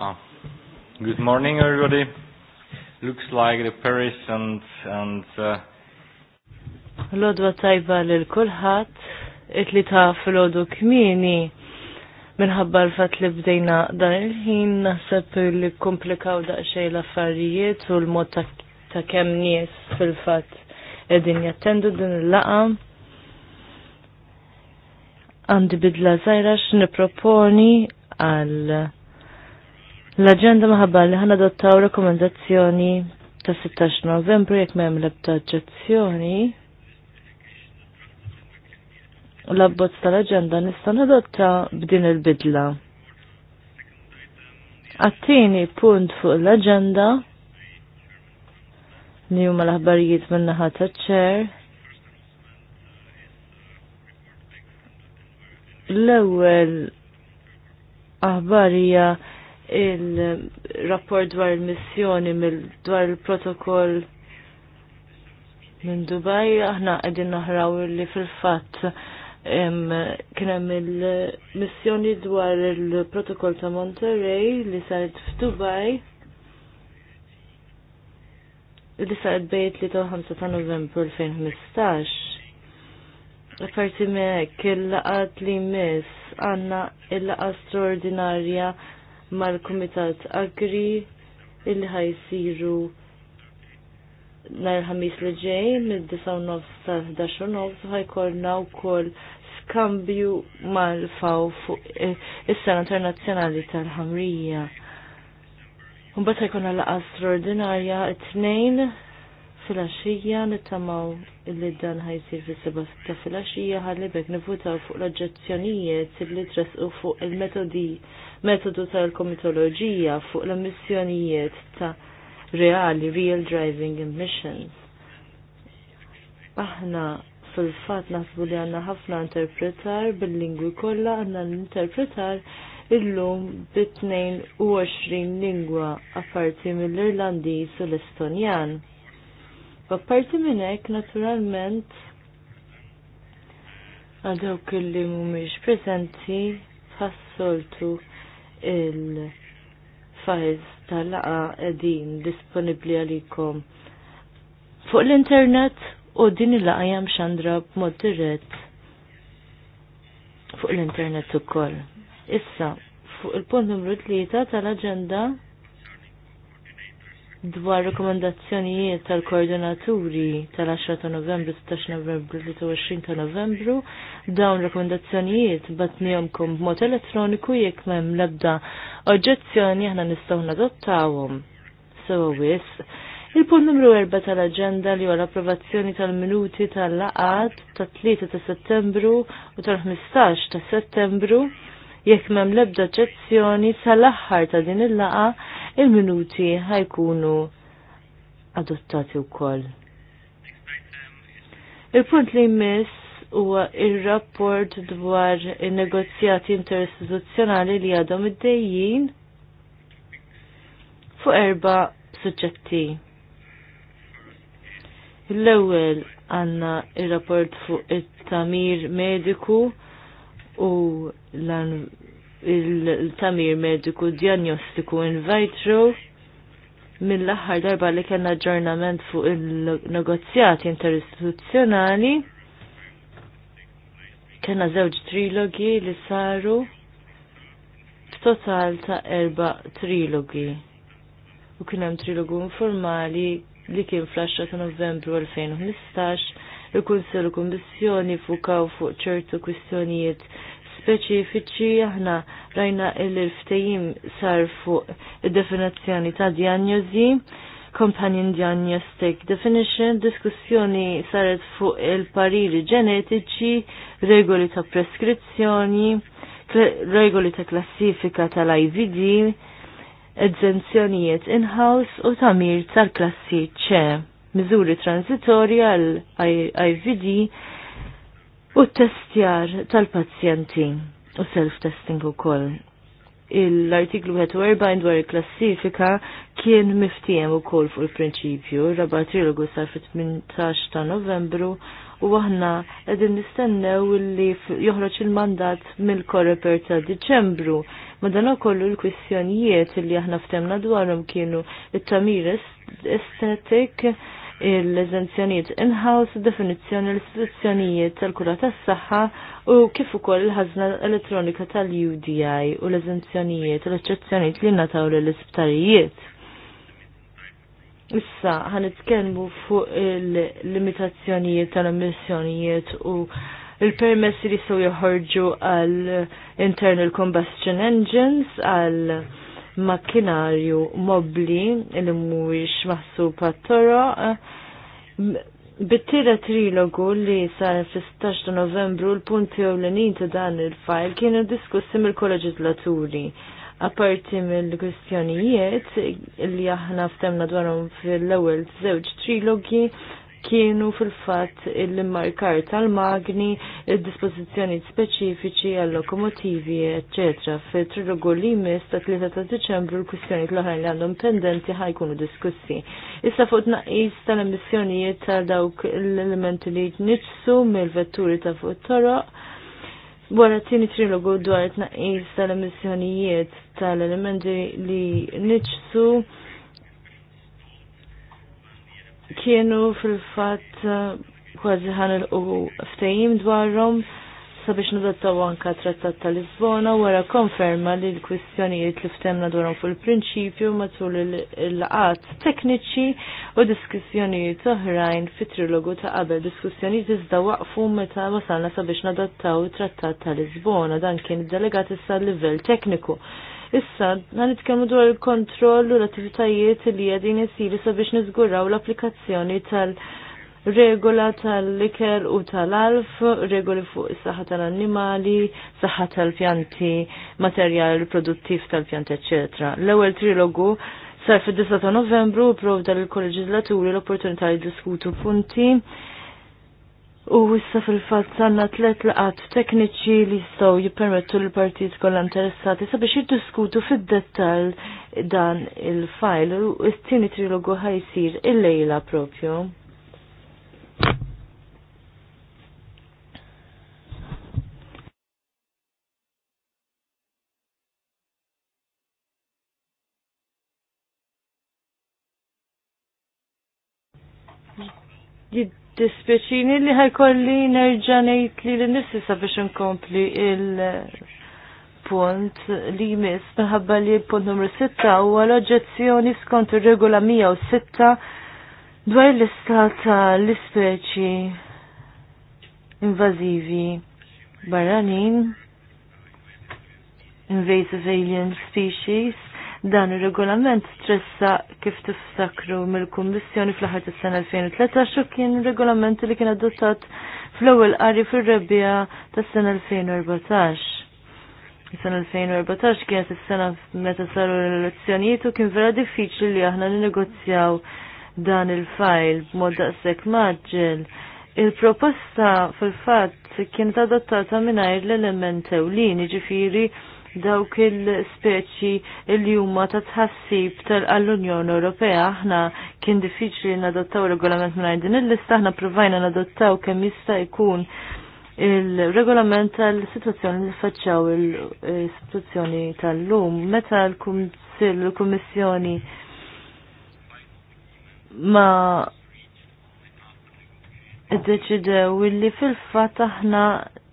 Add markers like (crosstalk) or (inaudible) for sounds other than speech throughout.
Ah. Good morning, everybody. Looks like the Paris and... and uh... Lodwa tajba lil kulħat it-li ta' flodu kmini, minħabba l-fat li bdejna dan il-ħin, naħseb li komplikaw daqxej l-affarijiet u l-mod ta' kem nies fil-fat edin jattendu din il-laqa. Għandi bidla zaħira x'niproponi għal l-agenda maħabba li ħana dottaw rekomendazzjoni ta' 16 novembru jekk m'hemm l-ebda oġġezzjoni. L-abbozz tal-aġenda nista' nadotta b'din il-bidla. Għattini punt fuq l agenda li huma l-aħbarijiet min-naħa taċ-ċer. L-ewwel aħbarija il-rapport dwar il-missjoni dwar il-protokoll minn Dubai, aħna qegħdin naħraw li fil-fatt kien hemm il-missjoni dwar il-protokoll ta' Monterey li saret f'Dubaj li saret bejt li ta' 5 ta' Novembru 2015 Parti mek il-laqat li mis għanna il-laqa straordinarja mal-Komitat Agri il ħajsiru nar ħamis li ġej mid-19 tal-11 ħajkolna wkoll skambju mal-faw fuq eh, is-Sena Internazzjonali tal-Ħamrija. Mbagħad ħajkolna laqa straordinarja t-tnejn fil-axija nittamaw li dan ħajsir fil-seba ta' fil-axija ħallibek nifutaw fuq l-oġġezzjonijiet li tresqu fuq il-metodi metodu tal-komitoloġija fuq l-emissjonijiet ta' reali real driving emissions. Aħna fil-fat naħsbu li għanna ħafna interpretar bil-lingwi kollha għanna l-interpretar illum bit-22 lingwa apparti mill-Irlandiż u l-Estonjan Apparti minn hekk, naturalment, għadaw kelli li mhumiex fassoltu il-files tal-laqa qegħdin disponibbli għalikom fuq l-internet u din il-laqa jam xandra b'mod dirett fuq l-internet ukoll. Issa, fuq il-punt numru 3 tal agenda dwar rekomendazzjonijiet tal-koordinaturi tal-10 ta' novembru, 16 novembru, 23 ta' novembru, dawn rekomendazzjonijiet batnijomkom b'mod elettroniku jekk mem labda oġġezzjoni aħna nistgħu nadottawhom. So wis. Il-punt numru 4 tal-agenda li huwa l-approvazzjoni tal-minuti tal-laqad tat-3 ta' settembru u tal-15 ta' settembru jekk mem lebda oġġezzjoni sal-aħħar ta' din il-laqa' il-minuti ħajkunu adottati wkoll. Il-punt li jmiss huwa il rapport dwar in-negozjati interistituzzjonali li għadhom id dejjien fuq erba' suġġetti. L-ewwel għandna il rapport fuq it-tamir mediku u l il-tamir mediku diagnostiku in vitro mill-aħħar darba li kena ġornament fuq il-negozjati interistituzzjonali kena żewġ trilogi li saru f'total ta' erba trilogi u kien hemm trilogu informali li kien fl-10 ta' Novembru 2015 il kunsel u Kummissjoni fukaw fuq ċertu kwistjonijiet speċifiċi aħna rajna il-ftejim sar fuq id-definizzjoni ta' diagnosi, companion diagnostic definition, diskussjoni saret fuq il-pariri ġenetiċi, regoli ta' preskrizzjoni, regoli ta' klassifika tal-IVD, edzenzjonijiet in-house u tamir tal-klassi ċe, miżuri transitorja l ivd u testjar tal-pazjenti u self-testing u koll. L-artiklu 41 dwar il-klassifika kien miftijem u koll fuq il-prinċipju, raba trilogu sar fit-18 ta' novembru u aħna edin nistennew li joħroġ il-mandat mill-koreper ta' Diċembru. u kollu l-kwistjonijiet li aħna ftemna dwarhom kienu it-tamir estetik, l-eżenzjonijiet in-house, definizzjoni l-istituzzjonijiet tal-kura tas-saħħa u kif ukoll il ħazna elettronika tal-UDI u l-eżenzjonijiet u l-eċċezzjonijiet li nataw lill-isptarijiet. Issa ħan nitkellmu fuq il-limitazzjonijiet tal-emissjonijiet u il-permessi li jistgħu joħorġu għal internal combustion engines għal makkinarju mobli li mhuwiex maħsub għat toro Bittira trilogu li sar fl-16 ta' novembru l-punti u l ta' dan il-fajl kienu diskussi mill-kolleġislaturi. Aparti mill-kwistjonijiet li aħna ftemna dwarhom fil-ewwel żewġ trilogi, kienu fil-fatt l-immarkar tal-magni, il-dispozizjoni speċifiċi għal-lokomotivi, etc. Fil-trilogu li mis ta' 3 ta' Deċembru l-kwistjoni tal oħrajn li għandhom pendenti ħajkunu diskussi. Issa fuq naqis tal-emissjonijiet ta' dawk l-elementi li nitsu mill-vetturi ta' fuq toroq. Wara t-tini trilogu dwar t-naqis tal-emissjonijiet tal-elementi li nitsu kienu fil-fat eh, kważi ħan u ftejim dwarhom sabiex nadattaw anka trattat tal-Lisbona wara konferma li l-kwistjonijiet li ftemna dwarhom fuq il-prinċipju matul il-laqat tekniċi u diskussjonijiet oħrajn fit-trilogu ta' qabel diskussjonijiet iżda waqfu meta wasalna sabiex nadottaw trattat tal-Lisbona dan kien delegat issa l-livell tekniku. Issa, għan nitkellmu dwar il-kontroll u l-attivitajiet li għadin jisiru sabiex niżguraw l-applikazzjoni tal-regola tal-liker u tal-alf, regoli fuq is-saħħa tal-annimali, saħħa tal-pjanti, materjal produttiv tal-pjanti, ecc. L-ewwel trilogu sar fid-9 ta' Novembru provda l-kolleġislaturi l-opportunità li diskutu punti U issa fil-fatt sanna tlet laqat tekniċi li jistgħu jippermettu l partijiet kollha interessati sabiex jiddiskutu fid-dettall dan il-fajl u s-tieni trilogu ħajsir il-lejla propju. jiddispjaċini li ħajkolli nerġa' ngħid li l-nifsi sabiex inkompli il-punt li jmiss minħabba li l-punt numru 6 huwa l-oġġezzjoni skont ir-regola 106 dwar l istata tal-ispeċi invazivi barranin invasive alien species Dan ir-regolament stressa kif tifsakru mill-Kummissjoni fl-aħħar tas-sena 2013 u kien regolament li kien adottat fl-ewwel qari fir-rebbija tas-sena 2014. Is-sena 2014 kienet is-sena meta saru l-elezzjonijiet u kien vera diffiċli li aħna ninegozjaw dan il-fajl b'mod daqshekk maġġel. Il-proposta fil-fatt kienet adottata mingħajr l-element ewlieni ġifieri dawk il-speċi il juma ta' tħassib tal-Unjoni Ewropea aħna kien diffiċli nadottaw regolament minn din il-lista aħna provajna nadottaw kemm jista' jkun il-regolament tal-situazzjoni li faċċaw il-situazzjoni tal-lum meta l l-Kummissjoni ma id-deċidew illi fil-fat aħna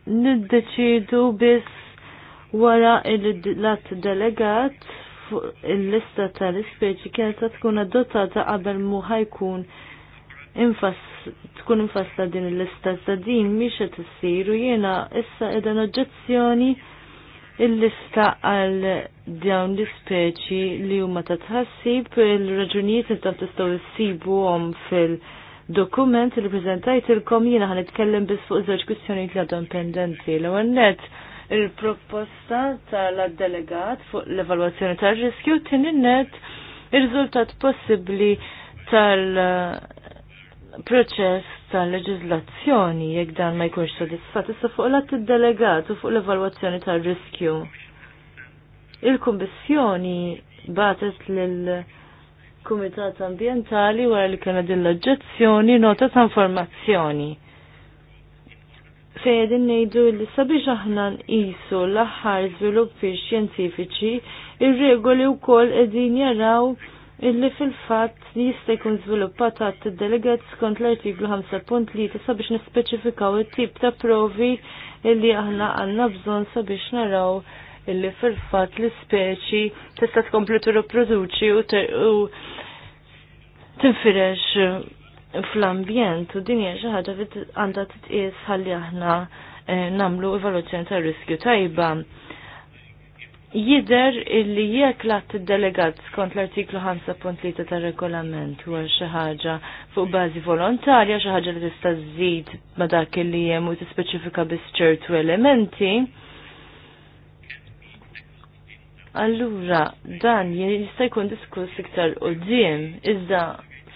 niddeċidu biss wara il-lat delegat fuq il-lista tal-ispeċi kienet tkun adottata qabel mu ħajkun tkun infasta din il-lista ta' din miex qed issir u jiena issa qiegħda oġġezzjoni il-lista għal dawn l-ispeċi li huma ta' tħassib il-raġunijiet intom tistgħu issibuhom fil- dokument li prezentajt il-kom jina għan bis fuq żewġ kwistjoni li għadhom pendenti. l net il-proposta tal-delegat fuq l-evalwazzjoni tal-riskju tininnet il-riżultat possibbli tal-proċess tal-leġizlazzjoni jekk dan ma jkunx sodisfat issa fuq l-att delegat u fuq l-evalwazzjoni tal-riskju. Il-Kummissjoni batet lil Kumitat Ambientali wara li kena din l-oġġezzjoni nota ta' informazzjoni fejedin nejdu li sabiex aħna isu l-aħħar fi xjentifiċi, ir-regoli wkoll qegħdin jaraw illi fil-fatt jista' jkun żviluppat għat delegat skont l-artiklu 5.3 sabiex nispeċifikaw it-tip ta' provi illi aħna għandna bżonn sabiex naraw illi fil-fatt l-ispeċi tista' tkomplu tirriproduċi u tinfirex fl-ambjent u din hija xi ħaġa għandha titqies ħalli aħna eh, nagħmlu evaluazzjoni tar riskju tajba. Jider illi jekk l-att delegat skont l-artiklu 5.3 tar-regolament huwa xi ħaġa fuq bażi volontarja xi ħaġa li tista' żżid ma dak illi hemm u tispeċifika biss ċertu elementi. Allura dan jista' jkun diskuss iktar qudiem iżda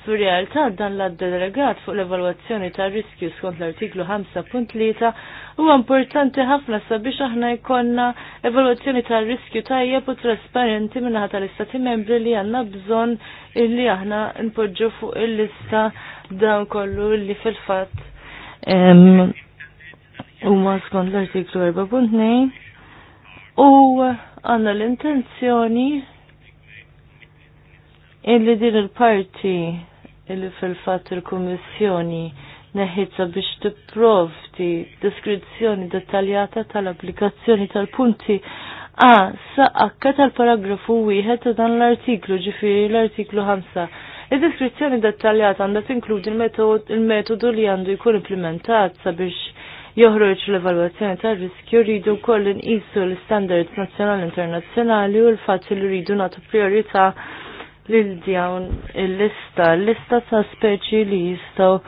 Fir-realtà dan l addelegat fuq l-evalwazzjoni ta' riskju skont l-artiklu 5.3 huwa importanti ħafna sabiex aħna jkollna evalwazzjoni ta' riskju tajjeb u trasparenti minnaħa tal-istati membri li għandna bżonn illi aħna npoġġu fuq il-lista dawn kollu li fil-fatt huma skont l-artiklu 4.2 u għandna l-intenzjoni illi din il-parti illi fil-fat il-Kommissjoni neħitza biex tipprovdi deskrizzjoni dettaljata tal-applikazzjoni tal-punti A saqqa tal-paragrafu wieħed ta' dan l-artiklu ġifieri l-artiklu 5. Id-deskrizzjoni dettaljata għandha tinkludi il-metodu li għandu jkun implementat sabiex joħroġ l-evalwazzjoni tar-riskju rridu wkoll inqisu l-standards nazzjonali internazzjonali u l-fatt li rridu nagħtu priorità lil dawn il-lista, lista ta' speċi li jistaw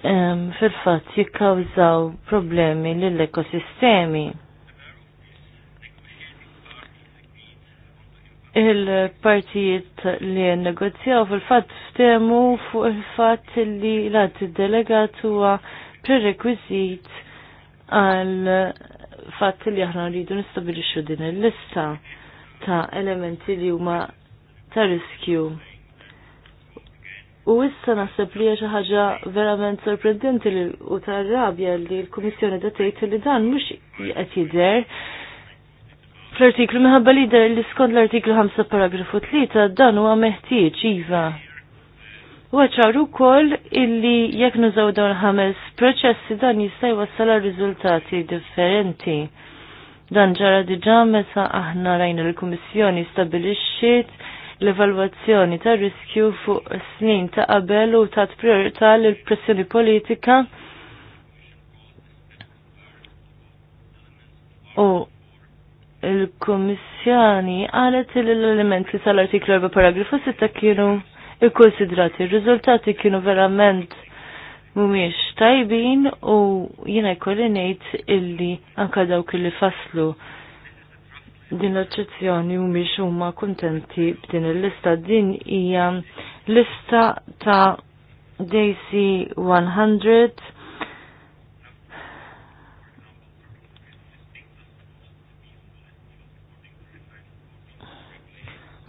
fil-fat jikkawżaw problemi lill-ekosistemi. il-partijiet li negozjaw fil-fat ftemu fuq il-fat li l-għat delegat huwa prerequisit għal fat li aħna rridu nistabilixu din il-lista ta' elementi li huma ta' riskju. U issa naħseb li xi ħaġa verament sorprendenti u ta' rabja li l-Kummissjoni da tgħid li dan mhux qed jidher. Fl-artiklu minħabba li der li skont l-artiklu 5 paragrafu 3 dan huwa meħtieġ iva. U ċaru kol illi jekk nużaw dawn ħames proċessi dan jista' wassala riżultati differenti. Dan ġara diġà meta aħna rajna l-Kummissjoni stabilixxiet l-evalwazzjoni ta' riskju fuq snin ta' qabel u ta' priorità l pressjoni politika u il komissjoni għalet l li tal-artiklu 4 paragrafu 6 kienu ikkonsidrati. Il-riżultati kienu verament mumiex tajbin u jina jkolli ngħid illi anka dawk li faslu din l-oċezzjoni u miex huma kuntenti b'din il-lista. Din hija lista ta' DC 100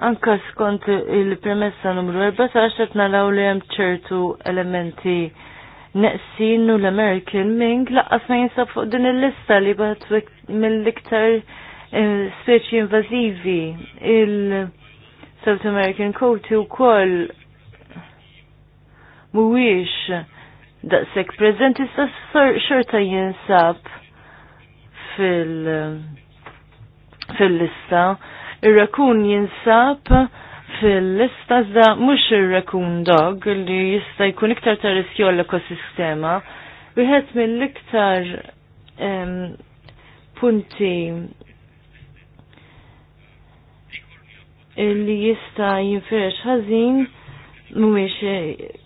Anka skont il-premessa numru 14 qed naraw li hemm ċertu elementi neqsin u l-American Ming laqqas ma jinsab fuq din il-lista li bat mill-iktar speċi invazivi il-South American Coati u koll muwix daqsek prezenti sa xorta jinsab fil- fil-lista. Ir-rakun jinsab fil-lista za mux ir-rakun dog li jista jkun iktar ta' riskju l-ekosistema. Wieħed mill-iktar punti li jista jinfirex ħażin mhuwiex eh,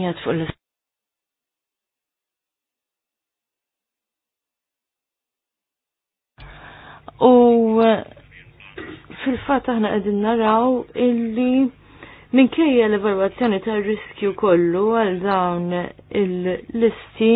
jgħid fuq l U eh, fil-fatt aħna qegħdin naraw illi minkejja l-evalwazzjoni tar-riskju kollu għal dawn il-listi il listi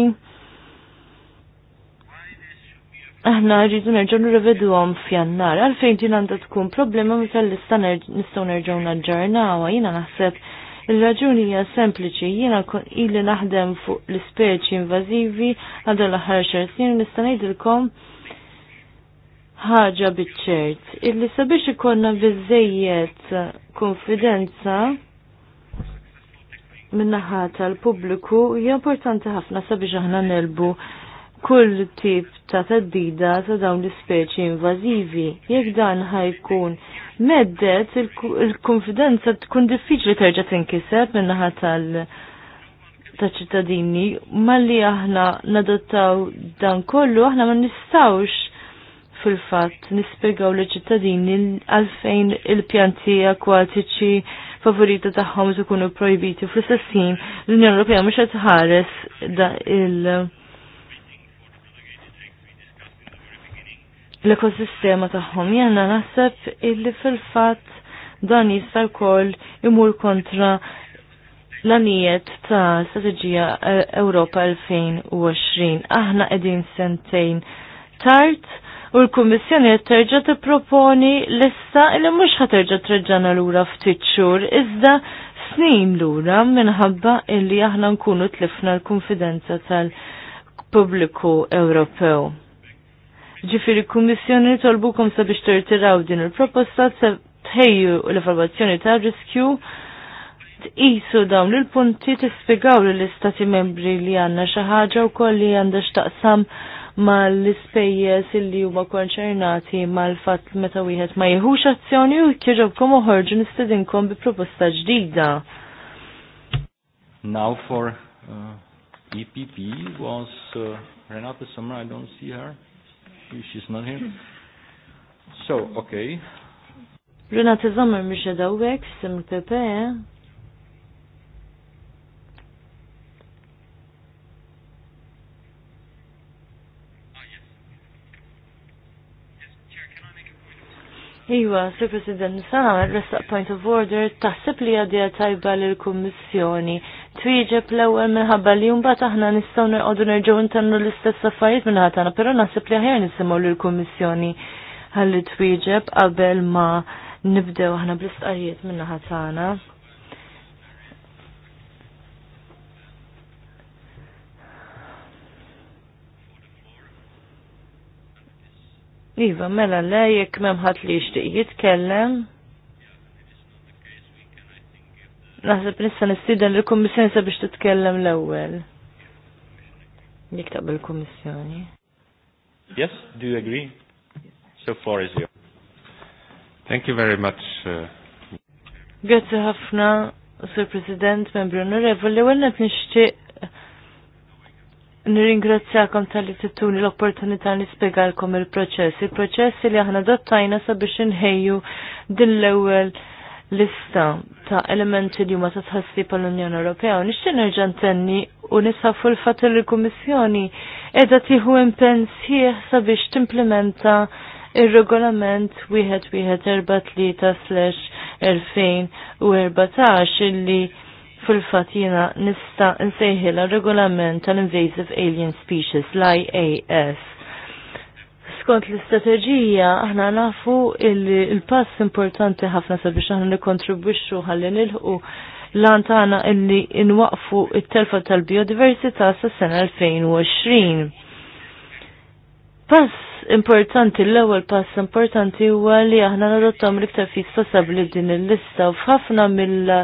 aħna rridu nerġgħu nirrevedu għom f'jannar, għalfejn tin għandha tkun problema meta l-lista nistgħu nerġgħu naġġornawha jiena naħseb Il-raġuni hija sempliċi, jiena ili naħdem fuq l-ispeċi invażivi għadha l-aħħar xar snin nista' ngħidilkom ħaġa biċ-ċert. Illi sabiex ikollna biżejjed konfidenza min-naħa tal-pubbliku hija importanti ħafna sabiex aħna nelbu kull tip ta' teddida ta' dawn l-ispeċi invażivi. Jekk dan ħajkun meddet il-konfidenza tkun diffiċli terġa' tinkiseb min-naħa tal- ta' ċittadini, malli aħna nadottaw dan kollu, aħna ma nistawx fil-fatt nispiegaw li ċittadini għalfejn il-pjanti akwatiċi favorita tagħhom ikunu projbiti fl sessin l-Unjoni Ewropea mhux qed da il- l-ekosistema tagħhom. Jena naħseb illi fil-fatt dan jista' wkoll imur kontra l-anijiet ta' strategija e, Ewropa 2020. Aħna qegħdin sentejn tard u l-Kummissjoni qed terġa' tipproponi lista li mhux ħaterġa' treġġana lura ftit xhur iżda snin lura minħabba illi aħna nkunu tlifna l-konfidenza tal-pubbliku Ewropew. Ġifiri kummissjoni tolbukom sabiex tirtiraw din il-proposta tħejju l-evalwazzjoni ta' riskju tqisu dawn il-punti tispjegaw lill-istati membri li għandna xi ħaġa koll li għanda x'taqsam mal-ispejjeż li huma konċernati mal-fatt meta wieħed ma jieħux azzjoni u jkieġobkom uħorġu nistedinkom bi proposta ġdida. Now for uh, EPP was uh, Renata Sommer, I don't see her she's not here. So, okay. Renata Zomer, Misha dawek Sim Pepe. Eh? Iwa, Sir President, sana restaq point of order, taħseb li għadja tajba l-Kommissjoni twieġeb l-ewwel minħabba li mbagħad aħna nistgħu nerqogħdu nerġgħu intennu l-istess affarijiet minn ħatana, però naħseb li aħjar nisimgħu lill-Kummissjoni ħalli twieġeb qabel ma nibdew aħna bl-istqarrijiet minn ħatana. Iva, mela le, jekk memħat li jixtieq jitkellem. Naħseb nista nistida l-Kummissjoni sabiex titkellem l-ewwel. Jekk taqbel kummissjoni Yes, do you agree? So far is you. Thank you very much. uh. Grazie ħafna, Sir President, membri onorevoli, għanna t-nishtiq Nirringrazzjakom tal-li tittuni l-opportunità li il-proċess. Il-proċess li aħna dottajna sabiex inħejju din l-ewwel lista ta' elementi li huma ta' tħassib għall-Unjoni Ewropea u nixtieq nerġa' ntenni u nisa' fuq il-fatt li l-Kummissjoni qiegħda tieħu impenn sħiħ sabiex timplementa ir regolament wieħed erba' tlieta slash u erbatax illi fil fatt jiena nista nsejħilha regolament tal-Invasive Alien Species, l-IAS skont l-istrateġija aħna nafu il-pass importanti ħafna sabiex aħna nikontribwixxu ħalli nilħu lan tagħna illi nwaqfu it-telfa tal-biodiversità sas-sena 2020. Pass importanti, l-ewwel pass importanti huwa li aħna nadottom l-iktar fis possibbli din il-lista u f'ħafna mill-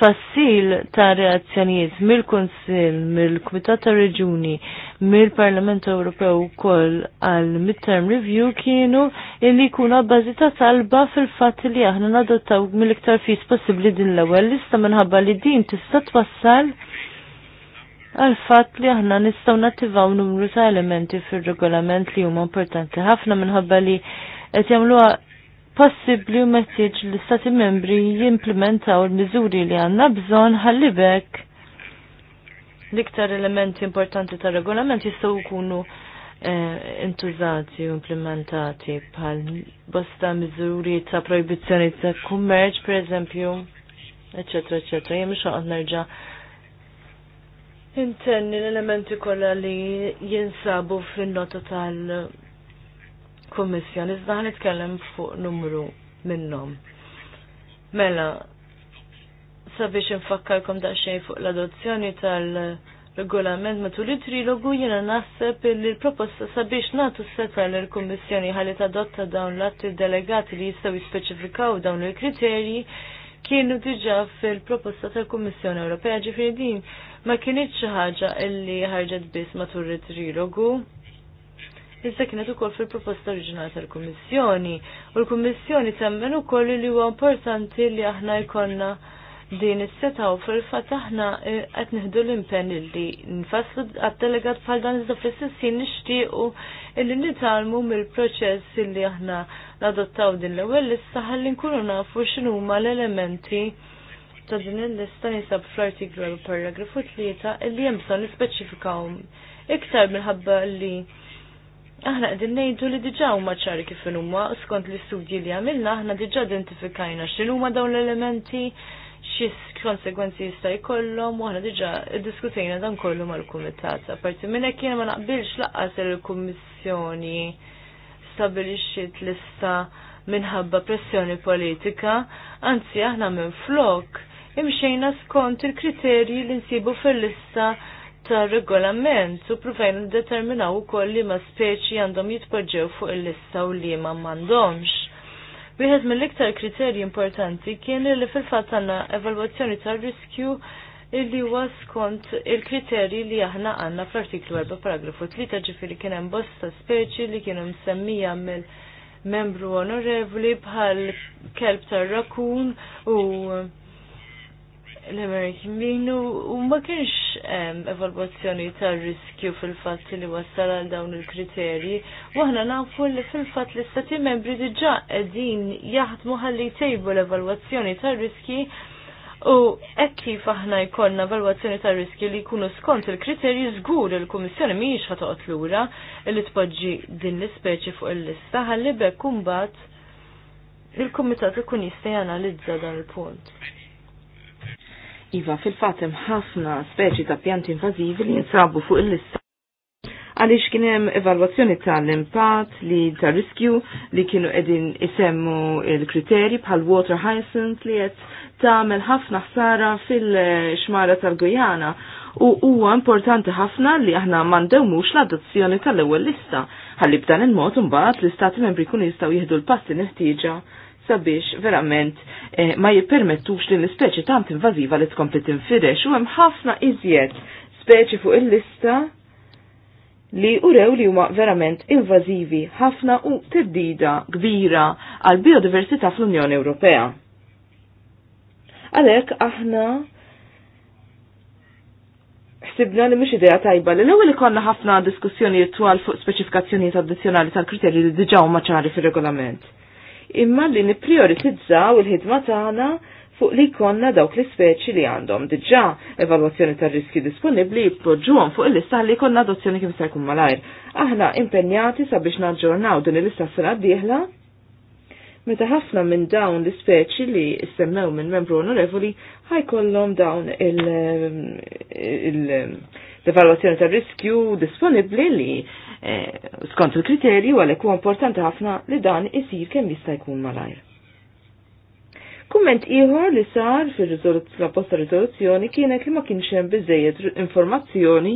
Fassil ta' reazzjonijiet mill-Konsil, mill-Kumitat ta' Reġuni, mill-Parlament Ewropew ukoll għal midterm review kienu illi jkunu bażi ta' talba fil-fatt li aħna nadottaw mill-iktar fis possibbli din l-ewwel lista minħabba li din tista' twassal għal fatt li aħna nistgħu nattivaw numru ta' elementi fir-regolament li huma importanti ħafna minħabba li qed jagħmluha possibbli u li l istati membri jimplementaw il-miżuri li għandna bżonn ħallibek. bekk l-iktar elementi importanti tar regolament jistgħu jkunu eh, intużati u implementati bħal bosta miżuri ta' proibizjoni ta' kummerċ, per eżempju, eccetera, eccetera. Jem xoqt nerġa' intenni l-elementi kollha li jinsabu fin-nota tal kummissjoni, iżda ħan nitkellem fuq numru minnhom. Mela, sabiex infakkarkom daqsxejn fuq l-adozzjoni tal-regolament matul it-trilogu jiena naħseb il l-proposta sabiex nagħtu seta l-Kummissjoni ħalli tadotta dawn l-atti delegati li jistgħu jispeċifikaw dawn il-kriterji kienu diġà fil-proposta tal-Kummissjoni Ewropea ġifieri din ma kienitx xi ħaġa illi ħarġet biss matul it-trilogu Issa kienet ukoll fil-proposta oriġinali tal-Kummissjoni. U l-Kummissjoni temmen ukoll li huwa importanti li aħna jkollna din is-setaw fil-fatt aħna eh, qed nieħdu l-impenn li nfasslu għad-delegat bħal dan iżda fl-istessin nixtiequ illi nitalmu mill-proċess illi aħna nadottaw din l-ewwel issa ħalli nkunu nafu x'inhuma l-elementi ta' din il-lista nisab fl-artiklu paragrafu 3 illi hemm bżonn nispeċifikawhom iktar minħabba li Aħna qegħdin ngħidu li diġà huma ċari kif huma skont l-istudji li għamilna aħna diġà identifikajna x'inhuma dawn l-elementi xi konsegwenzi jista' jkollhom u aħna diġà iddiskutejna dan kollu mal-kumitat. Apparti minn hekk jiena ma naqbilx laqqas il-Kummissjoni stabilixxiet lista minħabba pressjoni politika, anzi aħna minn flok imxejna skont il-kriterji li nsibu fil-lista ta' regolament u provajn determinaw u koll li ma' speċi għandhom jitpoġġew fuq il-lista u li ma' mandomx. Wieħed mill-iktar kriterji importanti kien li fil-fatt għandna evalwazzjoni tar riskju illi huwa skont il-kriterji li aħna għandna fl-artiklu 4 paragrafu 3 ġifieri kien hemm bosta speċi li kienu msemmija mill membru onorevoli bħal kelb tar-rakun u l-American Minu ma kienx evalwazzjoni ta' riskju fil-fatt li wassal għal dawn il-kriterji. Waħna nafu li fil-fatt li stati membri diġa edin jaħdmu ħalli tejbu l-evalwazzjoni ta' riskju u ekki faħna jkollna evalwazzjoni ta' riskju li jkunu skont il-kriterji żgur il-Kummissjoni mhijiex l lura li tpoġġi din l-ispeċi fuq il-lista ħalli bekkum bat il-Kumitat ikun jista' janalizza dan il-punt. Iva, fil-fatem ħafna speċi ta' pjanti invażivi li jinsabu fuq il-lista għaliex kien hemm evalwazzjoni tal impat li ta' riskju li kienu qegħdin isemmu il-kriterji bħal water hyacinth li qed tagħmel ħafna ħsara fil-xmara tal-Gujana u huwa importanti ħafna li aħna mandewmux l-adozzjoni tal-ewwel lista ħalli b'dan il-mod imbagħad l-istati membri kun jistgħu jieħdu l-passi neħtieġa sabiex verament eh, ma jippermettux li l-speċi tant invażiva li tkompli tinfidex u hemm ħafna iżjed speċi fuq il-lista li urew li huma verament invażivi ħafna u teddida kbira għal biodiversità fl-Unjoni Ewropea. Għalhekk aħna ħsibna li mhux idea tajba li l-ewwel ikollna ħafna diskussjonijiet twal fuq speċifikazzjonijiet addizzjonali tal-kriterji li diġà huma ċari fir-regolament imma li nipriorizzaw il-ħidma tagħna fuq li konna dawk l-ispeċi li għandhom. Diġà evalwazzjoni tar riski disponibbli jippoġġuhom fuq il-lista li konna adozzjoni kif se jkun malajr. Aħna impenjati sabiex naġġornaw din il-lista sena d-dieħla meta ħafna minn dawn l-ispeċi li semmew minn membru onorevoli ħajkollhom dawn il-evalwazzjoni tar riskju disponibbli li Eh, skont il-kriterju għalhekk huwa importanti ħafna li dan isir kemm jista' jkun malajr. Kumment ieħor li sar fil posta riżoluzzjoni kienet li ma kienx hemm biżejjed informazzjoni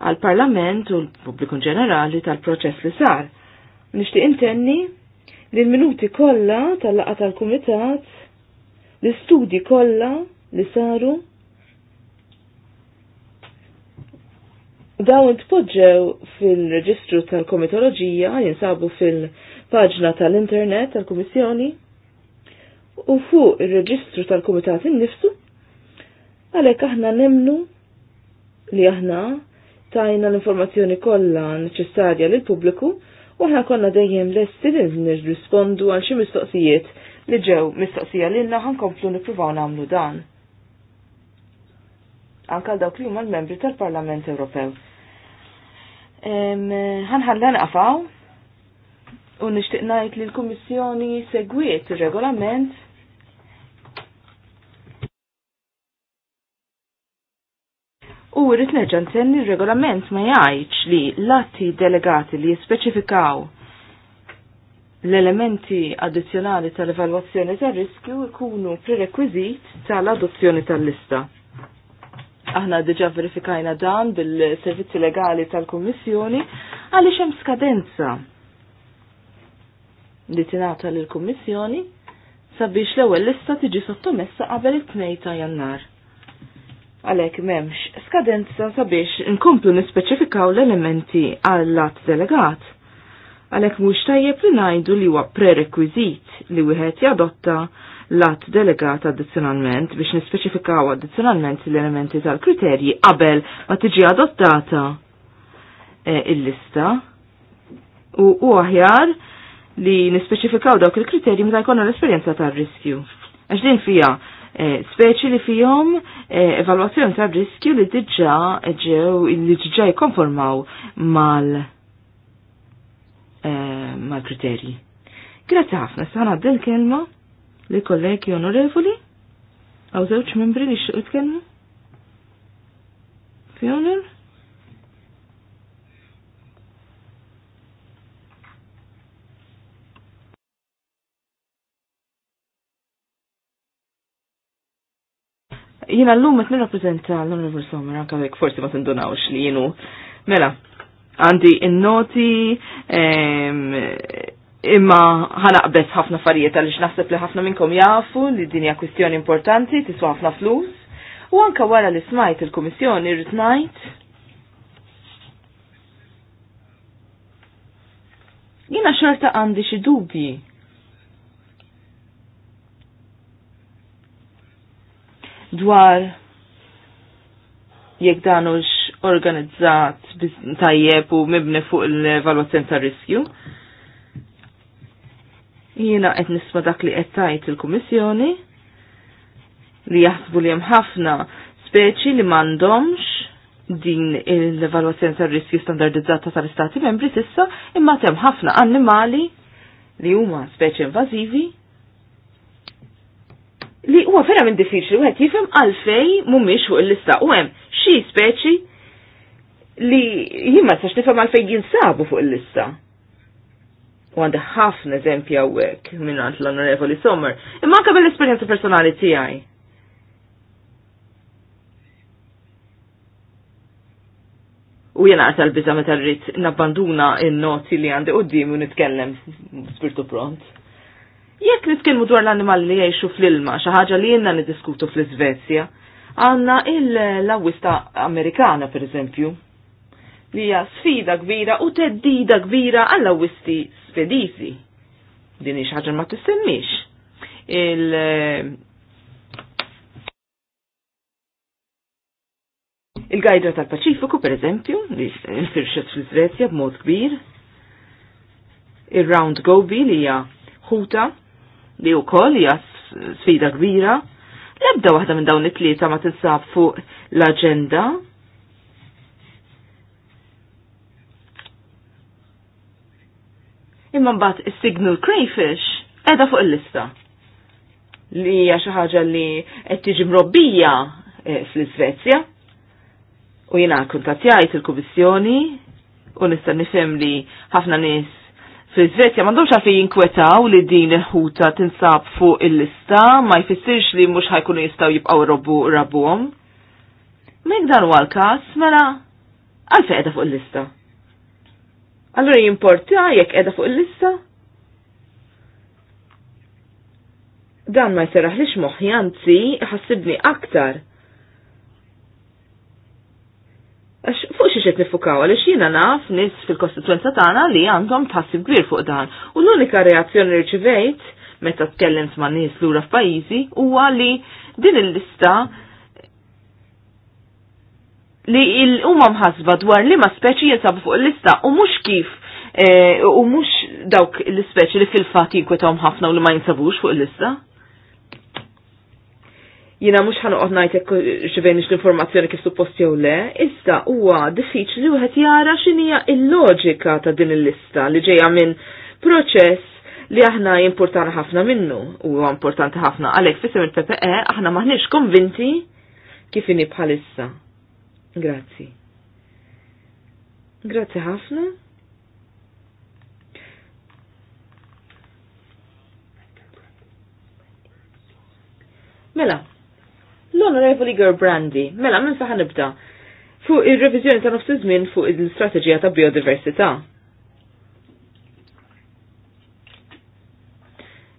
għal parlament u l-pubbliku ġenerali tal-proċess li sar. Nixtieq intenni li l-minuti kollha tal-laqgħa tal-kumitat l-istudji kollha li saru Dawn tpoġġew fil-reġistru tal-komitoloġija jinsabu fil-paġna tal-internet tal-Kummissjoni u fuq il-reġistru tal-Kumitat innifsu għalhekk aħna nemnu li aħna tajna l-informazzjoni kollha neċessarja lil pubbliku u aħna konna dejjem lesti li nirrispondu għal xi mistoqsijiet li ġew mistoqsija lilna ħankomplu nippruvaw nagħmlu dan. Anka dawk li huma l-membri tal-Parlament Ewropew ħanħalla naqfaw u nishtiq ngħid li l-Kummissjoni segwiet ir-regolament U rrit neġan tenni r-regolament ma jgħidx li l-atti delegati li jispeċifikaw l-elementi addizzjonali tal-evalwazzjoni tar-riskju jkunu prerekwiżit tal-adozzjoni tal-lista. Aħna diġa verifikajna dan bil-servizzi legali tal-Kummissjoni għaliex hemm skadenza li tingħata lill-Kummissjoni sabiex l-ewwel lista tiġi sottomessa qabel it-2 ta' Jannar. Għalhekk m'hemmx skadenza sabiex inkomplu nispeċifikaw l-elementi għall-att delegat għalhekk mhux tajjeb li ngħidu li huwa prerekwizit li wieħed jadotta lat delegat addizzjonalment biex nispeċifikaw addizzjonalment l-elementi tal-kriterji qabel ma tiġi adottata e, il-lista u aħjar li nispeċifikaw dawk il-kriterji meta jkollna l-esperjenza tar-riskju. Għax din fija e, speċi li fihom e, evalwazzjoni tar-riskju li diġà ġew li diġà jkonformaw mal mal-kriterji. Grazzi ħafna, sana din kelma li kollegi onorevoli, għaw zewċ membri li xtuq jitkellmu. Fjonur? Jina l-lum qed nirrappreżenta l onorevoli Sommer għanka għek forsi ma tindunawx li jienu. Mela, għandi in-noti ehm, imma ħanaqbes ħafna farijiet għaliex naħseb li ħafna minnkom jafu li din hija kwistjoni importanti tiswa ħafna flus. U anka wara li smajt il-Kummissjoni irrit ngħid Jina xorta għandi xi dubji dwar jekk danux organizzat tajjeb u mibni fuq il-valwazzjoni ta' riskju. Jiena qed nisma' dak li qed tajt il-Kummissjoni li jaħsbu li hemm ħafna speċi li m'għandhomx din l-evalwazzjoni tar-riskju standardizzata tal-Istati membri sissa imma hemm ħafna annimali li huma speċi invażivi li huwa vera minn diffiċli wieħed jifhem għalfej mhumiex fuq il-lista u hemm xi speċi li jien ma tistax tifhem għalfejn jinsabu fuq il-lista. U għandi ħafna eżempji għawek minnant l-onorevoli Sommer. Imma anka bell-esperienza personali tijaj. U jena għarta l-biza meta rrit nabbanduna il-noti li għandi u d u nitkellem spirtu pront. Jekk nitkellmu dwar l-animali li jgħixu fl-ilma, xaħġa li jenna nidiskutu fl-Svezja, għanna il-lawista Amerikana per eżempju, li hija sfida kbira u teddida kbira għall-awisti Svediżi. Din ix ħaġa ma tissemmix. Il eh, Il-gajdra tal-Paċifiku, per eżempju, li infirxet fil-Svezja b'mod kbir, il-Round Gobi li hija ħuta li wkoll hija sfida kbira, l-ebda waħda minn dawn it-tlieta ma tinsab fuq l agenda Imma mbagħad is-signal crayfish qiegħda fuq il-lista. Li hija xi ħaġa li qed tiġi mrobbija eh, fl-Iżvezja. U jiena kuntattjajt il-Kummissjoni u nista' nifhem li ħafna nies fl-Iżvezja m'għandhomx għalfejn jinkwetaw li din il-ħuta tinsab fuq il-lista ma jfissirx li mhux ħajkunu jistgħu jibqgħu rabu rabuhom. Mek dan huwa l-każ mela għalfejn qiegħda fuq il-lista. Allora jimporta ah, jekk edha fuq il-lista? Dan ma jserraħlix moħħi, anzi ħassibni aktar. Għax fuq xie xet nifukaw, għalix jina naf nis fil-kostituenza tagħna li għandhom tħassib gbir fuq dan. U l-unika reazzjoni rċivejt meta tkellimt ma' nies lura f'pajjiżi huwa li din il-lista li huma mħasba dwar li ma speċi jinsabu fuq il-lista u mhux kif e, u mhux dawk l-ispeċi li fil-fatt jinkwetahom ħafna u li ma jinsabux fuq il-lista. Jina mhux ħanoqgħod ngħidlek x'bejniex l-informazzjoni kif suppost jew le, issa huwa diffiċli wieħed jara x'inhija l-loġika ta' din il-lista li ġejja minn proċess li aħna importanti ħafna minnu u importanti ħafna għalhekk fisem il-PPE aħna maħniex konvinti kif inibħalissa. bħalissa Grazzi. Grazzi ħafna. Mela, l-Onorevoli Brandi, mela minn saħan nibda fuq il-revizjoni ta' nofsi żmien fuq il-strateġija ta' biodiversità.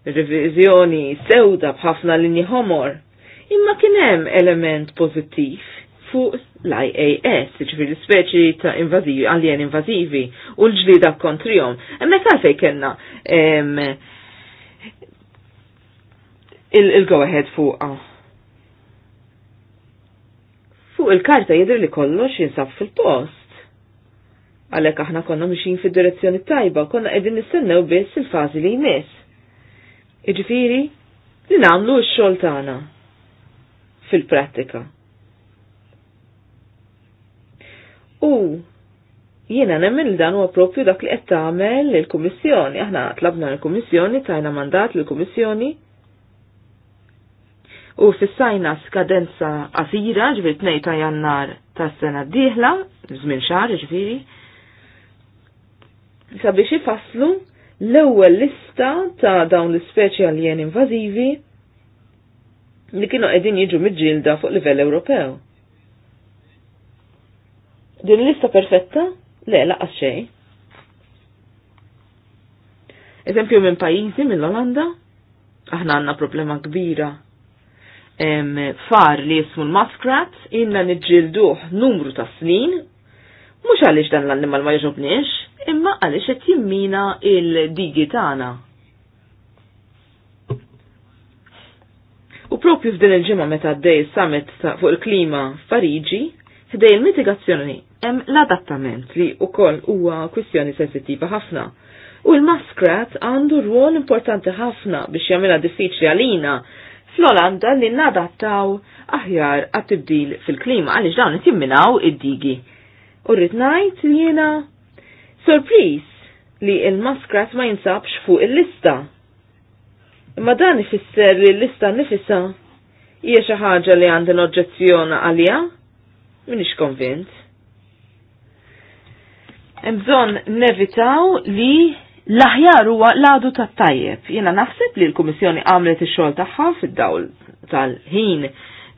Revizjoni sewda bħafna l-inji homor, imma kien hemm element pożittiv fuq l-IAS, ġifiri speċi ta' invazivi, alien invazivi, u l-ġlida kontrijom. ta' fej kena il-go-ahead ah. Fuq il-karta jidri li kollox jinsab fil-post. Għalek aħna konna mxin fid direzzjoni tajba, konna edin nistennew biss il-fazi li jmiss. Iġifiri, li namlu x-xol tagħna fil-prattika. U jiena nemmen dan huwa proprju dak li qed tagħmel il-Kummissjoni. Aħna tlabna l-Kummissjoni, tajna mandat lill-Kummissjoni u fissajna skadenza qasira ġviri tnej ta' jannar ta' sena diħla, żmien xahar ġviri, sabiex ifasslu l-ewwel lista ta' dawn l-ispeċi għaljen invażivi li kienu qegħdin jiġu miġġielda fuq livell Ewropew. Din lista perfetta? Le, laqas xej. Eżempju minn pajizi, mill olanda aħna għanna problema kbira. Em, far li jismu l maskrat inna nġilduħ numru ta' snin, mux għalix dan l-annimal ma jġobniex, imma għalix qed jimmina il-digi tagħna. U propju f'din il-ġimgħa meta għaddej summit fuq il-klima f'Pariġi, f'dej il-mitigazzjoni hemm l-adattament li wkoll huwa kwistjoni sensittiva ħafna. U l-maskrat għandu rwol importanti ħafna biex jagħmilha diffiċli għalina fl-Olanda li nadattaw aħjar għat-tibdil fil-klima għaliex dawn qed jimminaw id-digi. U rrid ngħid li jiena sorpriż li l-maskrat ma jinsabx fuq il-lista. Imma dan ifisser li l-lista nifissa hija xi ħaġa li għandha l-oġġezzjona għalija? Minix konvint. Mżon nevitaw li l-aħjar huwa l-għadu ta' tajjeb. Jena naħseb li l-Komissjoni għamlet ix-xogħol tagħha fid-dawl tal-ħin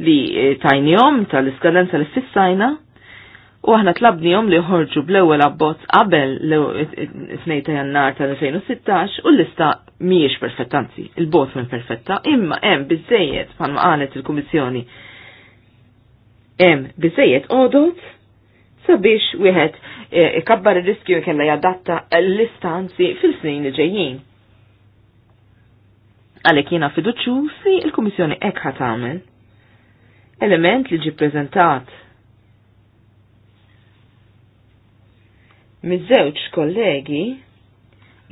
li eh, tajnijom tal-iskadenza li fissajna u aħna tlabnihom li ħorġu bl-ewwel abbozz qabel l-2 ta' jannar tal-2016 u l-lista mhijiex perfettanzi, il-bot minn perfetta, imma hemm biżejjed ma qalet il-Kummissjoni hemm biżejjed għodot sabiex wieħed ikabbar il riskju kella jadatta l-istanzi fil-snin li ġejjin. Għalhekk jiena fiduċjuż il l-Kummissjoni hekk Element li ġi preżentat miż-żewġ kollegi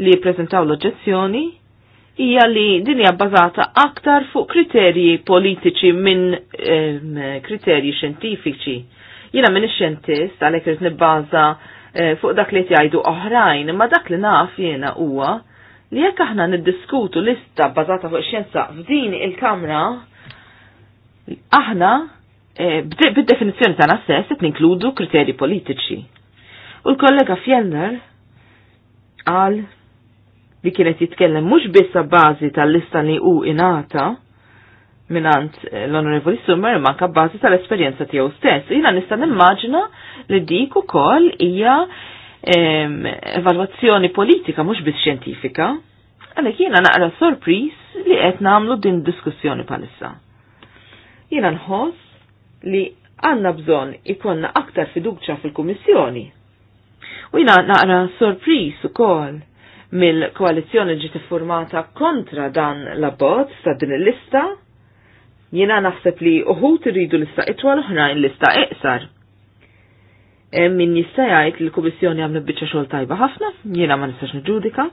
li prezentaw l-oġġezzjoni hija li din hija bbażata aktar fuq kriterji politiċi minn ehm, kriterji xjentifiċi. Jina minn xjentist għalhekk rrit nibbaża eh, fuq dak li jgħidu oħrajn, imma dak li naf jiena huwa li jekk aħna niddiskutu lista bbażata fuq xjenza f'din il-kamra, aħna eh, bid definizjoni ta' stess qed ninkludu kriterji politiċi. U l-kollega Fjellner qal li kienet jitkellem mhux biss bażi tal-lista li hu inata, minant eh, l-Onorevoli Summer manka bazi tal-esperienza tiegħu stess. Jina nista' nimmaġina li dik ukoll hija evalwazzjoni politika mhux bis xjentifika, għalhekk jiena naqra sorpris li qed nagħmlu din diskussjoni bħalissa. Jiena nħoss li għandna bżonn ikonna aktar fiduċja fil-Kummissjoni. U jiena naqra u ukoll mill-koalizjoni ġiet formata kontra dan l-abbozz ta' din il-lista Jiena naħseb li uħut irridu lista itwal oħrajn lista iqsar. E min jista' jgħid li l-Kummissjoni għamlet biċċa xogħol tajba ħafna, jiena ma nistax niġġudika.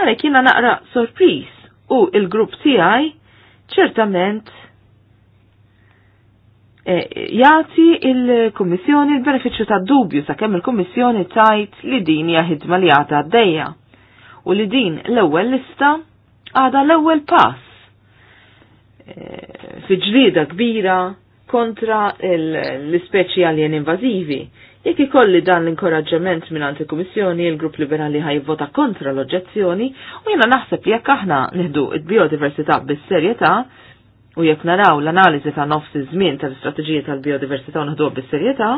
Għalhekk jiena naqra sorpriż u il-grupp tiegħi ċertament eh, jagħti il-Kummissjoni l-benefiċċju tad-dubju sakemm il-Kummissjoni tajt li din hija ħidma li għadha għaddejja u li din l-ewwel lista għadha l-ewwel pass fi ġlida kbira kontra l-ispeċi għaljen invazivi, Jekk ikolli dan l-inkoraġġament minn għand il-Kummissjoni, il-Grupp Liberali ħajvota kontra l-oġġezzjoni u jiena naħseb jekk aħna nieħdu il-biodiversità bis-serjetà u jekk naraw l-analiżi ta' nofs iż-żmien tal-istrateġija tal-biodiversità u naħduha bis-serjetà,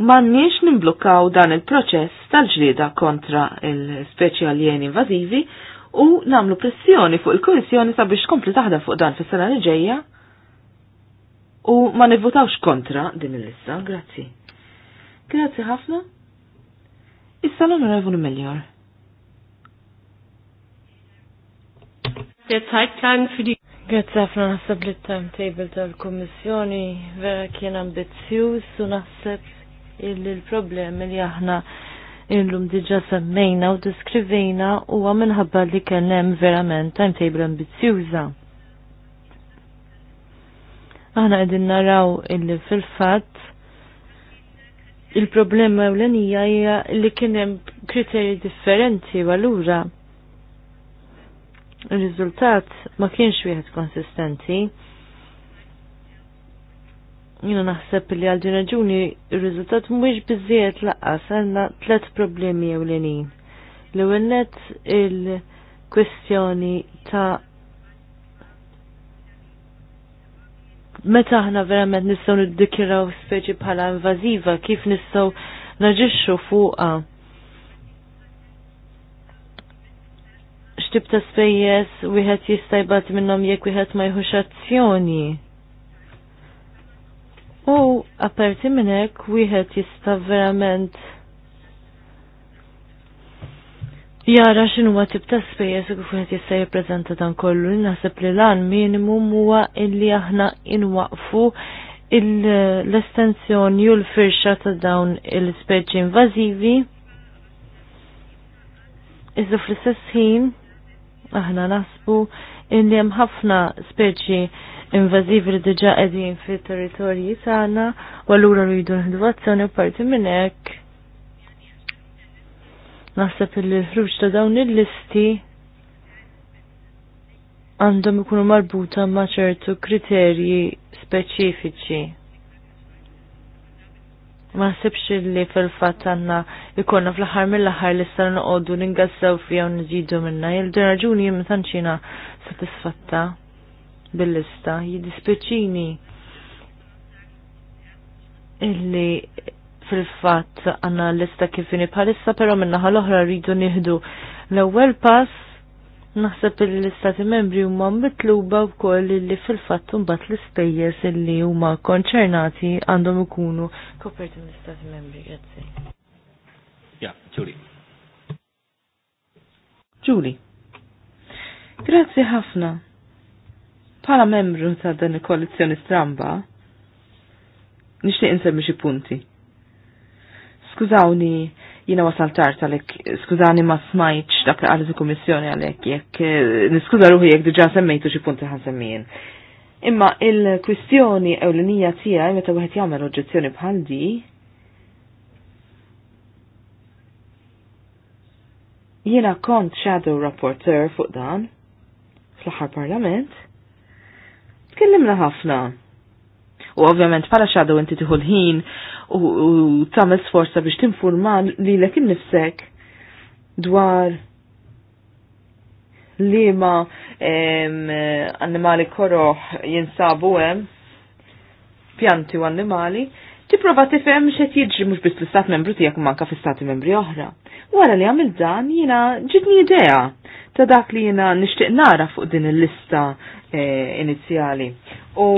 m'għandniex nimblukkaw dan il-proċess tal-ġlieda kontra l-speċi għaljen invażivi u namlu pressjoni fuq il-Kummissjoni sabiex kompli taħdem fuq dan fis-sena li ġejja u ma nivvotawx kontra din il-lista. Grazzi. Grazzi ħafna. Issa l-Onorevoli Melior. der Zeitplan Grazie għafna naħseb li timetable tal-Kommissjoni vera kien ambizzjuż u naħseb il problemi li aħna illum diġa semmejna u diskrivejna u minħabba li kellem verament timetable ambizjuża. Aħna qegħdin naraw illi fil-fatt il-problema ewlenija hija li kien hemm kriterji differenti u allura rizultat riżultat ma kienx wieħed konsistenti jina naħseb li għal din raġuni ir-riżultat mhuwiex biżżejjed laqqas għandna tliet problemi ewlenin. L-ewwel il-kwestjoni ta' meta aħna verament nistgħu niddikiraw speċi bħala invażiva kif nistgħu naġixxu fuqha. X'tib ta' spejjeż wieħed jista' minnom minnhom jekk wieħed ma jħux azzjoni U aperti minn hekk wieħed jista' verament jara x'inhu ma tip ta' spejjeż kif wieħed jista' jippreżenta dan kollu. Naħseb li lan minimum huwa illi aħna inwaqfu l-estensjoni u l-firxa ta' dawn il-speċi invażivi. Iżda fl-istess ħin aħna naħsbu illi hemm ħafna speċi invażivi li diġà qegħdin fit-territorji tagħna u allura rridu nħdu azzjoni parti minn hekk. Naħseb li l-ħruġ ta' dawn il-listi għandhom ikunu marbuta ma' ċertu kriterji speċifiċi. Ma nsibx li fil-fatt għanna ikonna fl-ħar mill-ħar li s-sar l ingazzaw fija u nżidu minna. Jil-din raġuni jimmetan ċina satisfatta bil-lista, jidispeċini illi fil-fat għanna lista kifini palissa, pero minnaħal oħra rridu nieħdu l-ewwel pass naħseb li l-istati membri huma mitluba wkoll li fil-fatt bat l-ispejjeż li huma konċernati għandhom ikunu koperti mill-istati membri. Grazzi. Ja, Ġuli. Ġuli. Grazie ħafna. Pala membru ta' dan il-koalizjoni stramba, nishtiq insemmi xi punti. Skużawni, jina wasal tard għalek, skużani ma smajċ dak li għalizu il-kommissjoni għalek, jek, eh, niskuza ruħi jek diġa semmejtu xi punti ħan semmijin. Imma il-kwistjoni ewlenija tiegħi meta wieħed jagħmel oġġezzjoni bħal di, jiena kont shadow rapporteur fuq dan fl-aħħar parlament, tkellimna ħafna. U ovvjament pala xadu inti tiħu l-ħin u tagħmel sforza biex li lilek innifsek dwar li ma annimali koroħ jinsabu hemm pjanti u annimali, tipprova tifhem x'qed jiġri mhux biss l-istat membru tiegħek manka fi stati membri oħra. Wara li għamil dan jina ġibni idea ta' dak li jina nishtiq nara fuq din il-lista eh, inizjali. U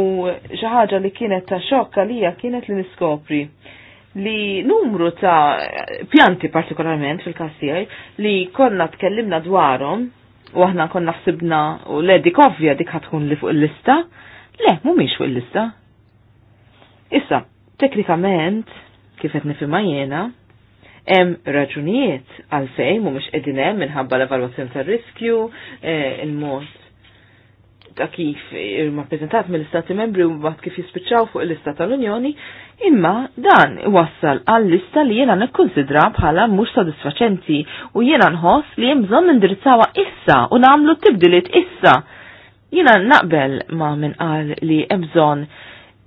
xaħġa li kienet ta' xokka li kienet li niskopri li numru ta' pjanti partikolarment fil-kassijaj li konna tkellimna dwarom u aħna konna ħsibna u le dik ovvja dik ħatkun li fuq il-lista. Le, mumiex fuq il-lista. Issa, teknikament, kif qed nifhimha jiena, Hemm raġunijiet għalfejn mhumiex qegħdin hemm minħabba l-evalwazzjoni tar-riskju, eh, il-mod ta' kif ma' prezentat mill-Istati membri u bat kif jispiċċaw fuq il-lista tal-Unjoni, imma dan wassal għall-lista li jena nekkonsidra bħala mux sodisfaċenti u jena nħoss li jemżon indirizzawa issa u namlu tibdilit issa. Jena naqbel ma' minn qal li jemżon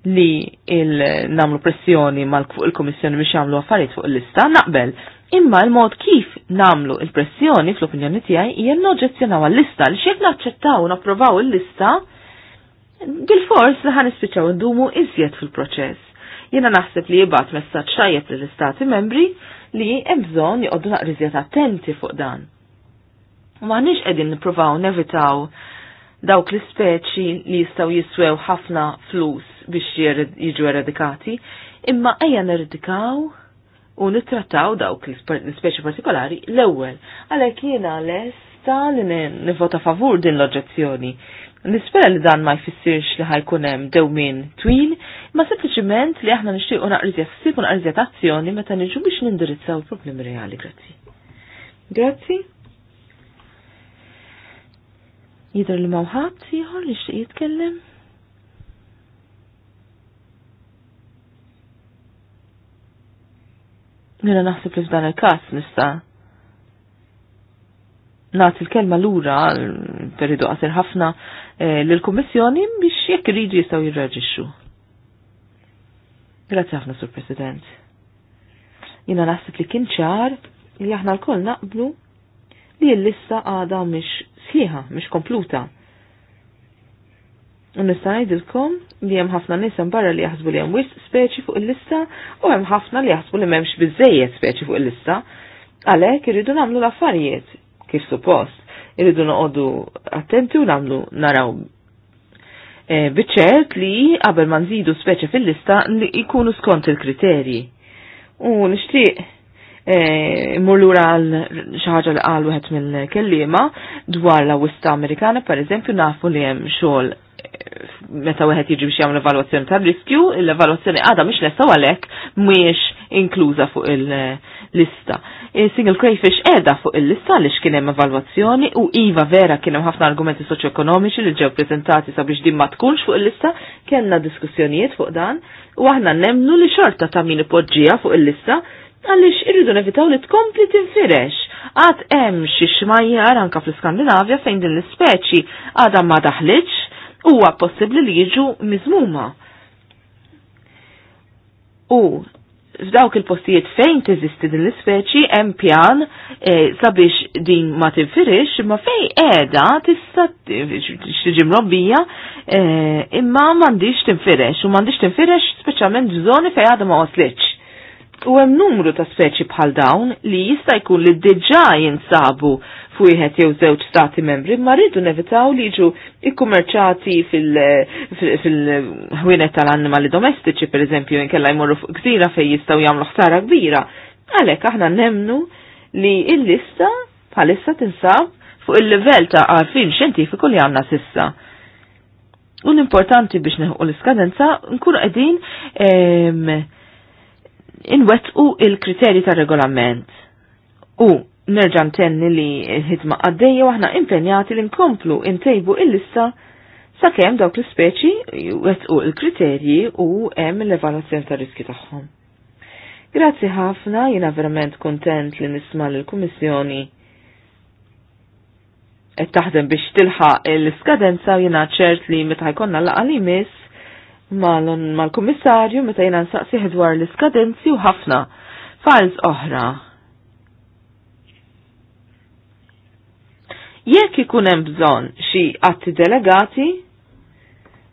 li il-namlu pressjoni mal il-Komissjoni biex jagħmlu affarijiet fuq il-lista naqbel. Imma l-mod kif namlu il-pressjoni fl-opinjoni tiegħi hija noġġezzjonaw għall-lista li xejn naċċettaw napprovaw il-lista bil-fors li ħan ispiċċaw indumu iżjed fil-proċess. Jiena naħseb li jibgħat messaġġ tajjeb lill-istati membri li hemm bżonn joqogħdu naqriżjed attenti fuq dan. Ma nix qegħdin nippruvaw nevitaw dawk l-ispeċi li jistgħu jiswew ħafna flus biex jiġu eradikati, imma ejja neradikaw u nittrattaw dawk l-speċi partikolari l-ewwel. Għalhekk jiena esta li nivota favur din l oġezzjoni Nispera li dan ma jfissirx li ħajkun hemm dewmin twil, ma sempliciment li aħna nixtiequ naqrizja ħsieb u naqrizja tazzjoni meta nġu biex nindirizzaw problemi reali, grazzi. Grazzi. Jidher li mawħat ieħor li xtiq jitkellem? Nina naħseb li f'dan il-kas nista' nagħti l-kelma lura periodu qasir ħafna eh, lill-Kummissjoni biex jekk irridu jistgħu jirreġixxu. Grazzi ħafna, Sur President. Jina naħseb li kien ċar li aħna l-koll naqblu li l-lista għada mhix sħiħa, mhix kompluta U nista' ngħidilkom li hemm ħafna nisem barra li jahzbu li hemm wisq speċi fuq il-lista u hemm ħafna li jahzbu li m'hemmx bizzejiet speċi fuq il-lista. Għalhekk irridu nagħmlu l-affarijiet kif suppost. Irridu noqogħdu attenti u nagħmlu naraw e, biċċert li qabel ma nżidu speċi fil-lista li jkunu skont il-kriterji. U nixtieq E, mullura lura għal xaħġa li għal wieħed mill-kellima dwar l-awista Amerikana, per eżempju, nafu li hemm xogħol e, meta wieħed jiġi biex jagħmel evalwazzjoni tar-riskju, l-evalwazzjoni għadha mhix lesta għalhekk mhijiex inkluża fuq il-lista. E, Single crayfish qiegħda fuq il-lista għaliex kien hemm evalwazzjoni u iva vera kien hemm ħafna argumenti soċjoekonomiċi li ġew preżentati sabiex din ma tkunx fuq il-lista, kellna diskussjonijiet fuq dan u aħna nemmnu li xorta ta' min ipoġġija fuq il-lista għalix irridu nevitaw li tkompli tinfirex. Għad hemm xi xmajjar anka fl-Skandinavja fejn din l-ispeċi għadha ma daħliċ huwa possibbli li jiġu miżmuma. U f'dawk il-postijiet fejn teżisti din l-ispeċi hemm pjan e, sabiex din ma tinfirex ma fejn qiegħda tista' tiġi mrobbija e, imma m'għandix tinfirex u m'għandix tinfirex speċjalment f'żoni fejn għadha ma waslitx. U hemm numru ta' speċi bħal dawn li jista' jkun li diġà jinsabu f'wieħed jew żewġ stati membri, ma rridu nevitaw li jiġu ikkummerċati fil-ħwienet tal-annimali domestiċi, pereżempju, inkella jmorru fuq gżira fejn jistgħu jagħmlu ħsara kbira. Għalhekk aħna nemnu li l-lista bħalissa tinsab fuq il-livell ta' għarfin xjentifiku li għandna sissa. U l-importanti biex neħu l-iskadenza nkunu qegħdin inwettqu il-kriterji tar regolament U nerġan tenni li l-ħidma għaddejja waħna impenjati li nkomplu intejbu il-lista sakemm dawk l-speċi u il-kriterji u hemm l-evaluazzjoni tar riski tagħhom. Grazzi ħafna, jiena verament kontent li nisma' l-Kummissjoni qed taħdem biex tilħaq l-iskadenza jiena ċert li meta jkollna laqa li miss mal-kummissarju meta jina nsaqsi dwar l-iskadenzi u ħafna files oħra. Jekk ikun hemm bżonn xi atti delegati,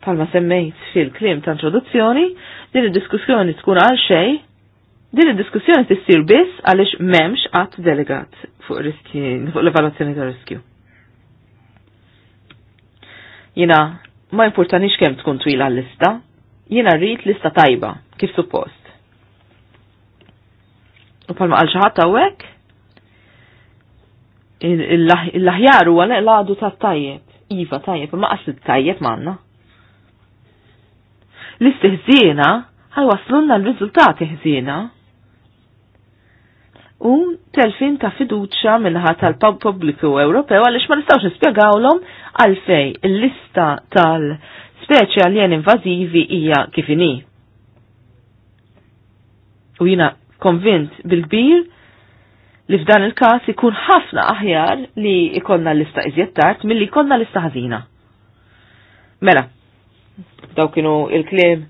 palma semmejt fil-klim ta' introduzzjoni, din id-diskussjoni tkun għal xej, din id-diskussjoni tissir biss għaliex m'hemmx att delegat fuq fuq l-evaluazzjoni ta' riskju. Jina ma importanix kemm tkun twila l-lista, jiena rrit lista tajba, kif suppost. U palma għal xaħat għawek, il-laħjar u għal għadu ta' tajjeb, iva tajjeb, ma' għax tajjeb manna. L-istihżina waslunna l-rizultati ħżina. U telfin ta' fiduċa minnaħat tal-pubbliku Ewropew għalix ma nistawx nispjegawlhom għalfej il-lista tal- speċi għaljen invażivi hija kif U jina konvint bil-kbir li f'dan il-kas ikun ħafna aħjar li ikonna l-lista iżjed tard milli ikonna lista ħazina. Mela, daw kienu il-kliem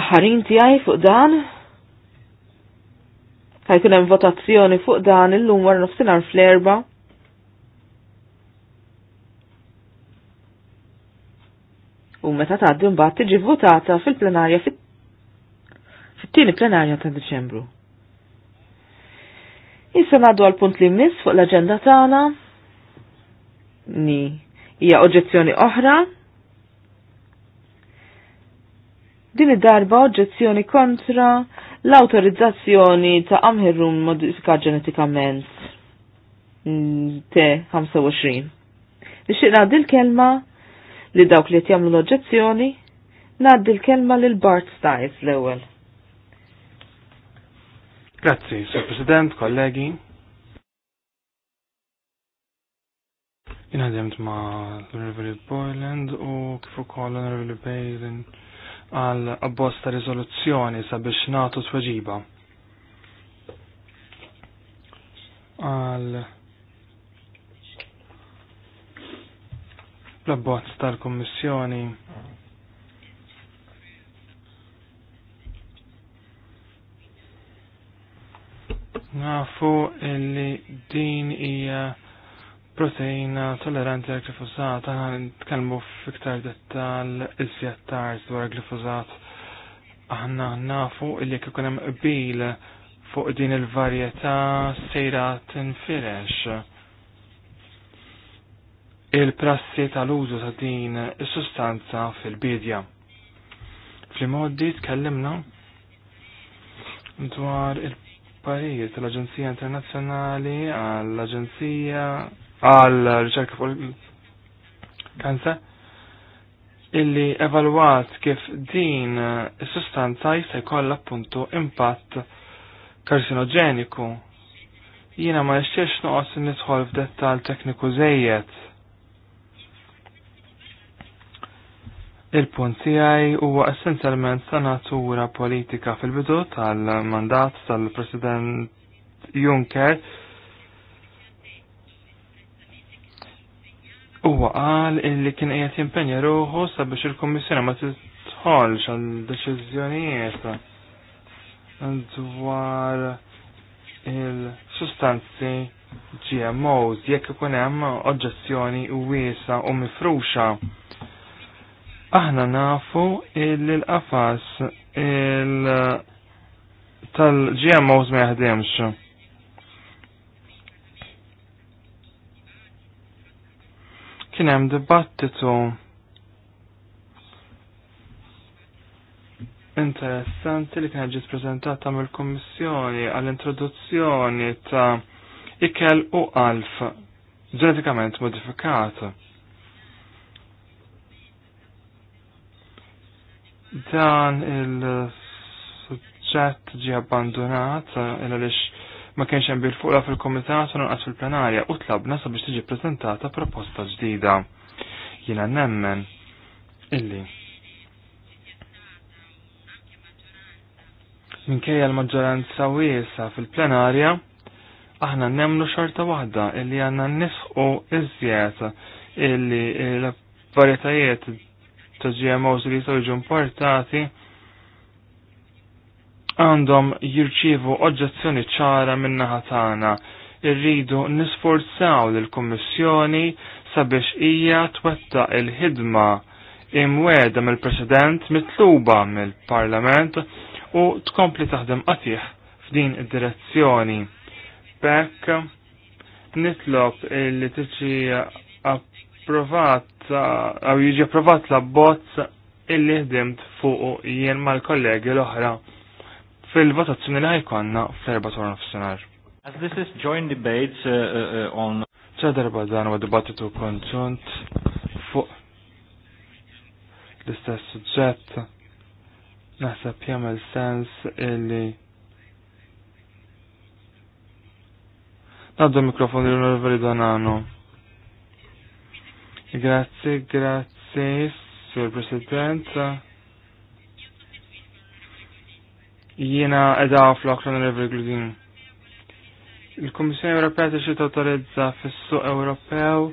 aħħarin tiegħi fuq dan. Ħajkun hemm votazzjoni fuq dan illum war nofsinhar fl-erba' u meta tgħaddi mbagħad tiġi votata fil-plenarja fit-tieni plenarja ta' Diċembru. Issa ngħaddu għal punt li miss fuq l-aġenda tagħna ni hija oġġezzjoni oħra din id-darba oġġezzjoni kontra l-autorizzazzjoni ta' amherrun modifika ġenetikament te 25 Nixtieq l kelma li dawk li jagħmlu l-oġġezzjoni, naddi l-kelma lil Bart Stiles l-ewel. Grazzi, Sir President, kollegi. Inħademt ma l-Onorevoli Boyland u kif ukoll l-Onorevoli Bailin għal abbosta riżoluzzjoni sabiex nagħtu tweġiba għal l-abbozz tal-Kommissjoni. Nafu illi din hija proteina tolleranti għal glifosat, aħna nitkellmu f'iktar dettal iżjed tard dwar glifosat. Aħna nafu illi jekk hemm qbil fuq din il-varjetà sejra tinfirex il-prassi tal-użu ta' din is-sustanza fil-bidja. fl moddi tkellimna dwar il-parijiet l aġenzija Internazzjonali għall-Aġenzija għall-Riċerka fuq il illi evalwat kif din il sustanza jista' jkollha appuntu impatt karsinogeniku. Jiena ma nixtiex noqgħod nidħol f'dettall tekniku żejjed Il-punt tiegħi huwa essenzjalment sanatura natura politika fil-bidu tal-mandat tal-President Juncker Huwa qal illi kien qiegħed jimpenja ruħu sabiex il-Kummissjoni ma tidħolx għal deċiżjonijiet dwar il-sustanzi GMOs jekk ikun hemm oġġezzjoni wiesa u mifruxa. Aħna nafu il-qafas il tal-GMOs ma jaħdemx. Kien hemm dibattitu interessanti li kien ġiet ta' mill-Kummissjoni għall-introduzzjoni ta' ikel u alf ġenetikament modifikata. Dan il sujġett ġi abbandonat il-għalix eh, ma kienx hemm bil fil-komitat u nqas fil-plenarja u tlabna sabiex tiġi ppreżentata proposta ġdida. Jiena nemmen illi minkejja l-maġġoranza wiesa fil-plenarja, aħna nemlu xorta waħda illi għanna nisħu iżjed illi l-varietajiet ta' GMOs li jistgħu jiġu importati għandhom jirċievu oġġezzjoni ċara min-naħa tagħna. Irridu nisforzaw lill-Kummissjoni sabiex hija twetta il-ħidma imweda mill-President mitluba mill-Parlament u tkompli taħdem qatih f'din id-direzzjoni. Bekk nitlob li tiġi approvat bozza, għaw jiġi approvat la bozza illi ħdimt fuq jien mal-kollegi l-oħra fil-votazzjoni li ħajkonna fl-erba ta' nofsinhar. As this is joint debates uh, uh, on ċa dan huwa dibattitu konċunt fuq l-istess suġġett naħseb jagħmel sens illi Naddu mikrofon l-Onorevoli Donano. Grazzi, grazie, Sur President. Jiena edha flok l-Onorevoli Gludin. Il-Kommissjoni Ewropea tixi totalizza fis-suq Ewropew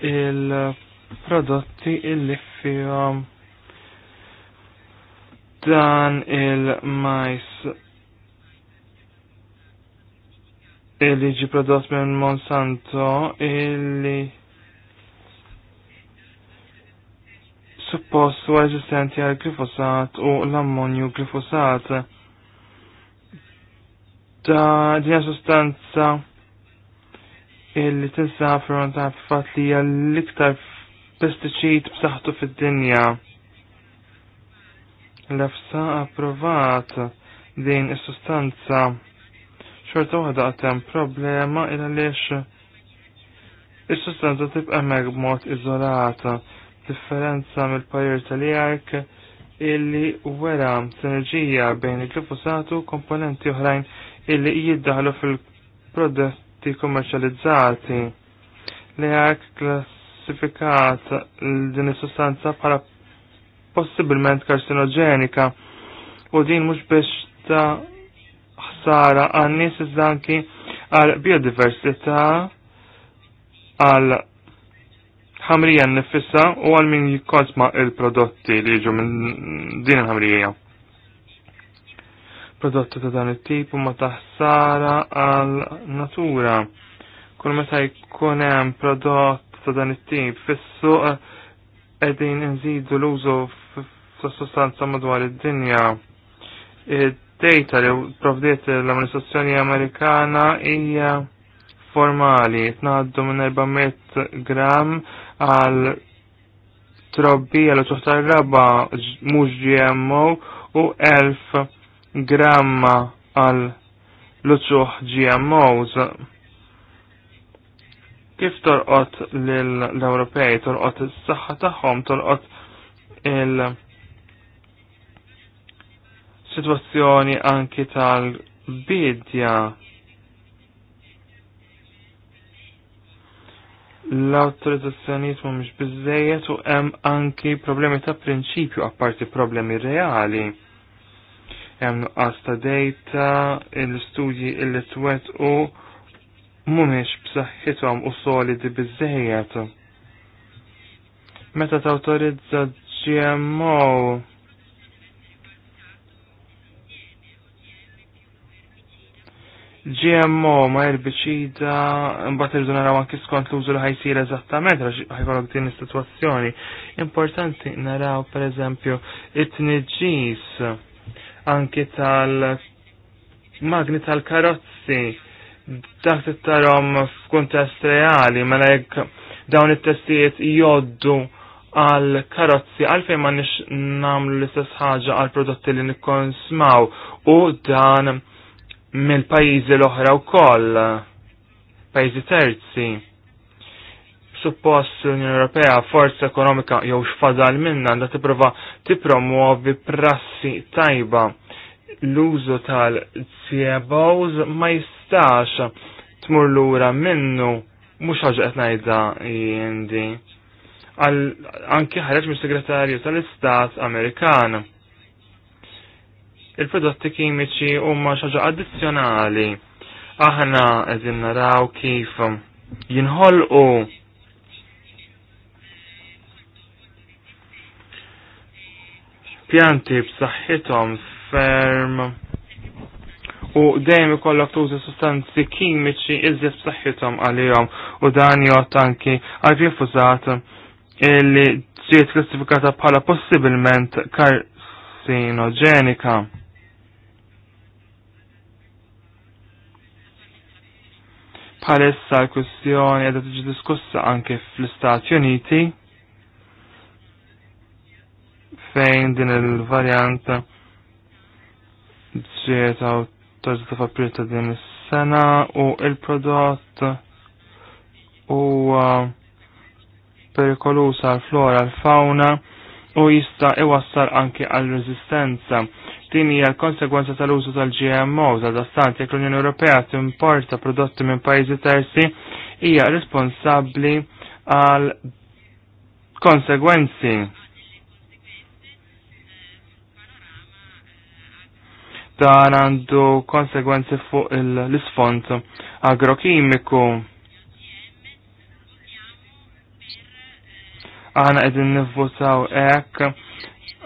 il-prodotti illi fihom dan il-majs illi ġi prodott minn Monsanto illi suppost u eżistenti għal glifosat u l-ammonju glifosat. Ta' dinja sostanza illi tinsa fron ta' fat li l-iktar pesticid b'saħħtu fid-dinja. L-efsa approvat din is-sustanza xorta waħda għatem problema il għaliex is-sustanza tibqa' meg b'mod iżolata differenza mill-pajer tal jark illi wera sinerġija bejn il-glifosatu komponenti oħrajn illi jiddaħlu fil-prodotti kommerċjalizzati li jark klassifikat din is-sustanza bħala possibilment karsinogenika u din mhux biex ta' ħsara għan-nies iżda anki għal biodiversità għal ħamrija nifissa u għal min jikonsma il-prodotti li jiġu minn din il-ħamrija. Prodotti ta' dan it-tip huma taħsara għal natura. Kull meta jkun hemm prodott ta' dan it-tip fissu suq qegħdin inżidu l-użu sostanza madwar id-dinja. Id-data li provdiet l-amministrazzjoni Amerikana hija formali, tnaddu minn 400 gram għal trobbi għal tuħta raba mux GMO u 1000 gramma għal l GMOs. Kif torqot l-Ewropej, torqot s-saxħa tagħhom, torqot il- situazzjoni anki tal-bidja l-autorizzazzjoniet mhumiex biżejjed u hemm anki problemi ta' prinċipju apparti problemi reali. Hemm nuqqas ta' data, l-istudji illi twet u mhumiex b'saħħithom u solidi biżejjed. Meta tawtorizza GMO GMO ma erbicida mbagħad irdu naraw anke skont l-użu li ħajsir eżattament ħajkollok din is-sitwazzjoni. Importanti naraw pereżempju it-tniġġis anke tal magni tal-karozzi dak tittarhom f'kuntest reali mela jekk dawn it-testijiet joddu għal karozzi għalfejn ma nix namlu l-istess ħaġa għal prodotti li nikkonsmaw u dan mill-pajjiżi l-oħra wkoll, pajjiżi terzi. Suppost l-Unjoni Ewropea forza ekonomika jew x'fadal minna għandha tipprova tippromuovi prassi tajba l-użu tal-CBOs ma jistax tmur lura minnu mhux ħaġa qed ngħidha jindi. Anki ħareġ mis-Segretarju tal-Istat Amerikan il-prodotti kimiċi huma xaġa addizzjonali. Aħna qegħdin naraw kif jinħolqu pjanti b'saħħithom ferm u dejjem ikollok tuża sostanzi kimiċi iżjed b'saħħithom għalihom u dan jgħod anki għal rifuzat illi ġiet klassifikata bħala possibilment karsinogenika. Palissa l-kwestjoni għedha tiġi diskussa anke fl-Istati Uniti fejn din il-varjant ġiet għaw tarġi ta' ta' din is-sena u il-prodott u perikolus għal flora għal fauna u jista' iwassal anke għal rezistenza Din hija konsegwenza tal-użu tal gmo għal dastant jekk l-Unjoni Ewropea timporta prodotti minn pajjiżi terzi hija responsabbli għal konsegwenzi. Dan għandu konsegwenzi fuq l-isfond agrokimiku. Aħna qegħdin nivvotaw hekk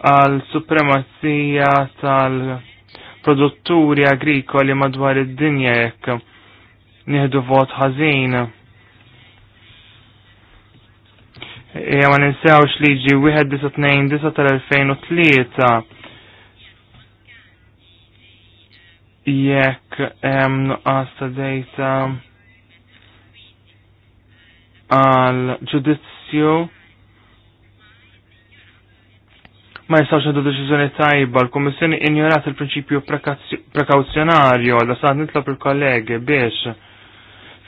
għal supremazija tal-produtturi agrikoli madwar id-dinja jekk nieħdu vot ħażin. Ja ma ninsewx liġi 192 tal-2003 jekk hemm nuqqas ta' dejta għal ġudizzju ma jistawx għadu deċiżjoni tajba, l-Komissjoni ignorat il-prinċipju prekawzjonarju għal sa' nitlob il-kollegi biex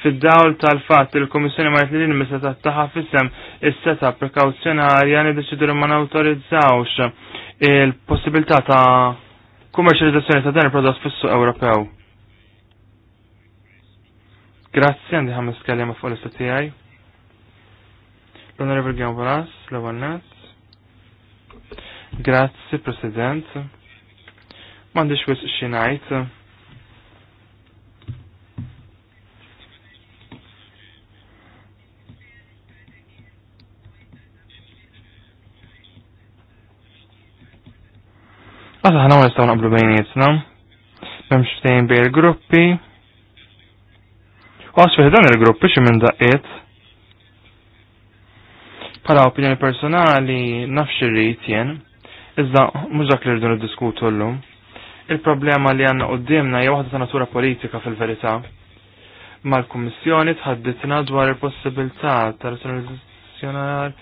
fid-dawl tal-fatt il-Komissjoni ma jtlilin mis-seta taħħa fissem is-seta prekawzjonarja niddeċidu ma nawtorizzawx il-possibilità ta' kummerċializzazzjoni ta' dan il-prodott fis-suq Ewropew. Grazzi għandi ħames kellima fuq l istatijaj L-Onorevole Gjan l-Avannas. Grazzi, President. Mandiċ wis xinajt. Għasa ħana għu nistaw naqblu bejnietna. Memx ftejn bej il-gruppi. U għasfiħ dan il-gruppi xie minn daqqiet bħala opinjoni personali jien. Iżda, mhux dak li rridu niddiskutu llum. Il-problema li għandna qudiemna hija waħda ta' natura politika fil-verità. Mal-Kummissjoni tħadditna dwar il-possibilità tal-razzjonalizzazzjonar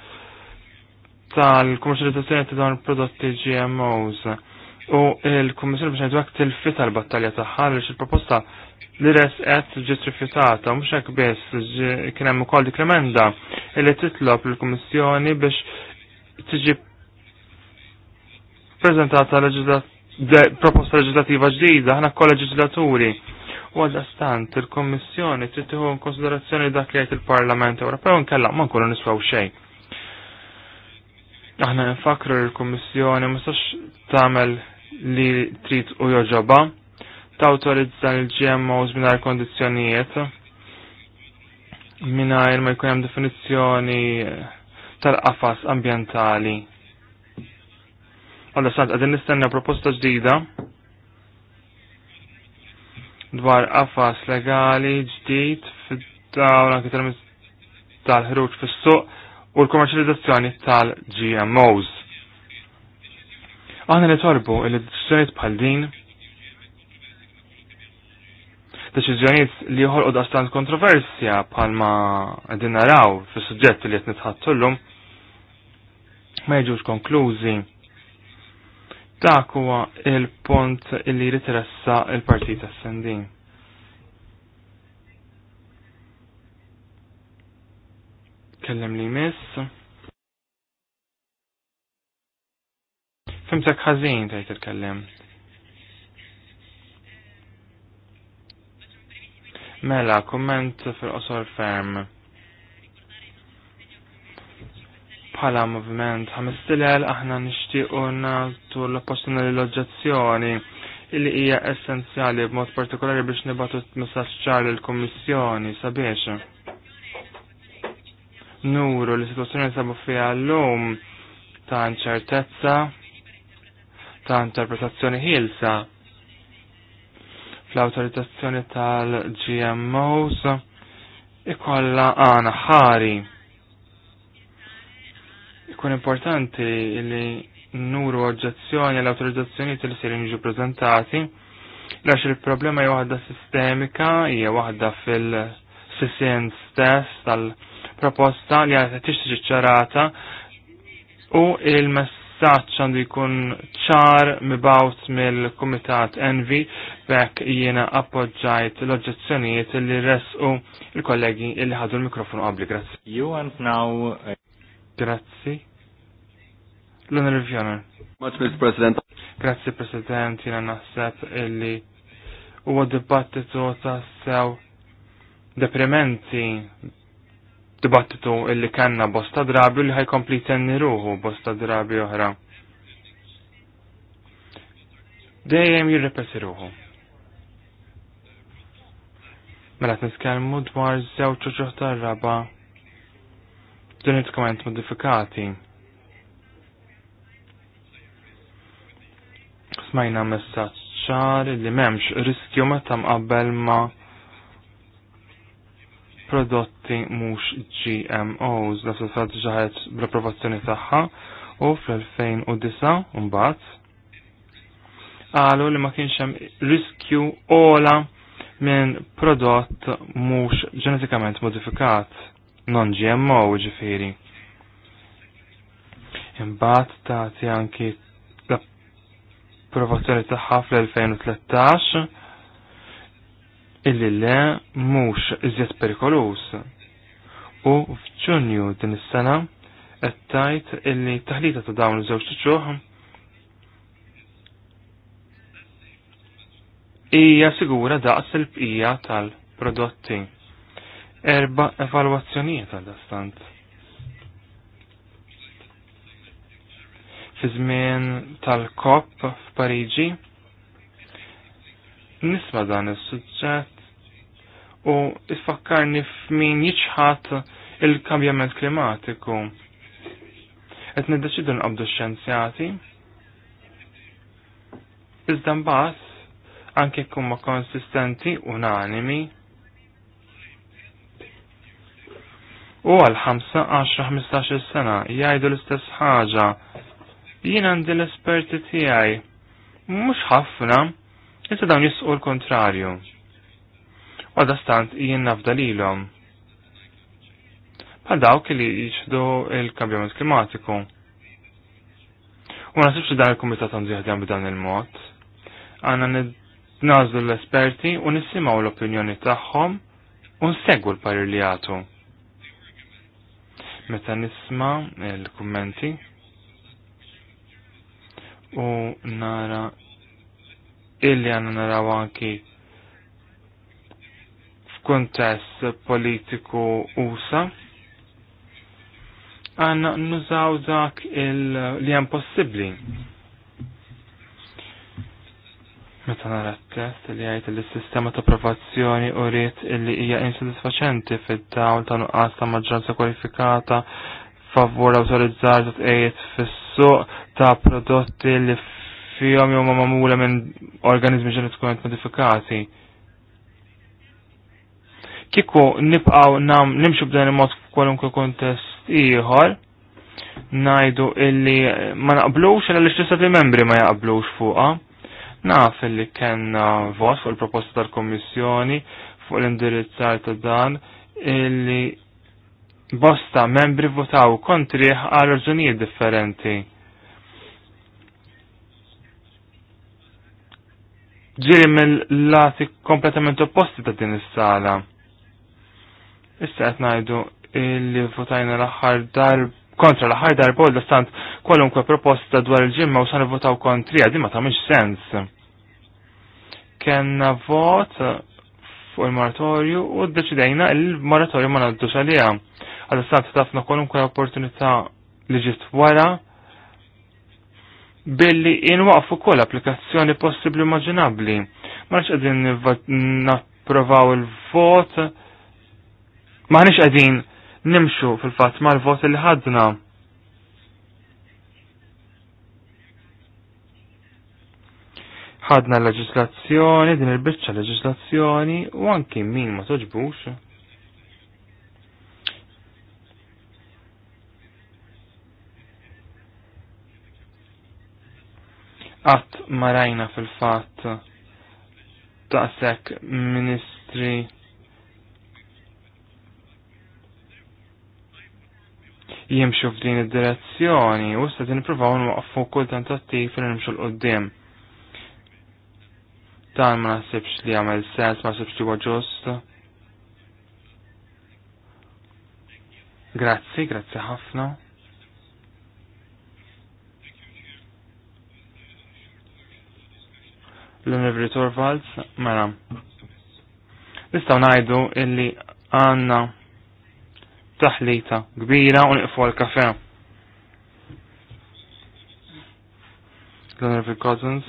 tal kommercializzazzjoni ta' dawn il-prodotti GMOs. U il-Kummissjoni biex ngħidu tilfit l-battalja tagħha għaliex il-proposta li res qed ġit rifjutata mhux hekk biss kien hemm ukoll dik l il li titlob il-Kummissjoni biex tiġi prezentata proposta legislativa ġdida, ħna kolleġislaturi. U għadastant, il-Kommissjoni trid tieħu konsiderazzjoni dak li qed il-Parlament Ewropew nkella ma nkunu nisfaw xejn. Aħna nfakru l-Kommissjoni ma sax tagħmel li trid u joġoba, tawtorizza l-GMOs l kondizzjonijiet, mingħajr ma jkun hemm definizzjoni tal-qafas ambjentali Għalla sant għadin nistenna proposta ġdida dwar afas legali ġdid fid-dawl anke tal-ħruġ fis-suq u l-kommerċjalizzazzjoni tal-GMOs. Aħna li torbu li deċiżjonijiet bħal din deċiżjonijiet li joħolqu daqstant kontroversja bħalma qegħdin naraw fis-suġġetti li qed ma jġuġ konklużi Dak huwa il-pont li ritressa il-Partit tas-Sendin. Kellem li miss. Fimtek ħażin tgħid titkellem. Mela, komment fil-qosor ferm. bħala moviment ħamistilel aħna nixtiequ nagħtu l-opportunità l-oġġezzjoni illi hija essenzjali b'mod partikolari biex nibatu messaġġ ċar lill-Kummissjoni sabiex. Nuru li situazzjoni sabu fiha llum ta' inċertezza, ta' interpretazzjoni ħilsa fl-autorizzazzjoni tal-GMOs ikolla għana ħari tkun importanti li nuru oġġazzjoni għall autorizzazzjonijiet li ser jiġu prezentati għax il-problema hija waħda sistemika hija waħda fil-sisien stess tal-proposta li għadha tixtieġ ċarata u il-messaġġ għandu jkun ċar mibawt mill-Kumitat Envi bekk jiena appoġġajt l-oġġezzjonijiet li resqu il-kollegi li ħadu l-mikrofonu qabli. Grazzi. You and now Grazzi. L-Onorevoli Fjoner. Much, Mr. President. Grazie, President. jina naħseb illi huwa dibattitu ta' sew deprimenti dibattitu illi kanna bosta drabi li ħajkompli tenni ruħu bosta drabi oħra. Dejjem jirrepeti ruħu. Mela t-niskelmu dwar zewċ ġoħ tar-raba komment modifikati. smajna messaġġ ċar li m'hemmx riskju meta mqabbel ma prodotti mhux GMOs la sosad ġaħet bl-approvazzjoni tagħha u fl-2009 mbagħad qalu li ma kienx hemm riskju ola minn prodott mhux ġenetikament modifikat non GMO ġifieri. Imbagħad tagħti anki l tagħha fl-2013 illi le mhux iżjed perikolus. U f'Ġunju din is-sena qed tajt illi taħlita ta' dawn iż-żewġ ċuħ hija sigura daqs il-bqija tal-prodotti. Erba evalwazzjonijiet għal-dastant fi żmien tal-COP f'Pariġi. Nisma' dan is-suġġett u ifakkarni f'min jiċħat il-kambjament klimatiku. Qed niddeċidu nqabdu x-xjenzjati. Iżda mbagħad anke kumma konsistenti unanimi u għal 5-10-15 sena jgħidu l-istess ħaġa jien għandi l-esperti tiegħi. Mhux ħafna, issa dawn jisqu l-kontrarju. Għadda stant jien nafdalilhom. Bħal dawk li jiġdu il-kambjament klimatiku. U nasibx dan il-kumitat għandu jaħdem b'dan il-mod. Għanna nażlu l-esperti u nisimgħu l-opinjoni tagħhom u nsegwu l-parir li għatu. Meta nisma' il-kummenti u nara illi għanna naraw anki f'kuntest politiku usa għanna nużaw dak il li għan possibli. Meta nara t-test li għajt li s-sistema ta' approvazzjoni u rrit illi hija insoddisfaċenti fid-dawl ta' nuqqas ta' maġġoranza kwalifikata favur autorizzar ta' ejet fissu ta' prodotti li fihom jom magħmula minn organizmi ġenetikament modifikati. Kiku nibqgħu nam nimxu b'dan il-mod f'kwalunkwe kontest ieħor, ngħidu illi ma naqblux għal l li membri ma jaqblux fuqha. Naf illi kellna vot fuq il-proposta tal komissjoni fuq l-indirizzar ta' dan illi bosta membri votaw kontri għal raġunijiet differenti. Ġiri mill-lati kompletament opposti ta' din is-sala. Issa qed ngħidu li votajna l-aħħar dar kontra l-aħħar darba u stant kwalunkwe proposta dwar il-ġimma u sa votaw kontri għadi ma tagħmilx sens. Kenna vot fuq il-moratorju u d-deċidejna il-moratorju ma naddux għalija Għal sant tafna kwalunkwe opportunità li ġiet wara billi inwaqfu kol applikazzjoni possibli immaġinabbli. Marx qegħdin napprovaw il-vot, maħniex qegħdin nimxu fil-fatt mal-vot li ħadna. ħadna l-leġislazzjoni, din il-bicċa leġislazzjoni, u anki min ma toġbux. qatt ma rajna fil-fatt taqsek ministri jimxu f'din id-direzzjoni u sta din provaw nwaqfu kull tentattiv li nimxu l-qoddim. Dan ma nasibx li għamil sens, ma nasibx li huwa ġust. Grazzi, grazzi ħafna. l-Univri Torvalds, mela. Nistaw najdu illi għanna taħlita kbira u niqfu għal-kafe. L-Univri Cousins.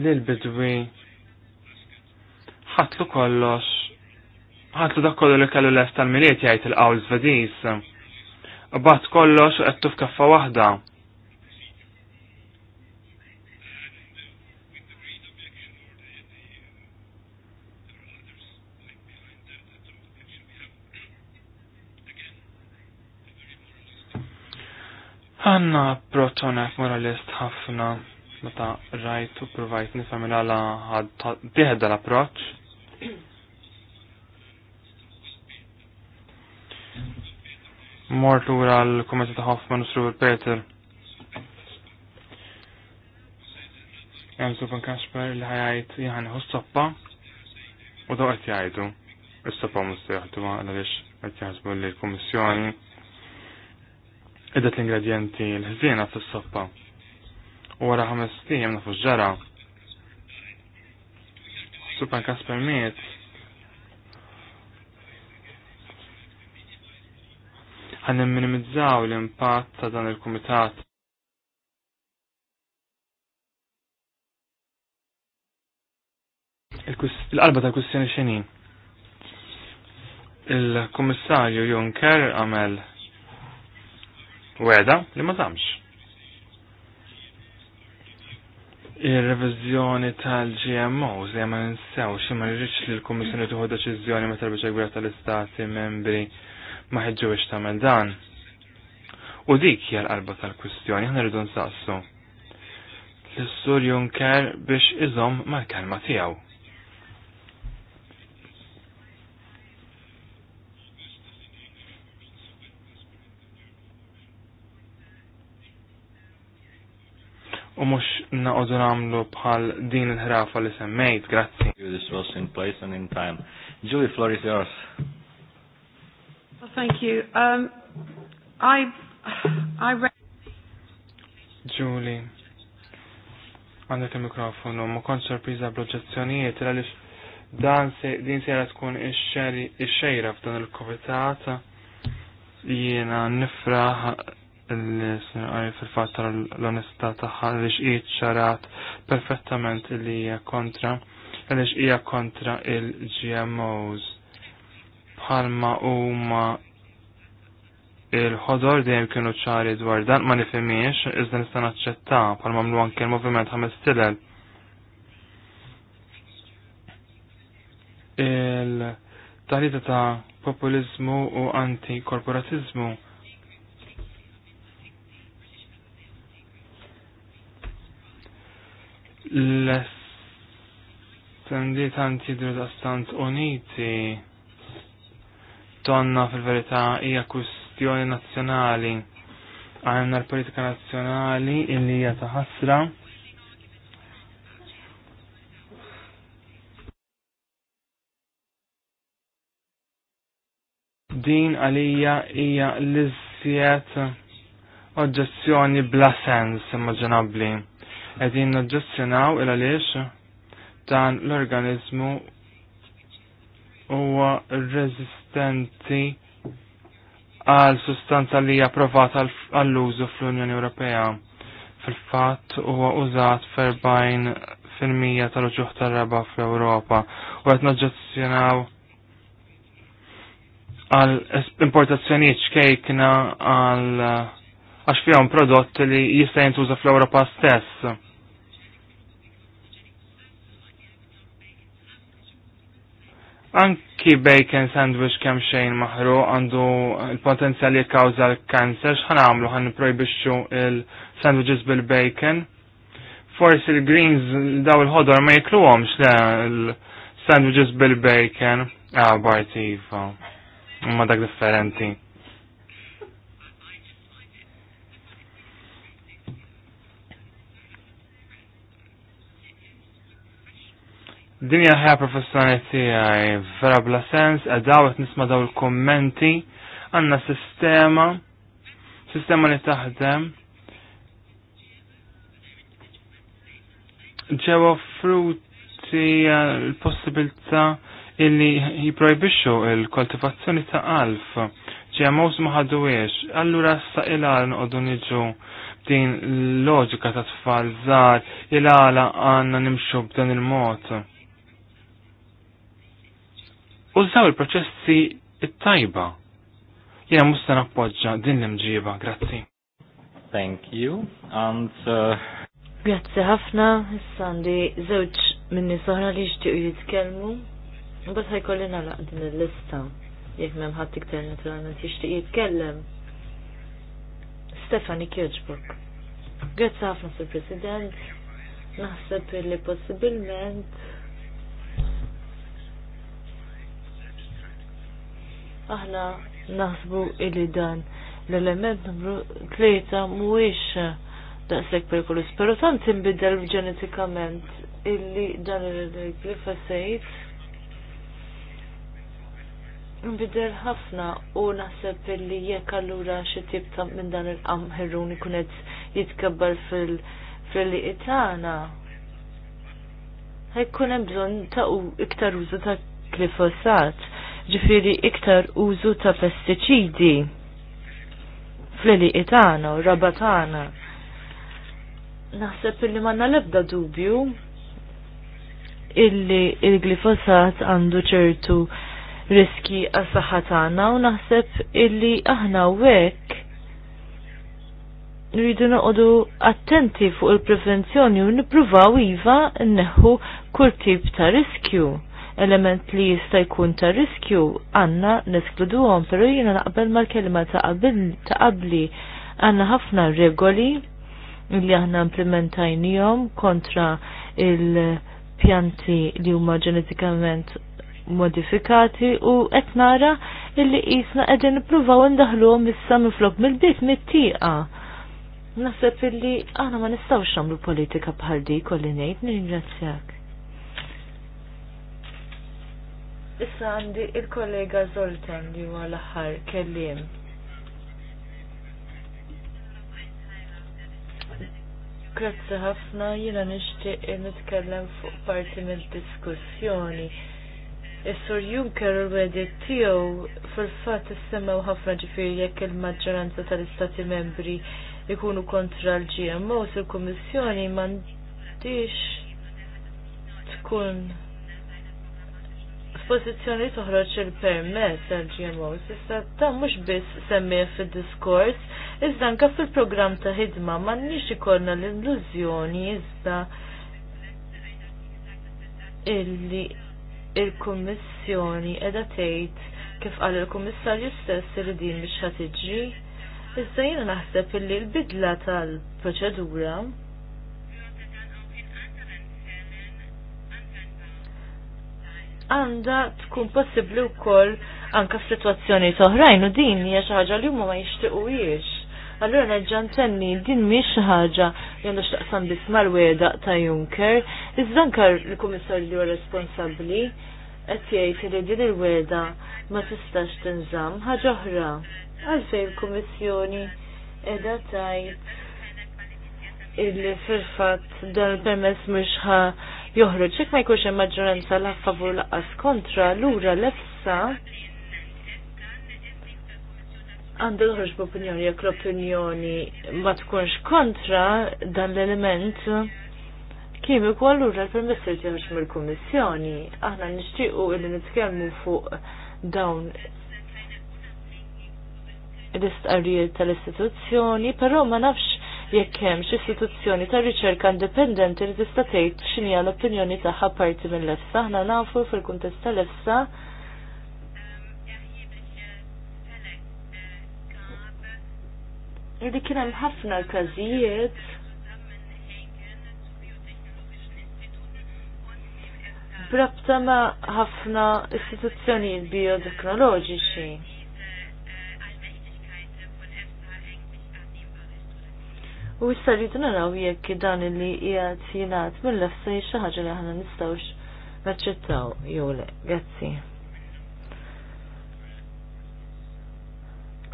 Lil-bidwi ħatlu kollox ħatlu dak kollu li kellu l-est tal-miliet jgħid il-qawl Svediż. Bat kollox qed tufkaffa waħda. Għanna protonek moralist ħafna meta rajt provajt nifhem għala għad diħed l-approċċ mort lura l-Komitet ta' Hoffman u Srur Peter. Hemm fan Kasper li ħajajt jħan hu soppa u daw qed jgħidu. Is-soppa mhux se jaħduha għaliex qed jaħsbu li l-Kummissjoni idet l-ingredjenti l-ħżiena fis-soppa. U wara ħames tiem nafu ġara. Supan Kasper miet ħan minimizzaw l-impatt ta' dan il-Kumitat. Il-qalba ta' kustjoni xini. Il-Kummissarju Juncker għamel weda li ma zamx. Il-revizjoni tal gmo li ma ninsewx ma rridx li l-Kummissjoni tuħu deċiżjoni meta l-biex tal-Istati membri ma ħedġuwix tagħmel dan. U dik hija l tal-kwistjoni aħna rridu nsaqsu. L-Sur Juncker biex iżom mal-kelma tiegħu. u mux naqodu namlu bħal din il-ħrafa li semmejt, grazzi. This was in place and in time. Julie, floor is yours thank you. Um, I, I read... Julie, għandet il-mikrofonu, ma konċ sorpriza bl-oġezzjonijiet, għalix dan se, din sejra tkun ix-xejra f'dan il kovitata jiena nifraħ fil-fat l-onestà tagħha li qiegħed ċarat perfettament li hija kontra għaliex hija kontra il-GMOs bħalma huma il-ħodor dejjem kienu ċari dwar dan ma nifhimiex iżda nista' naċċetta bħalma mlu anke l-moviment ħames tilel. Il-tarita ta' populizmu u anti-korporatizmu l-estendiet anti uniti tonna fil-verità hija kwistjoni nazzjonali. Għanna l-politika nazzjonali illi hija ta' ħasra. Din għalija hija l-iżjed oġġezzjoni bla sens immaġinabbli. Qegħdin noġġezzjonaw il għaliex dan l-organizmu huwa resistenti għal sustanza li hija approvata għall-użu fl-Unjoni Ewropea. Fil-fatt huwa użat ferbajn fil-mija tal-ġuħ tal-raba fl-Ewropa u qed naġġezzjonaw għal importazzjonijiet xkejkna għal għax fihom prodott li jista' jintuża fl-Ewropa stess. Anke Ki bacon sandwich kem xejn maħru għandu il-potenzjal li l-kanser, xħan għamlu għan projbixxu il-sandwiches bil-bacon. Forsi il-greens daw il-ħodor ma għomx le l-sandwiches bil-bacon. Ah, bartifa. Ma dak differenti. Dinja ħja professjoni tiegħi vera bla sens, għadaw qed nisma' daw il-kummenti għandna sistema, sistema li taħdem. Ġewa frutti l-possibilità illi jiprojbixu il-koltivazzjoni ta' alf ġemawż ma ħadwiex, għallura sa il-għal nqogħdu niġu din l-loġika ta' tfal żgħar ilala għandna nimxu b'dan il-mod użaw il-proċessi it-tajba. Jena musta nappoġġa din l-imġiba, grazzi. Thank you, and... Uh... Grazzi ħafna, Sandi, zewċ minni soħra li xtiq jitkelmu, bas ħajkolli għala din il-lista, jek memħat tiktar naturalment jixtiq jitkellem. Stefani Kjoġbuk. Grazzi ħafna, Sir President, naħseb li possibilment aħna naħsbu illi dan l-element numru tlieta mhuwiex daqshekk perikolus, però tant inbidel ġenetikament illi dan il-glifosate Nbidel ħafna u naħseb li jekk allura xi tip ta' minn dan il-qamħirun ikun qed jitkabbar fil tagħna. Ħajkun hemm bżonn ta' iktar użu ta' glifosat ġifiri iktar użu ta' pestiċidi fl-liqi tagħna u raba tagħna. Naħseb illi manna lebda dubju illi il-glifosat għandu ċertu riski għas-saħħa tagħna u naħseb illi aħna wek rridu noqogħdu attenti fuq il-prevenzjoni u nippruvaw iva nneħħu kull tip ta' riskju element li jista' jkun ta' riskju għandna neskluduhom, però jiena naqbel mal-kelma ta' qabli għandna ħafna regoli li aħna implementajnijom kontra il-pjanti li huma ġenetikament modifikati u qed nara illi qisna qegħdin nippruvaw indaħluhom issa miflok mill-bit mit-tieqa. Naħseb illi aħna ma nistgħux nagħmlu politika bħal dik kolli ngħid nirringrazzjak. Issa għandi il-kollega Zoltan li huwa l-aħħar kellim. Grazzi ħafna jiena nixtieq nitkellem fuq parti mill-diskussjoni. Is-Sur Juncker u tiegħu fil-fatt issemmew ħafna ġifieri jekk il-maġġoranza tal-Istati membri jkunu kontra l-GMO il kummissjoni m'għandix tkun dispożizzjoni toħroġ il-permess għal GMOs. Issa ta' mhux biss semmih fid-diskors, iżda anke fil-programm ta' ħidma m'għandniex ikollna l-illużjoni iżda illi il-Kummissjoni qiegħda tgħid kif qal il-Kummissarju stess li din biex ħatiġi. Iżda jiena naħseb illi l-bidla tal-proċedura għanda tkun possibbli wkoll anke f'sitwazzjoni oħrajn u din hija xi ħaġa li huma ma jixtiequiex. Allura nerġa' tenni din mhix xi ħaġa li għandha x'taqsam biss mal-weda ta' Juncker, iżda anke l-Kummissarju li responsabbli qed jgħid li din il-weda ma tistax tinżamm ħaġa oħra. Għalfejn il-Kummissjoni qiegħda tajt il fil-fatt dan il-permess mhux joħroġ. Jekk ma jkunx hemm maġġoranza la favur laqas kontra, lura l-efsa għandu l-ħroġ b'opinjoni jekk l-opinjoni ma tkunx kontra dan l-element kien ikun allura l-permesser tiħroġ mill-kummissjoni. Aħna nixtiequ illi nitkellmu fuq dawn l-istqarrijiet tal-istituzzjoni, però ma nafx jekk hemm xi istituzzjoni ta' riċerka indipendenti li tista' tgħid x'inhi l-opinjoni tagħha parti mill lefsa Aħna nafu fil-kuntest tal-EFSA li kien hemm ħafna każijiet brabta ma' ħafna istituzzjonijiet bioteknoloġiċi U issa rridu naraw jekk dan li qiegħed jgħat mill-lefsa xi ħaġa li aħna nistgħux naċċettaw jew le. Grazzi.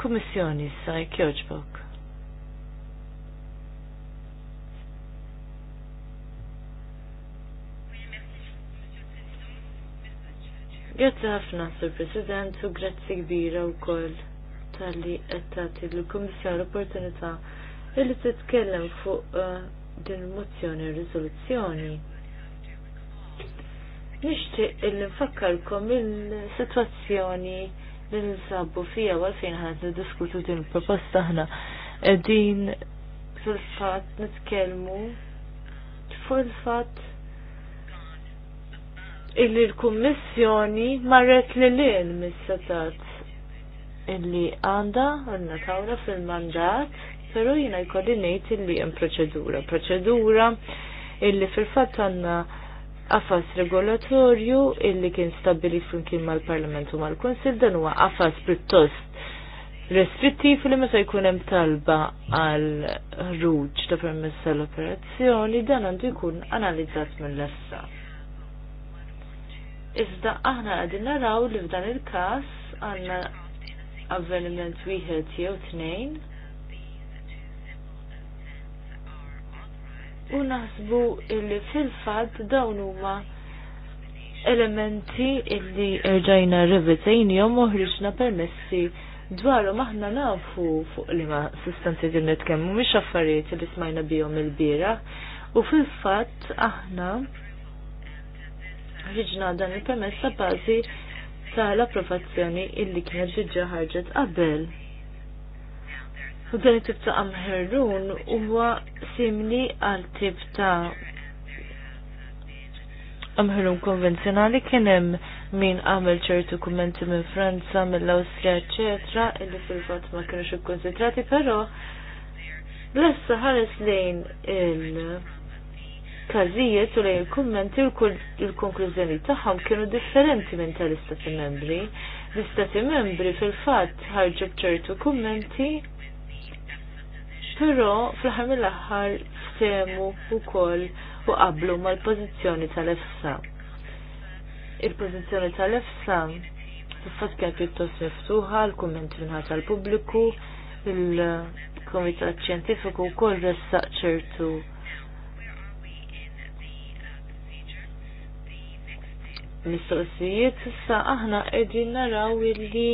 Kummissjoni issa jekk jogħġbok. Grazzi ħafna, Sur President, u grazzi kbira wkoll tal-li qed l-Kummissjoni l-opportunità illi titkellem fuq eh, din mozzjoni riżoluzzjoni. Nixtieq illi nfakkarkom il-sitwazzjoni li ninsabu fija għalfejn ħadd diskutu din il-proposta aħna din fil-fatt nitkellmu fuq il-fatt illi l-Kummissjoni marret li l missatat mis-setat illi għanda għanna tawra fil-mandat però jiena jkolli ngħid illi hemm proċedura, proċedura illi fil-fatt għandna għafas regolatorju illi kien stabbilit flimkien mal-Parlament u mal-Kunsill dan huwa qafas pjuttost restrittiv li meta jkun hemm talba għal ħruġ ta' permess tal-operazzjoni dan għandu jkun analizzat mill-essa. Iżda aħna għadin naraw li f'dan il-każ għandna avveniment wieħed jew tnejn u naħsbu illi fil-fatt dawn huma elementi illi rġajna rivetajn jom uħriġna permessi dwaru maħna nafu fuq li ma sustanzi din nitkemmu miex affarijiet li smajna bihom il-bira u fil-fatt aħna ħriġna dan il bazi ta' bażi tal-approvazzjoni illi kienet ġiġa ħarġet qabel. U dan it tib ta' amħerrun huwa simli għal tip ta' amħerrun konvenzjonali kien hemm min għamel ċertu kummenti minn Franza, mill-Awstrija, eċetera, illi fil-fatt ma kienux ikkonsidrati, però l-essa ħares lejn il- każijiet u lejn il-kummenti il-konklużjoni tagħhom kienu differenti minn tal-istati membri. L-istati membri fil-fatt ħarġu ċertu kummenti però fl ħar mill-aħħar ftemu wkoll u qablu mal-pożizzjoni tal-EFSA. Il-pożizzjoni tal-EFSA fil kien pjuttost miftuħa l-kumment minħat tal-pubbliku, il-Komitat Ċjentifiku wkoll ressaq ċertu mistoqsijiet, issa aħna qegħdin naraw illi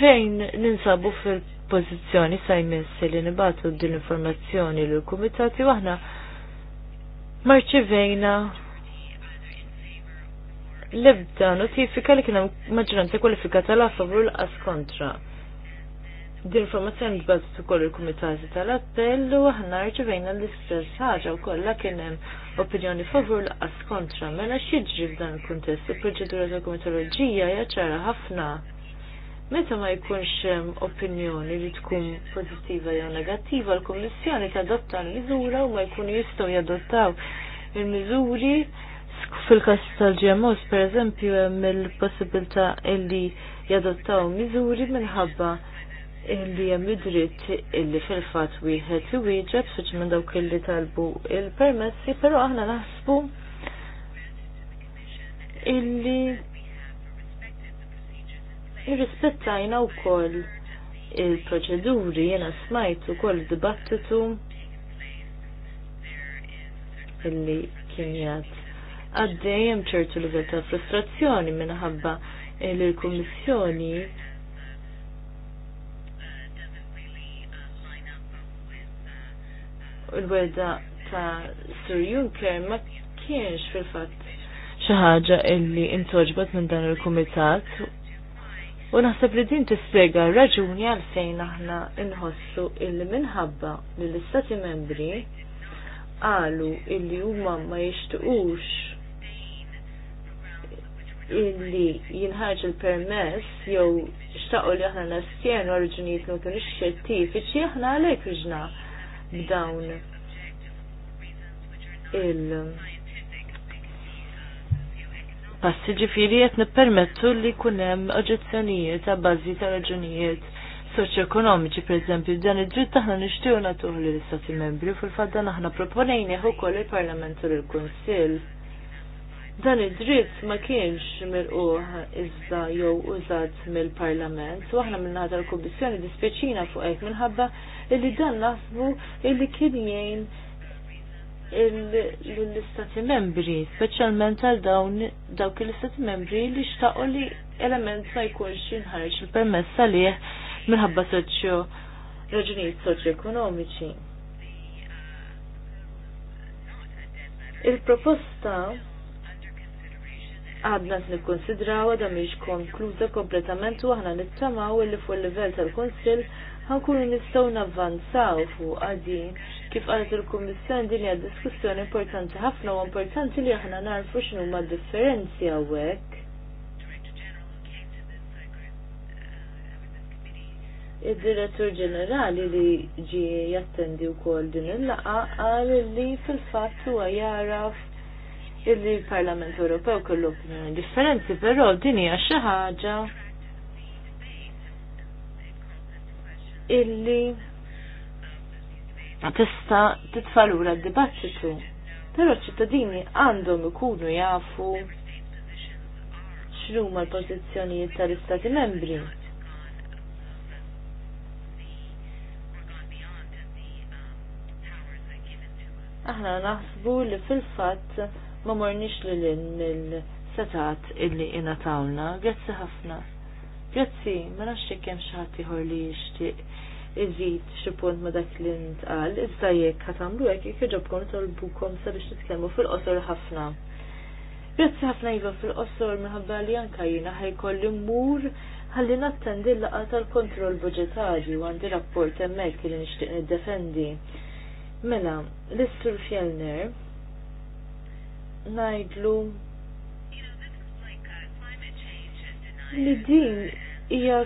fejn ninsabu fil- pozizjoni sa jmiss li nibatu din l-informazzjoni l kumitati waħna marċivejna l-ebda notifika li kienem maġranza kwalifikata la favru l-qas kontra. Din informazzjoni nibatu kol il-kumitati tal-appell u aħna rċivejna l-istess ħaġa u kollha kienem opinjoni favur l-qas kontra. Mela xieġri f'dan il-kuntest il-proċedura tal kumitologija jaċara ħafna Meta ma jkunx opinjoni li tkun pozittiva jew negattiva, l-Kummissjoni tadotta l-miżura u ma jkunu jistgħu jadottaw il-miżuri fil-każ tal-GMOs pereżempju hemm il-possibilità illi jadottaw miżuri minħabba li hemm id-dritt illi fil-fatt wieħed iwieġeb suġ minn dawk illi talbu il-permessi, però aħna naħsbu illi irrispettajna wkoll il-proċeduri jena smajt ukoll dibattitu illi kien jgħad għaddej hemm ċertu livell ta' frustrazzjoni minħabba li l-Kummissjoni il-weda ta' Sir Juncker ma kienx fil-fatt xi ħaġa illi intoġbat minn dan il-kumitat U naħseb li din tispjega raġuni għalfejn aħna inħossu illi minħabba li l-istati membri għalu illi huma ma jixtiqux illi jinħarġ il-permess jew xtaqgħu li aħna nastjenu raġunijiet ma kienux xjettifiċi aħna għalhekk riġna b'dawn il- passi ġifiri qed nippermettu li jkun hemm oġezzjonijiet ta' bażi ta' raġunijiet per pereżempju dan id-dritt aħna natuħu li lill-Istati Membri fil fat dan aħna hu ukoll il-Parlament u l-Kunsill. Dan id-dritt ma kienx mirquh iżda jew użat mill-Parlament u aħna minn l-Kummissjoni dispeċina fuq hekk minħabba illi dan naħsbu illi kien jgħin l-istati membri, specialment għal dawn dawk l-istati membri li xtaqo li element ma jkunx jinħarġ il permessa għalih minħabba soċju raġunijiet ekonomiċi. Il-proposta għadna t-nikonsidraw għadha miex konkluża kompletament u aħna nittamaw illi fuq il-livell tal konsil għankun nistgħu navvanzaw fuq għadin Kif qalet il-Kummissjoni din hija diskussjoni importanti ħafna u importanti li aħna narfu x'inhu ma' differenzi hawnhekk. Id-Direttur Ġenerali li ġi jattendi wkoll din il-laqa qal li fil-fatt huwa jaraf illi l-Parlament Ewropew kollu opinjoni differenti, però din hija xi ħaġa illi ma tista titfalura d-dibattitu. Pero ċittadini għandhom ikunu jafu x'huma l-pożizzjonijiet tal-Istati membri. aħna naħsbu li fil fat ma mornix li l mill-setat illi tawna. Grazzi ħafna. Grazzi, ma nafx kemm xi ħadd li jishtiq iżid xi punt ma dak li ntqal, iżda jekk ħad tagħmlu hekk jekk iġobkom tolbukom sabiex titkellmu fil-qosor ħafna. Grazzi ħafna iva fil-qosor minħabba li anka jiena ħajkolli mmur ħalli nattendi l-laqa tal-kontroll budġetarju għandi rapport hemmhekk li nixtieq niddefendi. Mela, l-Istur Fjellner ngħidlu uh, li din hija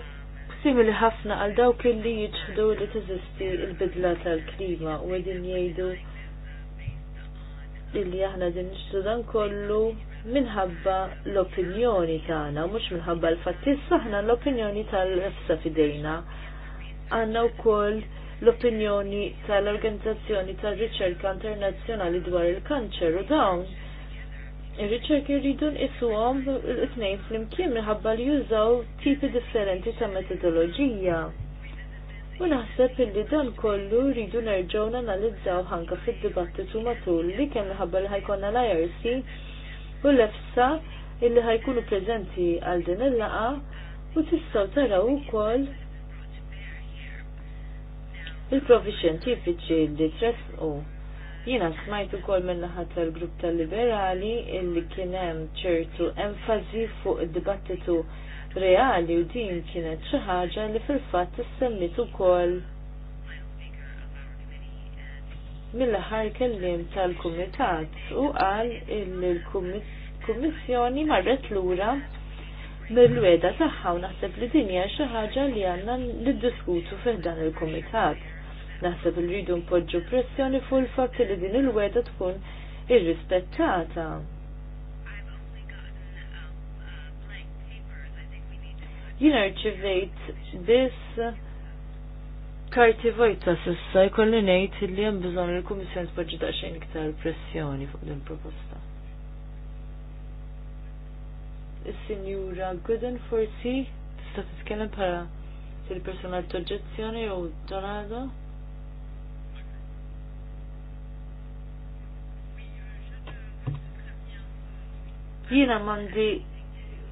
simili ħafna għal dawk li jiġħdu li teżisti l bidla tal-klima u għedin jgħidu illi aħna din nixtru dan kollu minħabba l-opinjoni tagħna, mhux minħabba l-fattis aħna l-opinjoni tal-efsa fidejna. Għandna wkoll l-opinjoni tal-Organizzazzjoni tal-Riċerka Internazzjonali dwar il-Kanċer u dawn ir-riċerki rridu l it-tnejn flimkien minħabba li jużaw tipi differenti ta' metodoloġija. U naħseb illi dan kollu rridu nerġgħu nanalizzaw ħanka fid-dibattitu matul li kemm minħabba li ħajkonna l-IRC u l-EFSA illi ħajkunu prezenti għal din il-laqa u tistgħu taraw ukoll il-provi tipiċi li tresqu Jina smajtu kol minnaħat tal-grupp tal-liberali illi kienem ċertu enfazi fuq dibattitu reali u din kienet xi ħaġa li fil-fatt issemmit ukoll mill-aħħar kelliem tal-kumitat u qal il-kummissjoni marret lura mill-weda tagħha u naħseb li din hija xi ħaġa li għandna fil dan il-kumitat. Naħseb li rridu npoġġu pressjoni fuq il-fatt li din il-weda tkun irrispettata. Jina rċivejt biss karti vojta sissa jkolli ngħid li hemm bżonn il-Kummissjoni tpoġġu daqsxejn iktar pressjoni fuq din proposta. Is-Sinjura Gooden forsi tista' titkellem bħala il-personal toġġezzjoni jew Donado? Jiena mandi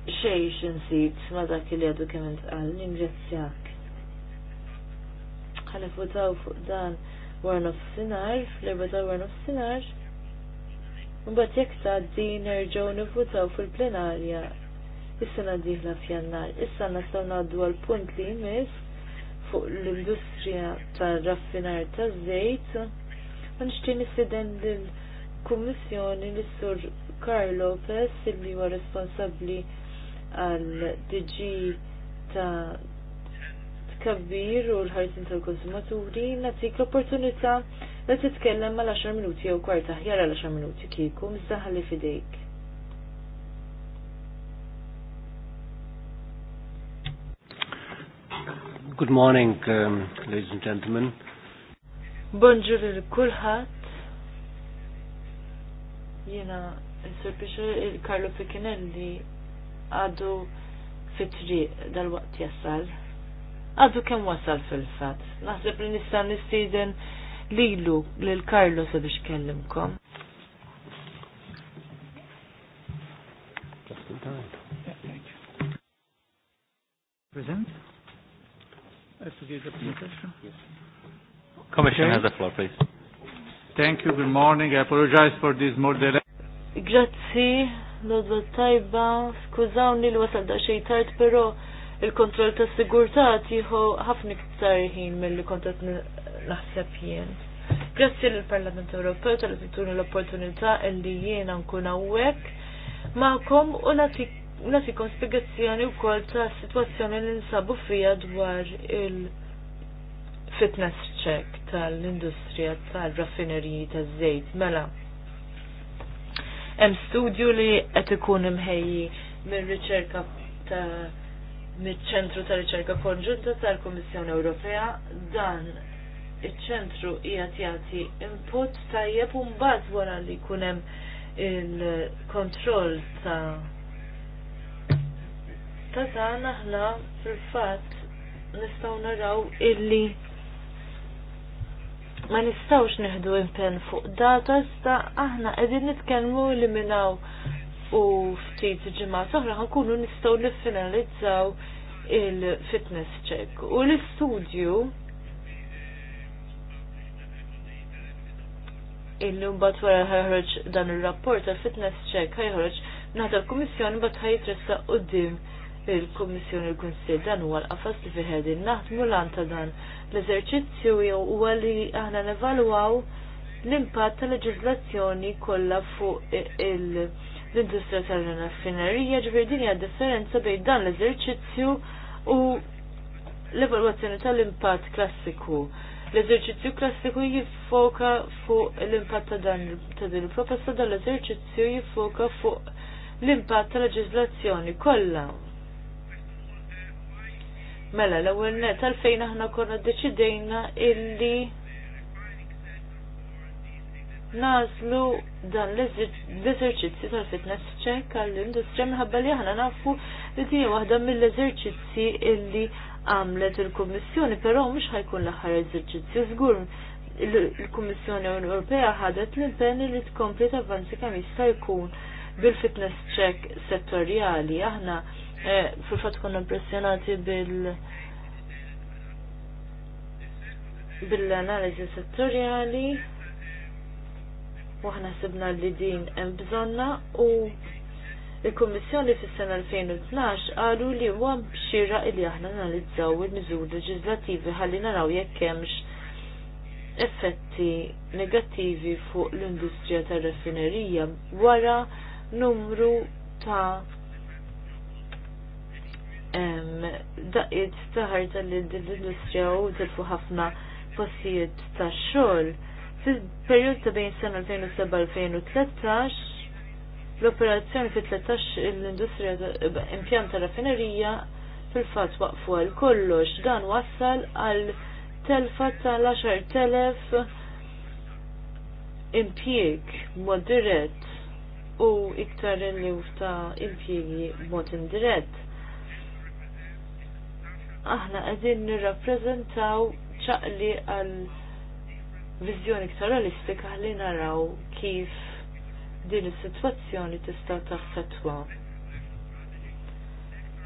xej xinsit ma dak li għadu kemm intqal, ningrazzjak. Ħalef futaw fuq dan war nofsinhar, fl-erba ta' war nofsinhar. Mbagħad jekk tgħaddi nerġgħu nivvutaw fil-plenarja Issa sena f f'jannar. Issa nistgħu ngħaddu għal punt li jmiss fuq l-industrija tar raffinar taż żejt. Nixtieq s-sidendil kummissjoni li sur Karl Lopez li huwa responsabbli għal DG ta' tkabbir u l-ħarsin tal-konsumaturi natik l-opportunità li titkellem mal 10 minuti jew kwarta ħjar għal 10 minuti kieku li fidejk. Good morning, um, ladies and gentlemen. Bonġur il-kulħat. Jena, Sir il Karlo Pekinelli għadu fitri dal-waqt jassal. Għadu kem wasal fil-fat. Naħseb li nistan nistiden lilu l-Karlo sabiex kellimkom. Just in time. Present? I have to give the presentation. Yes. Commissioner okay. has the floor, please. Thank you, good morning. I apologize for this more delay. Grazzi, l-odba tajba, skużawni li wasal da xej tard, pero il-kontroll ta' sigurtà tieħu ħafna iktar ħin milli kont qed naħseb jien. Grazzi lill-Parlament Ewropew tal-vituni l-opportunità li jiena nkun hawnhekk magħkom u nagħtikom spjegazzjoni wkoll ta' sitwazzjoni li nsabu fija dwar il- fitness check tal-industrija tal-raffinerji taż-żejt mela. Hemm studju li qed ikun imħejji mir-riċerka ta' miċ-ċentru ta' riċerka konġunta tal-Kummissjoni Ewropea dan iċ-ċentru qiegħed jagħti input tajjeb u mbagħad wara li jkun hemm il-kontroll ta' ta' dan aħna fil-fatt nistgħu naraw illi ma nistawx neħdu impen fuq data sta aħna qegħdin nitkellmu li minnaw u ftit ġimgħa soħra ħankunu nistgħu niffinalizzaw il-fitness check u l-istudju il-lum bat wara ħajħroġ dan ir rapport tal-fitness check ħajħroġ naħta l-Kummissjoni bat ħajtressa dim il-Kommissjoni l-Kunsill dan huwa l-qafas li fih qegħdin naħdmu lan ta' dan l-eżerċizzju huwa li aħna nevalwaw l-impatt tal-leġiżlazzjoni kollha fuq l-industrija tal-raffinerija ġifieri din hija differenza bejn dan l-eżerċizzju u l-evalwazzjoni tal-impatt klassiku. L-eżerċizzju klassiku jiffoka fuq l-impatt ta' dan ta' din il-proposta dan l-eżerċizzju jiffoka fuq l-impatt tal-leġiżlazzjoni kollha Mela, l-ewwel net għalfejn aħna konna deċidejna illi nazlu dan l-eżerċizzi tal-fitness check għall-industrija minħabba li aħna nafu li din waħda mill-eżerċizzi illi għamlet il-Kummissjoni, però mhux ħajkun l-aħħar eżerċizzju zgur. il-Kummissjoni Ewropea ħadet l-impenn li tkompli tavanzi kemm jista' jkun bil-fitness check settorjali aħna Eh, fil-fat konna impressionati bil- bil-analizi settorjali waħna sibna li din hemm bżonna u il kommissjoni fis-sena 2012 qalu li huwa bxira li aħna analizzaw il-miżuri leġislattivi ħalli naraw jekk hemmx effetti negattivi fuq l-industrija tar-raffinerija wara numru ta' daqqiet taħarġa tal l-industrija u tilfu ħafna postijiet ta' xogħol. Fil-perjod ta' bejn sena 2007-2013 l-operazzjoni fit-13 l-industrija eh, impjant ta' raffinerija fil-fatt waqfu għal kollox dan wassal għal telfa tal-10,000 impjeg mod dirett u iktar il-liw ta' impjiegi mod indirett aħna qegħdin nirrappreżentaw ċaqli għal viżjoni ktaralistika li naraw kif din is-sitwazzjoni tista' taffettwa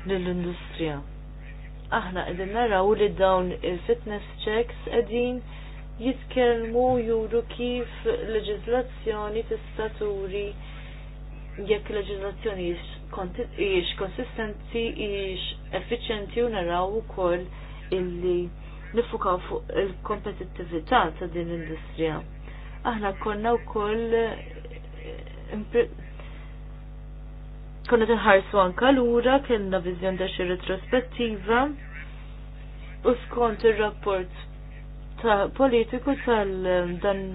lill-industrija. Aħna qegħdin naraw li dawn il-fitness checks qegħdin jitkellmu juru kif leġiżlazzjoni tista' turi jekk leġiżlazzjoni ix konsistenti, ix effiċenti u naraw ukoll illi nifukaw fuq il-kompetittività ta' din l-industrija. Aħna konna wkoll eh, konna tinħarsu anka lura, kellna viżjon vizjon daċi retrospettiva u skont ir-rapport ta' politiku tal dan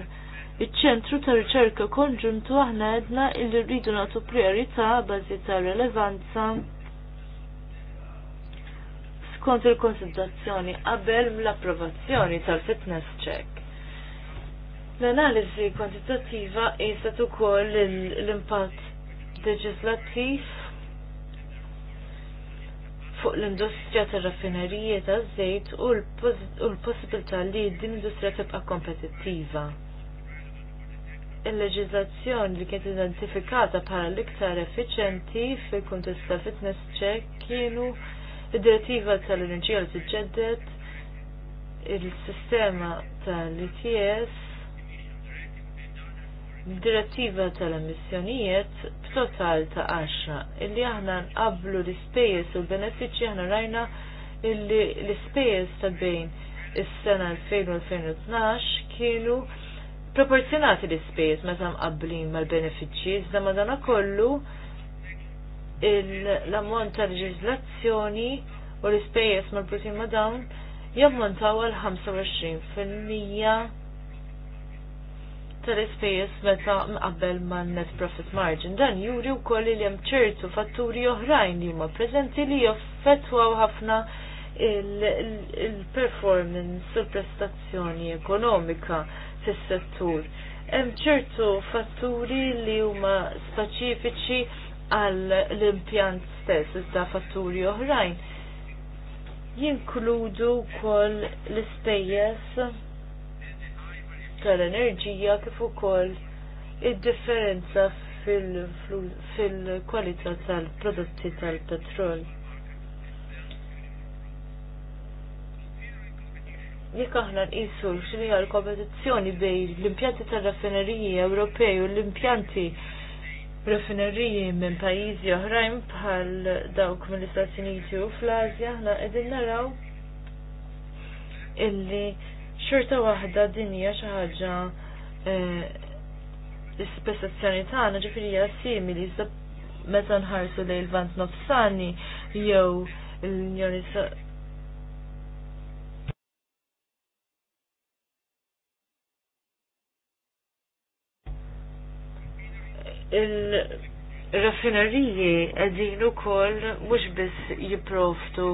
iċ-ċentru ta' riċerka konġuntu aħna għedna illi rridu nagħtu priorità bazi ta' rilevanza skont il-konsultazzjoni qabel l-approvazzjoni tal-fitness check. L-analiżi jistat u ukoll l-impatt leġislattiv fuq l-industrija tar raffinerija ta' żejt u l-possibilità li din l-industrija tibqa' kompetittiva il-leġizlazzjoni li kienet identifikata bħala l-iktar effiċenti fil-kuntest ta' fitness check kienu id-direttiva tal-enerġija li tiġġedded, il-sistema tal-ITS, direttiva tal-emissjonijiet b'total ta' 10 illi aħna nqablu l-ispejjeż u l-benefiċċji aħna rajna illi l-ispejjeż ta' bejn is-sena 2000 u 2012 kienu proporzjonati l-ispejjeż meta mqabblin mal-benefiċċji, iżda madanakollu l-ammont tal ġizlazzjoni u l-ispejjeż marbutin ma' dawn jammontaw għal 25% tal-ispejjeż meta mqabbel ma' net profit margin. Dan juri wkoll li hemm ċertu fatturi oħrajn li huma preżenti li jaffettwaw ħafna il-performance u l-prestazzjoni ekonomika fis-settur. Hemm ċertu fatturi li huma speċifiċi għall l-impjant stess, iżda fatturi oħrajn jinkludu wkoll l-ispejjeż tal-enerġija kif ukoll id-differenza fil-kwalità tal-prodotti tal-petrol. jekk aħna nqisu x'inhi l-kompetizzjoni bejn l-impjanti tar-raffineriji Ewropej u l-impjanti raffinerija minn pajjiżi oħrajn bħal dawk mill-Istati Uniti u fl-Asja aħna qegħdin naraw illi xorta waħda din hija xi ħaġa l-ispessazzjoni eh, tagħna ġifieri hija simili meta nħarsu lejn il-vant nofsani jew l-Unjoni il raffinariji għedin u koll mux bis jiproftu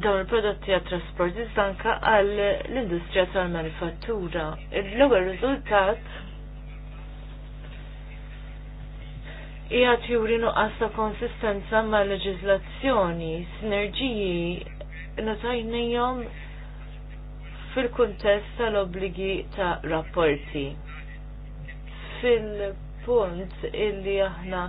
dawn il-prodotti għat trasport zanka għal l-industrija tal-manifattura. Il-lower riżultat hija juri nuqqas ta' konsistenza ma' leġiżlazzjoni, sinerġiji natajnijom fil-kuntest tal-obbligi ta' rapporti fil-punt illi aħna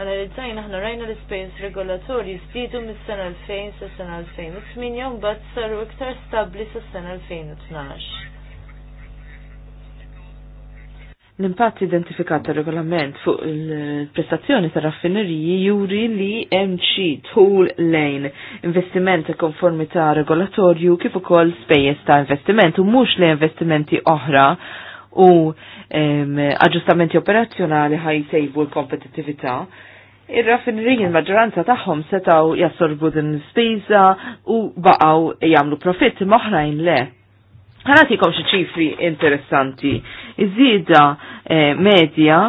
analizzajna aħna rajna l-space regolatorji jizdidu mis-sena 2000 sa' sena 2008 u mbagħad saru iktar stabbli sa' sena 2012. L-impatt identifikat regolament fuq il-prestazzjoni ta' raffineriji juri li hemm xi tħul lejn konformi konformità regolatorju kif ukoll spejjeż ta' investiment u mhux li investimenti oħra u aġġustamenti operazzjonali ħaj sejbu l kompetitivita Ir-raffinerij il-maġġoranza tagħhom setaw jassorbu din l-ispiża u baqgħu jagħmlu profitt moħrajn le. Ħanatikom xi ċifri interessanti. Iżida żieda eh, medja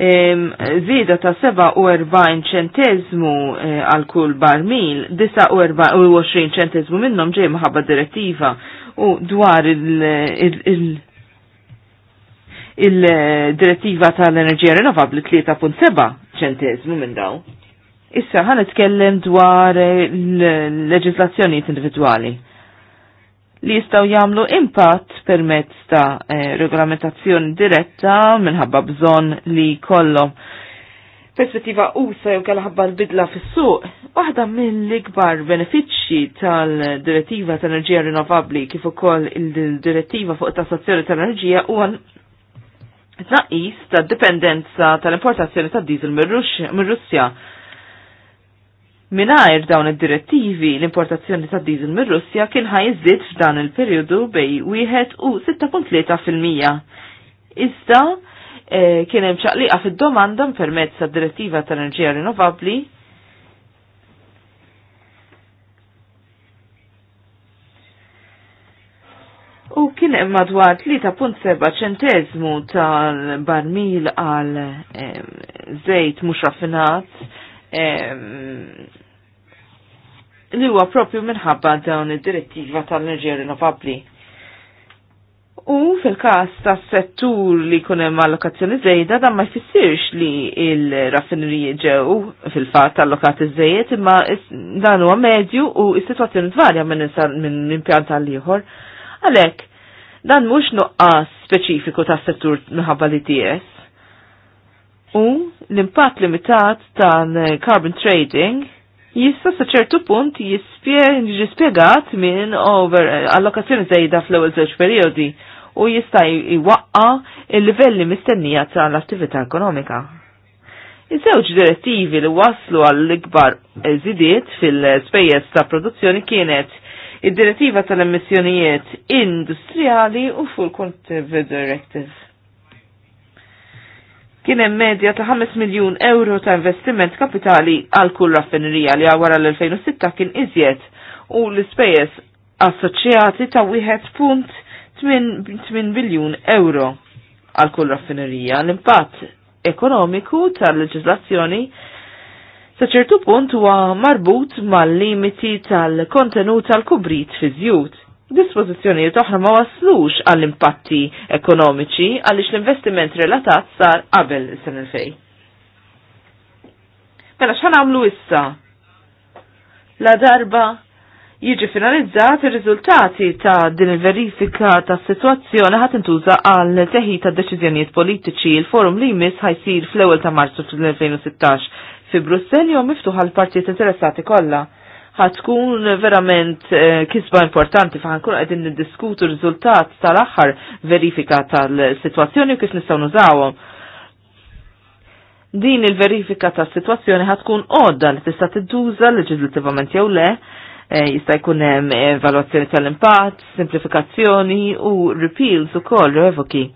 zida ta' 47 ċentezmu eh, għal kull barmil, 29 ċentezmu minnom ġej maħabba direttiva u dwar il-direttiva tal-enerġija rinnovabli 3.7 ċentezmu minn daw. Issa ħan itkellem dwar l-leġislazzjonijiet individwali li jistaw jamlu impatt permezz ta' eh, regolamentazzjoni diretta minħabba bżon li kollom perspettiva u jew kalla ħabba l-bidla fis-suq, waħda mill-ikbar benefiċċji tal-direttiva tal-enerġija rinnovabbli kif ukoll il-direttiva fuq tassazzjoni tal-enerġija huwa tnaqqis tad-dipendenza tal-importazzjoni tad-diesel mir-Russja. mir russja Minajr dawn id-direttivi l-importazzjoni ta' diesel mir russja kien ħajżid f'dan il-periodu bej wieħed u 6.3 fil-mija. Iżda e, kien hemm ċaqliqa fid-domanda permezz tad direttiva tal-enerġija rinnovabbli U kien hemm madwar 3.7 ċentezmu tal-barmil għal e, zejt mhux raffinat li huwa propju minħabba dawn id-direttiva tal-enerġija rinnovabbli. U fil-kas ta' settur li kunem allokazzjoni zejda, dan ma jfissirx li il-raffinerije ġew fil-fat allokati zejed imma dan huwa medju u s-situazzjoni tvarja minn impjant għal ieħor. Għalhekk, dan mhux nuqqas speċifiku ta' settur minħabba li ties, U l-impatt limitat tan carbon trading jista sa ċertu punt jiġi spiegat minn over allokazzjoni zejda fl-ewwel żewġ periodi u jista' jwaqqa il-livelli mistennija tal-attività ekonomika. Iż-żewġ direttivi li waslu għall-ikbar eżidiet fil-spejjeż ta' produzzjoni kienet id-direttiva tal-emissjonijiet industrijali u full Contive Directive kien hemm medja ta' 5 miljun euro ta' investiment kapitali għal kull raffinerija li għawara l-2006 kien iżjed u l-ispejjeż assoċjati ta' 1.8 biljun euro għal kull raffinerija. L-impatt ekonomiku tal-leġislazzjoni sa ċertu punt huwa marbut mal-limiti tal-kontenut tal-kubrit fi żjud dispożizzjonijiet oħra ma waslux għall-impatti ekonomiċi għaliex l-investiment relatat sar qabel is sen il-fej. Mela x'ħan għamlu issa? La darba jiġi finalizzat ir-riżultati ta' din il-verifika ta' situazzjoni ħat intuża għal teħi ta' deċiżjonijiet politiċi il-forum li jmiss ħajsir fl-ewwel ta' Marzu fil-2016 fi Brussell u miftuħ għal partijiet interessati kollha ħatkun verament eh, kisba importanti kun għedin niddiskutu rizultat tal-axħar verifika tal-situazzjoni u kif nistaw nużawhom. Din il-verifika tal-situazzjoni ħatkun odda li tista' tidduża leġislativament jew le, eh, jista' jkun hemm evalwazzjoni tal-impatt, simplifikazzjoni u repeals ukoll revoki.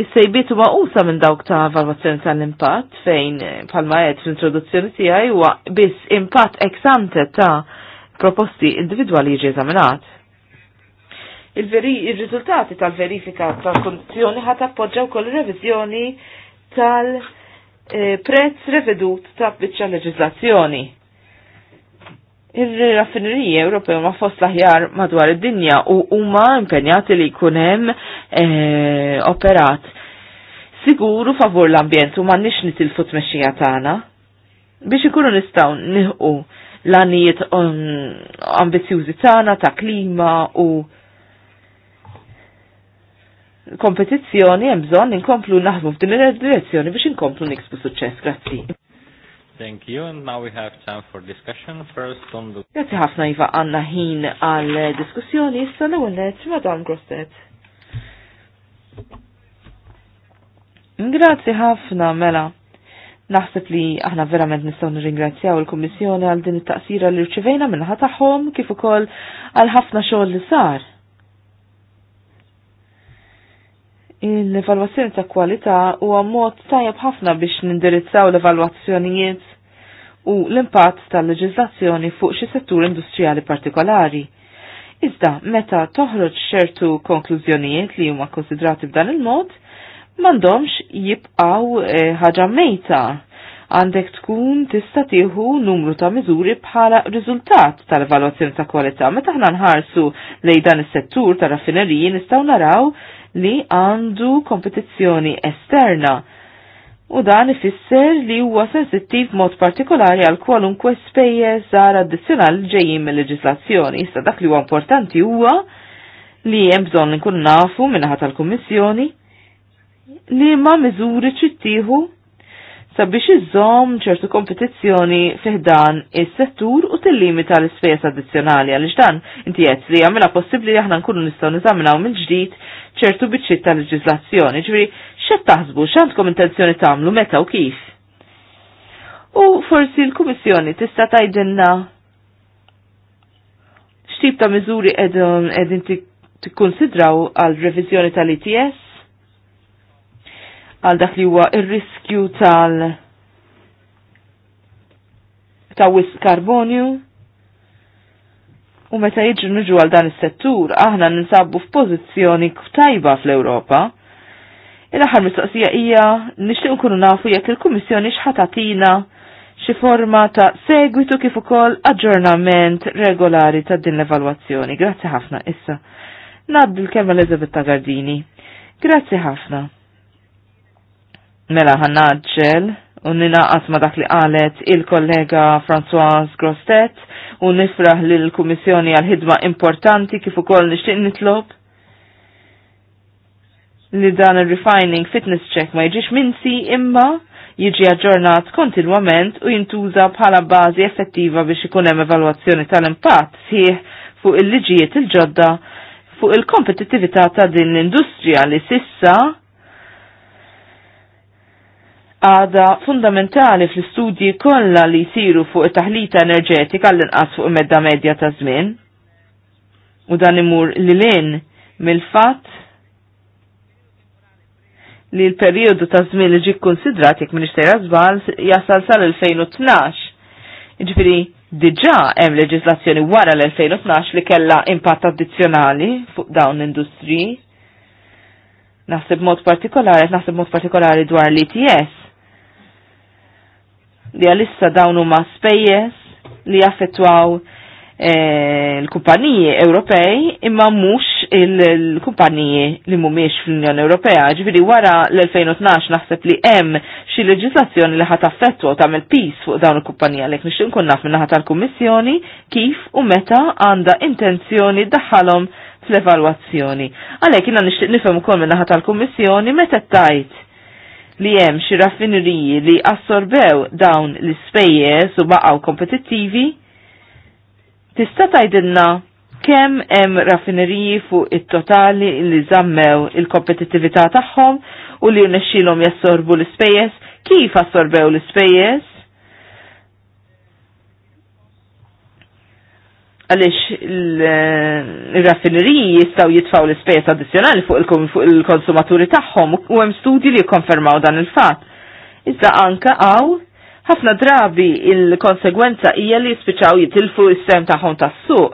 Is-sejbiet huma usa minn dawk ta' valvazzjoni tal-impatt fejn bħalma eh, qed fl-introduzzjoni tiegħi huwa biss impatt ex ante ta' proposti individwali jiġi eżaminat. Il-riżultati il riżultati tal tal-kondizzjoni ħat appoġġaw kol reviżjoni tal-prezz eh, revedut ta' biċċa leġislazzjoni Ir-raffinerija Ewropew ma fost l-aħjar madwar id-dinja u huma impenjati li jkun hemm eh, operat siguru favur l-ambjent u m'għandniex nitilfu tmexxija tagħna. Biex ikunu nistgħu nieħu l-għanijiet um, ambizjużi tagħna ta' klima u kompetizzjoni hemm bżonn inkomplu naħdmu f'din ir-direzzjoni biex inkomplu niksbu suċċess. Grazzi. Thank you, and now we have time for discussion. First on the... Grazie ħafna Iva għanna ħin għal diskussjoni, issa l-għunet, Madam Grosset. Grazzi ħafna, mela. Naħseb li aħna verament nistgħu nirringrazzjaw il-Kummissjoni għal din it-taqsira li rċivejna minnaħa tagħhom kif ukoll għal ħafna xogħol li sar. in evalwazzjoni ta' kwalità huwa mod tajjeb ħafna biex nindirizzaw l-evalwazzjonijiet u l-impatt tal-leġizlazzjoni fuq xi settur industrijali partikolari. Iżda, meta toħroġ ċertu konklużjonijiet li huma konsidrati b'dan il-mod, m'għandhomx jibqaw eh, ħaġa e, mejta. Għandek tkun tista' tieħu numru ta' miżuri bħala riżultat tal-evalwazzjoni ta' kwalità. Meta aħna nħarsu lejn dan is-settur tar raffineriji nistgħu naraw li għandu kompetizzjoni esterna u dan ifisser li huwa sensittiv mod partikolari għal kwalunkwe spejjeż żgħar addizzjonali ġejjin mill-leġislazzjoni. Issa dak li huwa importanti huwa li hemm bżonn inkun nafu minnaħa tal-Kummissjoni li ma miżuri ċittieħu sabiex iżżomm ċertu kompetizzjoni fiħdan is-settur u tillimita l-ispejjeż addizzjonali għaliex dan inti qed li jagħmilha possibbli li aħna nkunu nistgħu niżaminaw mill-ġdid ċertu biċċiet tal leġislazzjoni Ġifieri xed taħsbu x'għandkom intenzjoni tagħmlu meta u kif. U forsi l-Kummissjoni tista' tgħidilna x'tip ta' miżuri qegħdin tikkunsidraw għal reviżjoni tal-ITS għal dak li huwa r riskju tal- ta' wisq karbonju. U meta jiġu nġu għal dan is-settur, aħna ninsabu f'pożizzjoni tajba fl-Ewropa il ħar mistoqsija hija nixtieq nkunu nafu jekk il-Kummissjoni x'ħatatina xi forma ta' segwitu kif ukoll aġġornament regolari ta' din l-evalwazzjoni. Grazzi ħafna issa. Naddi l-kelma Elizabetta Gardini. Grazzi ħafna. Mela ħannaġġel u ninaqas ma dak li qalet il-kollega Françoise Grostet u nifraħ lill-Kummissjoni għal ħidma importanti kif ukoll nixtieq nitlob li dan il-refining fitness check ma jġiġ minsi imma jiġi aġġornat kontinwament u jintuża bħala bażi effettiva biex ikun hemm evalwazzjoni tal-impatt sħiħ fuq il-liġijiet il-ġodda fuq il-kompetittività ta' din l-industrija li sissa għada fundamentali fl-istudji kollha li jsiru fuq it-taħlita enerġetika l-inqas fuq medda medja ta' żmien. U dan imur li lin mill-fatt li l-periodu ta' żmien li ġi konsidrat jekk minix ixtejra żbal jasal sal-2012. Ġifiri, diġa hemm leġislazzjoni wara l-2012 li kellha impatt addizzjonali fuq dawn l-industriji. Naħseb mod partikolari, naħseb mod partikolari dwar l-ITS. Li għalissa dawn huma spejjeż li jaffettwaw Eh, l kumpanije Ewropej imma mhux il-kumpaniji li mhumiex fl-Unjoni Ewropea. Ġifieri wara l-2012 naħseb li hemm xi leġislazzjoni li ħat affettwa u tagħmel pis fuq dawn il-kumpanija għalhekk nixtieq nkun naf minnaħa tal-Kummissjoni kif u meta għandha intenzjoni daħħalhom fl-evalwazzjoni. Għalhekk jiena nixtieq nifhem ukoll minnaħa tal-Kummissjoni meta tajt li hemm xi raffineriji li assorbew dawn l-ispejjeż u baqgħu kompetittivi Tista' tgħidilna kemm hemm raffineriji fuq it-totali li żammew il-kompetittività tagħhom u li rnexxilhom jassorbu l-ispejjeż, kif assorbew l-ispejjeż? għalix il-raffineriji jistaw jitfaw l-ispejjeż addizzjonali fuq il-konsumaturi tagħhom u hemm studji li jikkonfermaw dan il-fatt. Iżda anka għaw ħafna drabi il-konsegwenza hija li spiċaw jitilfu is-sem tagħhom tas-suq.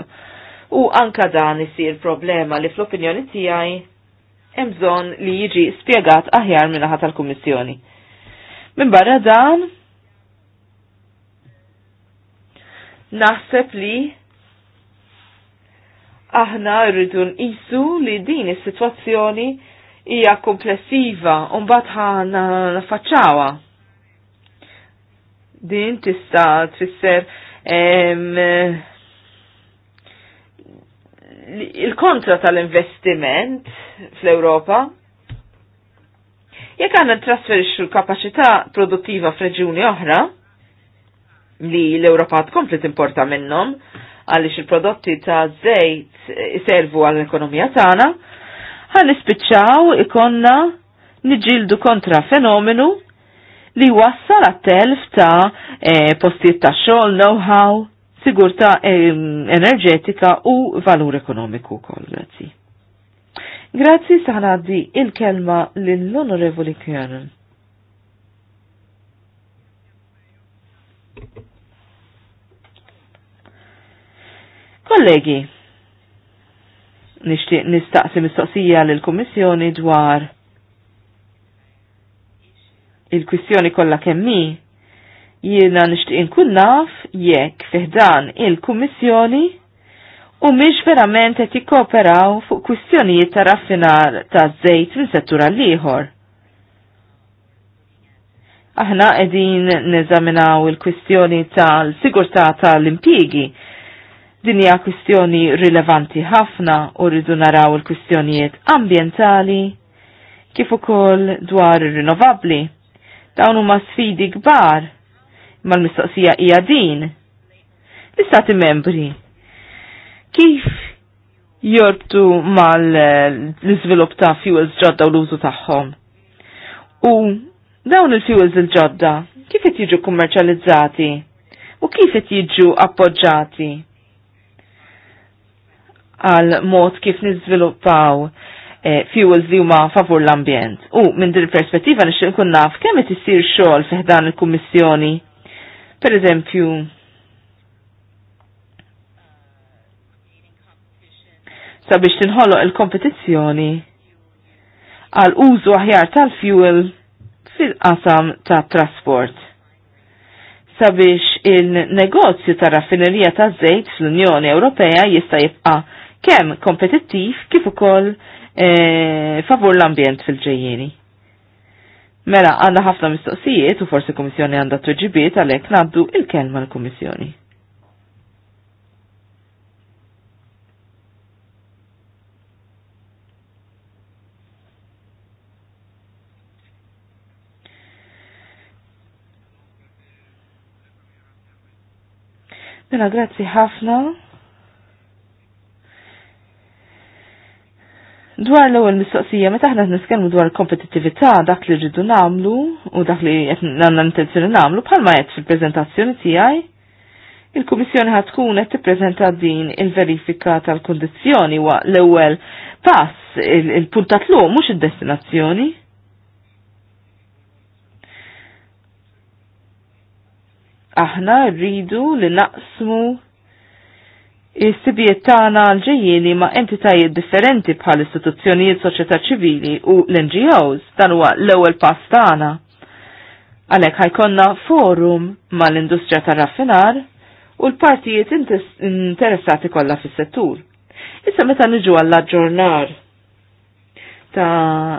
U anka dan isir problema li fl-opinjoni tiegħi hemm bżonn li jiġi spjegat aħjar minna naħa tal-Kummissjoni. Min barra dan naħseb li aħna rridu nqisu li din is-sitwazzjoni hija komplessiva u mbagħad ħana nafaċċawha din tista' tfisser il-kontra tal-investiment fl-Europa. Jekk għandna trasferixxu l-kapaċità produttiva f'reġjuni oħra li l-Ewropa tkompli timporta minnhom għaliex il-prodotti ta' żejt iservu għall-ekonomija tagħna, ħalli spiċċaw ikonna niġildu kontra fenomenu li wassal għat-telf ta' eh, postijiet ta' xogħol, know-how, sigurta eh, enerġetika u valur ekonomiku wkoll. Grazzi. Grazzi saħnaddi il-kelma lill-Onorevoli Kjernan. Kollegi, nishtiq nistaqsi mistoqsija l-Komissjoni dwar il-kwistjoni kollha mi, jiena nixtieq inkun naf jekk fiħdan il-Kummissjoni u mhix verament qed jikkoperaw fuq kwistjonijiet ta' raffinar ta' żejt minn settur għal ieħor. Aħna qegħdin neżaminaw il-kwistjoni tal-sigurtà tal-impjiegi din hija kwistjoni rilevanti ħafna u rridu naraw il-kwistjonijiet ambjentali, kif ukoll dwar ir-rinovabbli. Dawn huma sfidi kbar. Ma l-mistoqsija hija din. L-istati membri. Kif jorbtu mal iżvilupp izvilup ta' fuels ġodda u l-użu tagħhom. U dawn il-fuels il-ġodda kif qed jiġu kummerċjalizzati u kif qed jiġu appoġġati għal mod kif niżviluppaw Eh, fuels li huma favur l-ambjent. U minn din il perspettiva nix nkun naf kemm qed isir xogħol fih dan il-kummissjoni. Per eżempju, sabiex tinħoloq il-kompetizzjoni għal użu aħjar tal-fuel fil-qasam ta' trasport. Sabiex il-negozju ta' raffinerija ta' żejt fl-Unjoni Ewropea jista' jibqa' kemm kompetittiv kif ukoll Eh, favur l-ambjent fil-ġejjeni. Mela, għanna ħafna mistoqsijiet u forsi komissjoni għanda tweġibiet għalek naddu il-kelma l-komissjoni. Mela, grazzi ħafna. Dwar l-ewwel mistoqsija meta aħna nitkellmu dwar kompetittività dak li rridu nagħmlu u dak li qed għandna intenzjoni nagħmlu bħalma qed fil-preżentazzjoni tiegħi, il-Kummissjoni ħad tkun qed tippreżenta din il-verifika tal-kundizzjoni wa l-ewwel pass il puntat ta' mhux id-destinazzjoni. Aħna rridu li naqsmu is-sibijiet tagħna l-ġejjieni ma' entitajiet differenti bħal istituzzjonijiet soċjetà ċivili u l-NGOs dan huwa l-ewwel pass tagħna. Għalhekk ħajkonna forum mal-industrija tar-raffinar u l-partijiet interessati kollha fis-settur. Issa meta niġu għall-aġġornar ta'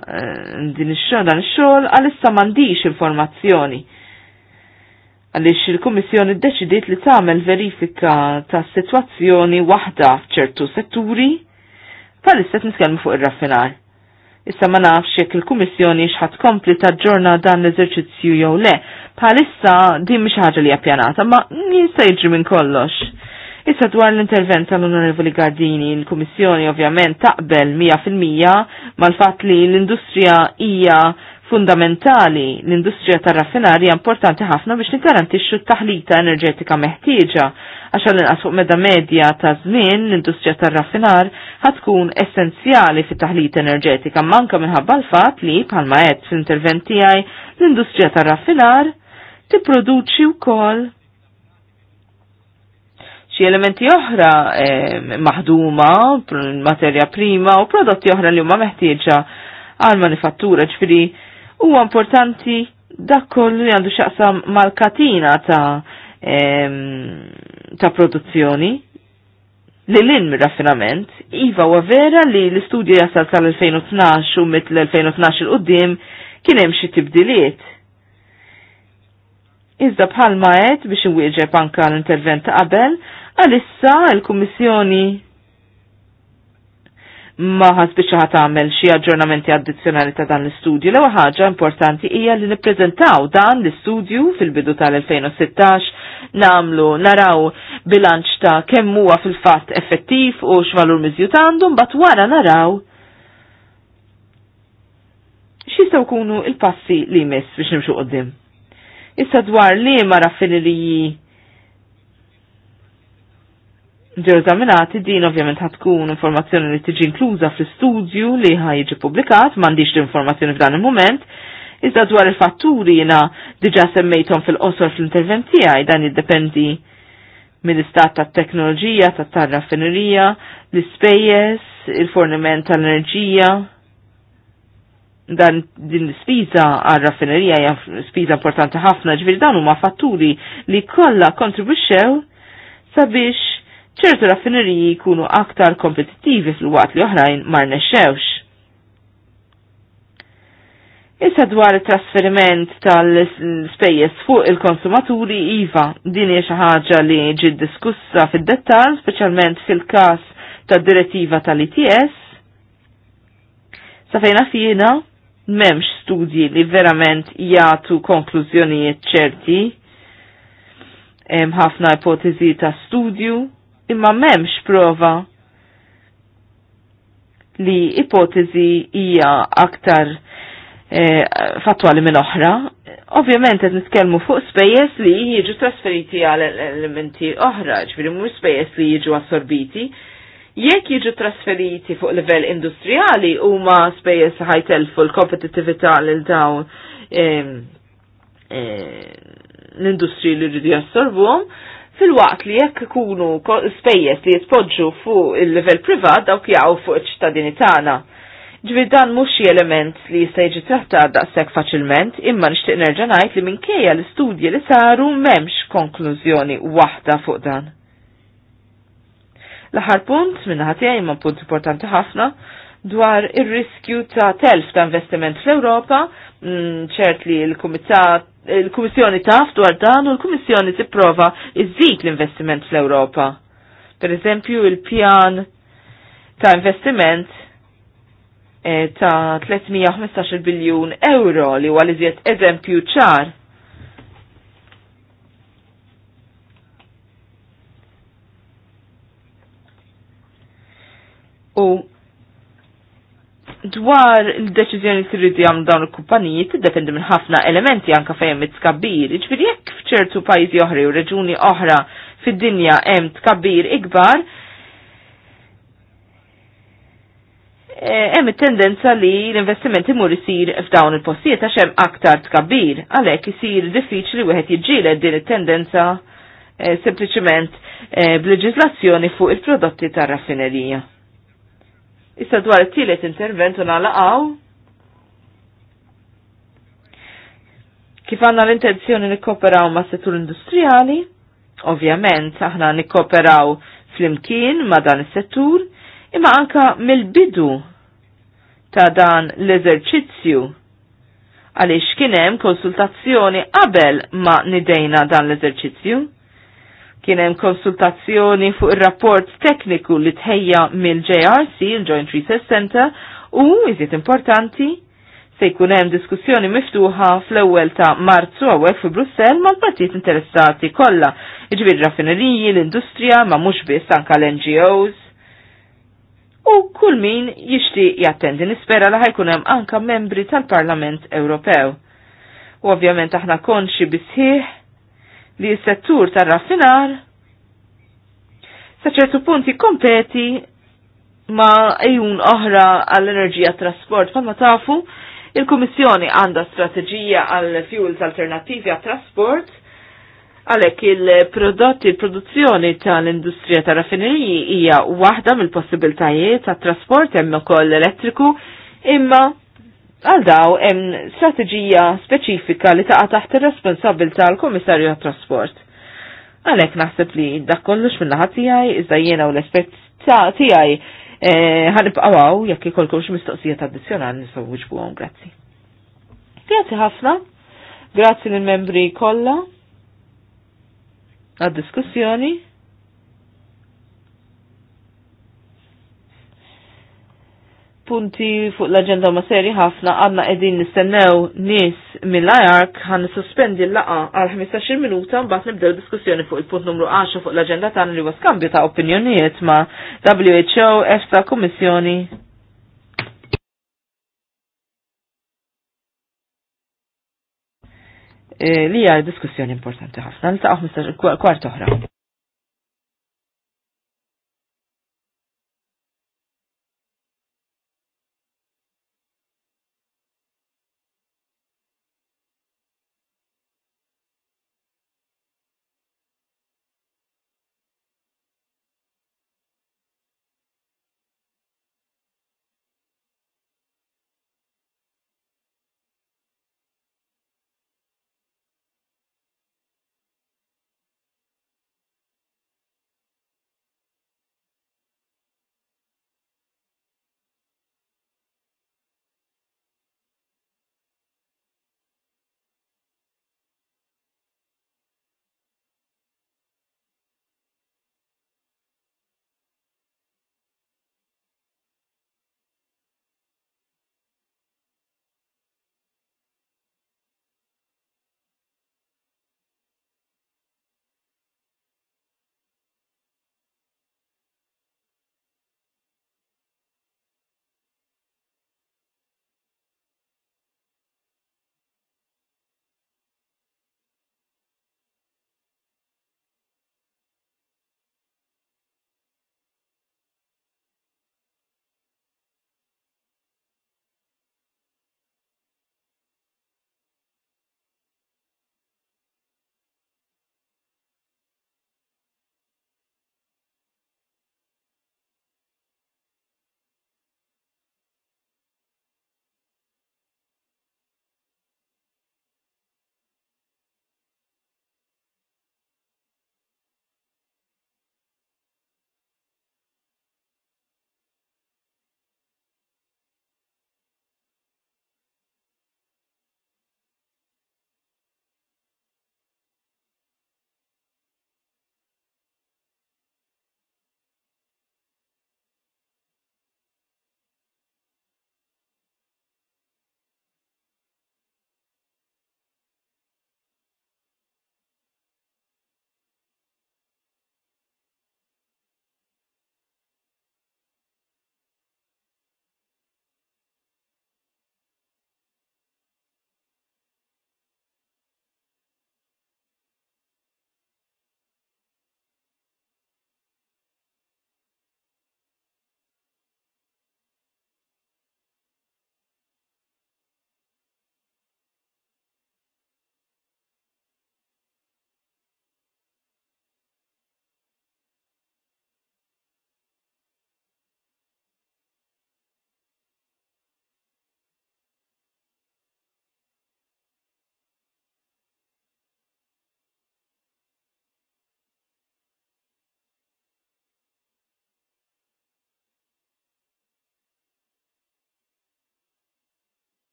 eh, din ix-xogħol dan ix-xogħol għalissa m'għandix informazzjoni għaliex il-Kummissjoni ddeċidiet li tagħmel verifika ta' sitwazzjoni waħda f'ċertu setturi bħalissa nitkellmu fuq ir-raffinar. Issa ma nafx jekk il-Kummissjoni xħat kompli taġġorna dan l-eżerċizzju jew le. palissa din mhix ħaġa li hija ma jista' jiġri minn kollox. Issa dwar l-intervent tal-Onorevoli Gardini, il kummissjoni ovvjament taqbel 100% mal-fatt li l-industrija hija fundamentali l-industrija tar-raffinarja importanti ħafna biex nigarantixxu t-taħlita enerġetika meħtieġa għax għal-inqas fuq meda medja ta' żmien l-industrija tar-raffinar ħatkun essenzjali fit taħlita enerġetika manka minħabba l-fatt li bħalma qed intervent tiegħi l-industrija tar-raffinar tipproduċi wkoll xi elementi oħra eh, maħduma, materja prima u prodotti oħra li huma meħtieġa għal manifattura ġifiri Huwa importanti dak kollu li għandu xaqsam mal-katina ta' em, ta' produzzjoni li l-in raffinament Iva huwa vera li l-istudju jasal tal-2012 u mit l-2012 il-qoddim kien hemm xi tibdiliet. Iżda bħalma qed biex inwieġeb anka l-intervent qabel, għalissa l-Kummissjoni ma ħasbix ħat għamil xi aġġornamenti addizzjonali ta' dan l-istudju. l ħaġa importanti hija li nippreżentaw dan l-istudju fil-bidu tal-2016 namlu naraw bilanċ ta' kemm huwa fil-fatt effettiv u x'valur miżjut għandu bat wara naraw x'jistgħu jkunu il-passi li jmiss biex nimxu qoddim. Issa dwar li ma raffiniriji ġew eżaminati din ovvjament ħatkun informazzjoni li tiġi inkluża fl-istudju li ħajġi publikat, m'għandix l-informazzjoni f'dan il-moment, iżda dwar il-fatturi jiena diġà semmejthom fil-qosor fl-intervent tiegħi dan jiddependi mill-istat tat teknoloġija, tat tarraffinerija, l-ispejjeż, il-forniment tal-enerġija, dan din l ispiża għal raffinerija hija spiża importanti ħafna ġviri dan huma fatturi li kollha kontribwixxew sabiex ċertu raffineriji jkunu aktar kompetittivi fil-waqt li oħrajn mar nexxewx. Issa dwar it-trasferiment tal-spejjeż fuq il-konsumaturi iva din hija xi ħaġa li ġiet diskussa fid-dettall, speċjalment fil-każ tad-direttiva tal-ITS. Sa fejna fina m'hemmx studji li verament jagħtu konklużjonijiet ċerti hemm ħafna ipotezi ta' studju imma memx prova li ipotezi hija aktar e, eh, fatwali minn oħra. Ovvjament qed nitkellmu fuq spejjeż li jiġu trasferiti għal elementi oħra, ġifieri mhux spejjeż li jiġu assorbiti. Jekk jiġu trasferiti fuq livell industrijali huma spejjeż ħajtelfu l-kompetittività lil dawn eh, eh, l-industri li rridu jassorbuhom, Fil-waqt li jekk ikunu spejjeż li jitpoġġu fuq il-livell privat dawk jaqgħu fuq iċ-ċittadini tagħna. Ġbir dan mhux xi element li jista' jiġi trattat daqshekk faċilment, imma nixtieq nerġa' ngħid li minkejja l-istudji li saru m'hemmx konklużjoni waħda fuq dan. L-aħħar punt minnaħa tiegħi imma punt importanti ħafna dwar ir-riskju ta' telf ta' investiment fl-Ewropa, mm, ċert li l-Kumitat il-Kummissjoni taf dwar dan u l-Kummissjoni tipprova iżid l-investiment fl-Ewropa. Per eżempju, il-pjan ta' investiment e, ta' 315 biljun euro li huwa li iżjed eżempju ċar. U dwar il-deċizjoni li rridu jagħmlu dawn il-kumpaniji tiddependi minn ħafna elementi anke fejn mit-tkabbir. Iġifieri jekk f'ċertu pajjiżi oħra u reġuni oħra fid-dinja hemm tkabbir ikbar, e, hemm it-tendenza li l investimenti mur isir f'dawn il-postijiet għax hemm aktar tkabbir, għalhekk isir diffiċli wieħed jiġġieled din it-tendenza e, sempliċement e, b'leġiżlazzjoni fuq il-prodotti tar-raffinerija. Issa dwar it-tielet intervent u nalaqaw. Kif għanna l-intenzjoni nikkoperaw ma' settur industrijali, ovvjament aħna nikkoperaw fl-imkien ma' dan is-settur, imma anka mill-bidu ta' dan l-eżerċizzju għaliex kienem konsultazzjoni qabel ma' nidejna dan l-eżerċizzju. Kien hemm konsultazzjoni fuq ir-rapport tekniku li tħejja mill-JRC, il-Joint Research Center, u iżiet importanti se jkun hemm diskussjoni miftuħa fl-ewwel ta' Marzu għawek fi Brussell mal partijiet interessati kollha, iġbir raffineriji, l-industrija, ma mhux biss anke l-NGOs. U kull min jixtieq jattendi nispera li ħajkunem hemm anke membri tal-Parlament Ewropew. U ovvjament aħna konxi bisħiħ li s-settur tar-raffinar sa ċertu punti kompeti ma ejjun oħra għall-enerġija trasport. Palma tafu, il-Kummissjoni għandha strateġija għall fuels alternativi għat trasport għalek il-prodotti, il-produzzjoni tal-industrija ta' raffineriji hija waħda mill-possibiltajiet ta' trasport hemm ukoll elettriku, imma Għal daw hemm strateġija speċifika li taqa' taħt ir-responsabilità tal-Kummissarju għat-Trasport. Għalhekk naħseb li dak kollox mill-naħa tiegħi iżda jiena u l espett tiegħi eh, ħanibqgħu hawn jekk ikolkom xi mistoqsijiet addizzjonali nistgħu wiġbuhom, grazzi. Grazzi ħafna. Grazzi lill-membri kollha għad-diskussjoni. punti fuq l-agenda ma seri ħafna għanna edin nistennew nis mill-ajark għan suspendi l-laqa għal 15 minuta mbagħad nibdew diskussjoni fuq il-punt numru 10 fuq l-agenda tagħna li huwa skambju ta' opinjonijiet ma' WHO, EFSA, Kummissjoni. Eh, li hija diskussjoni importanti ħafna. Niltaqgħu 15 kwart oħra.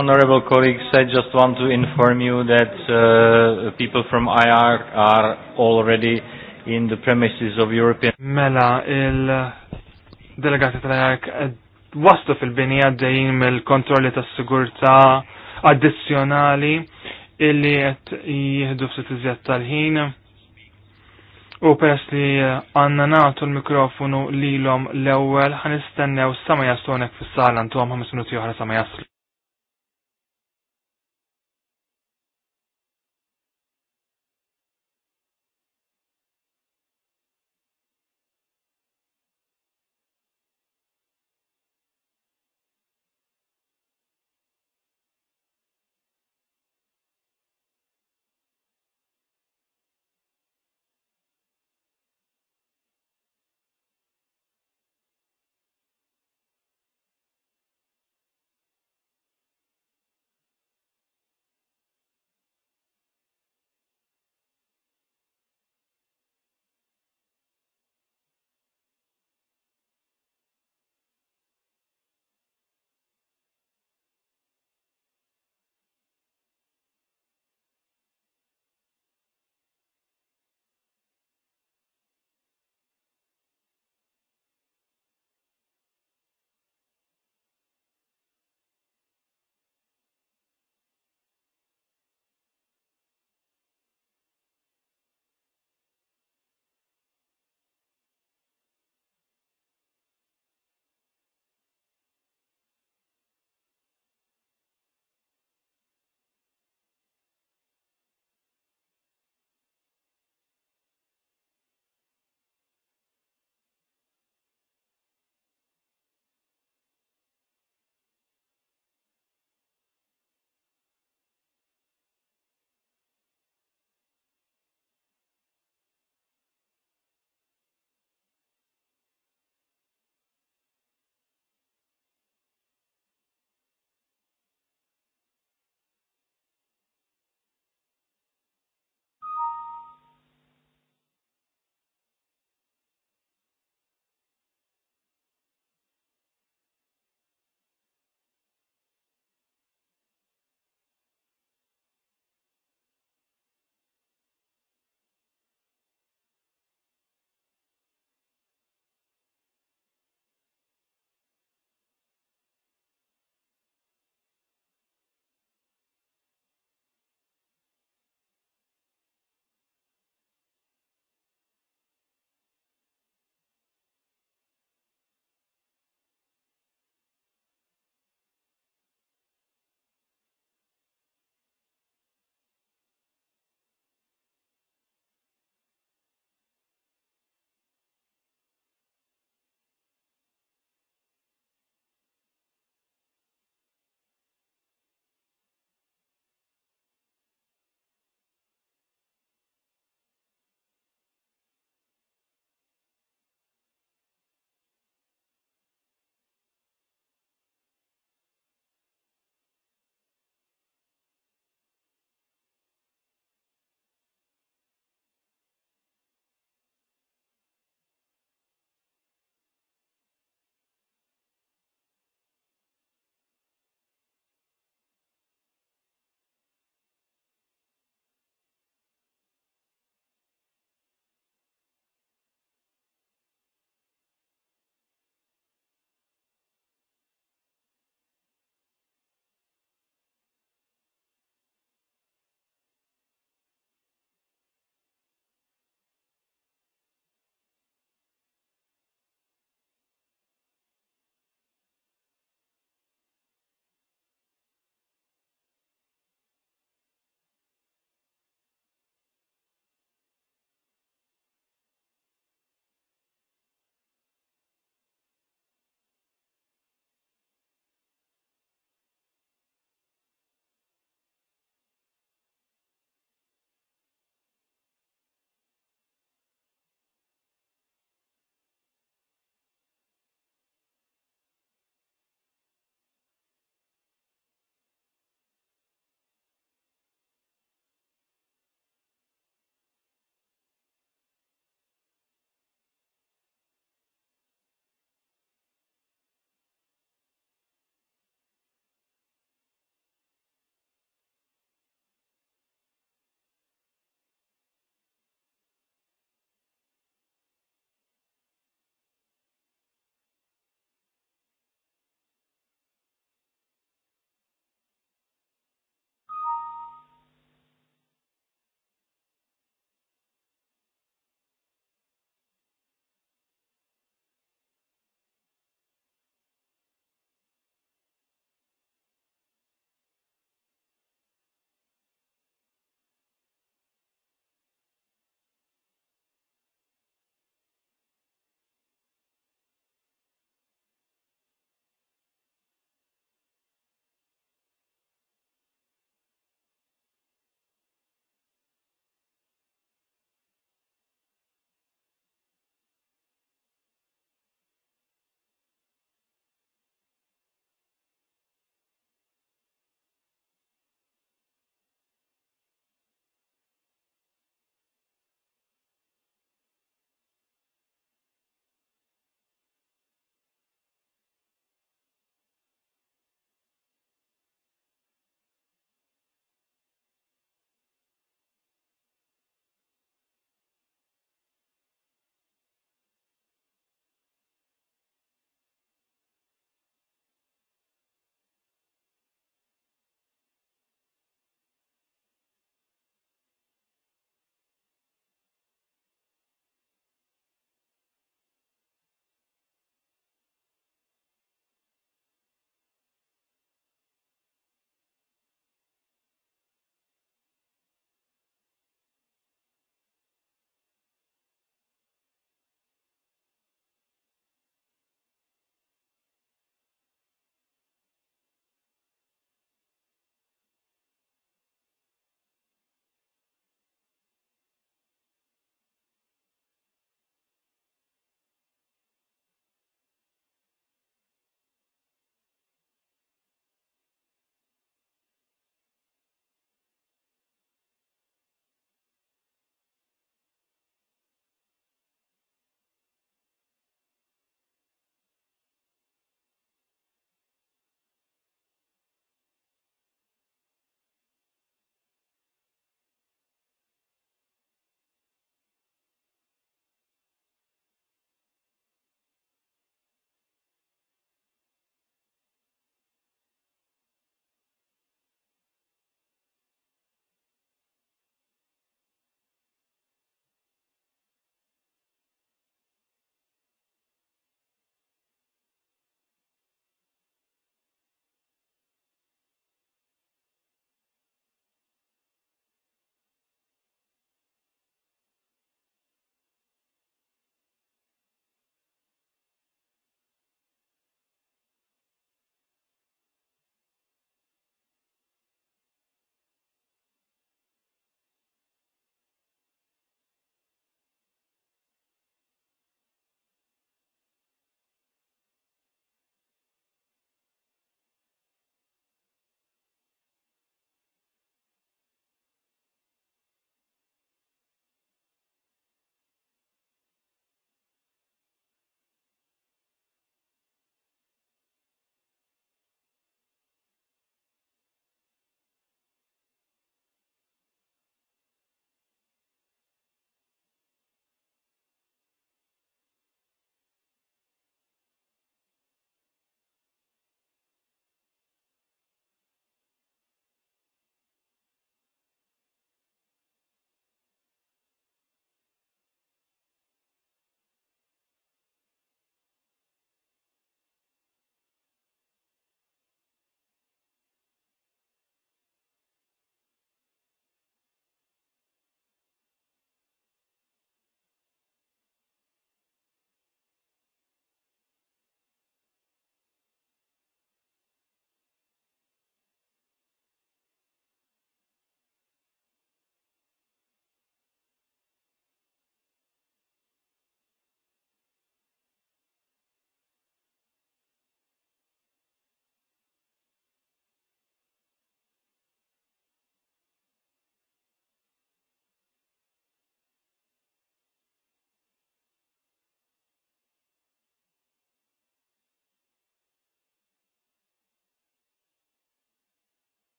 honorable colleagues, I just want to inform you that uh, people from IR are already in the premises of European... Mela, il-delegati tal irk waslu fil-bini għaddejn mill-kontrolli tas sigurta addizzjonali illi qed jihdu f iżjed tal-ħin. U peress li għanna nagħtu l-mikrofonu lilhom l-ewwel ħanistennew s'a'ma ma jaslu fis-sala ntuhom ħames minuti oħra sa'ma' jaslu.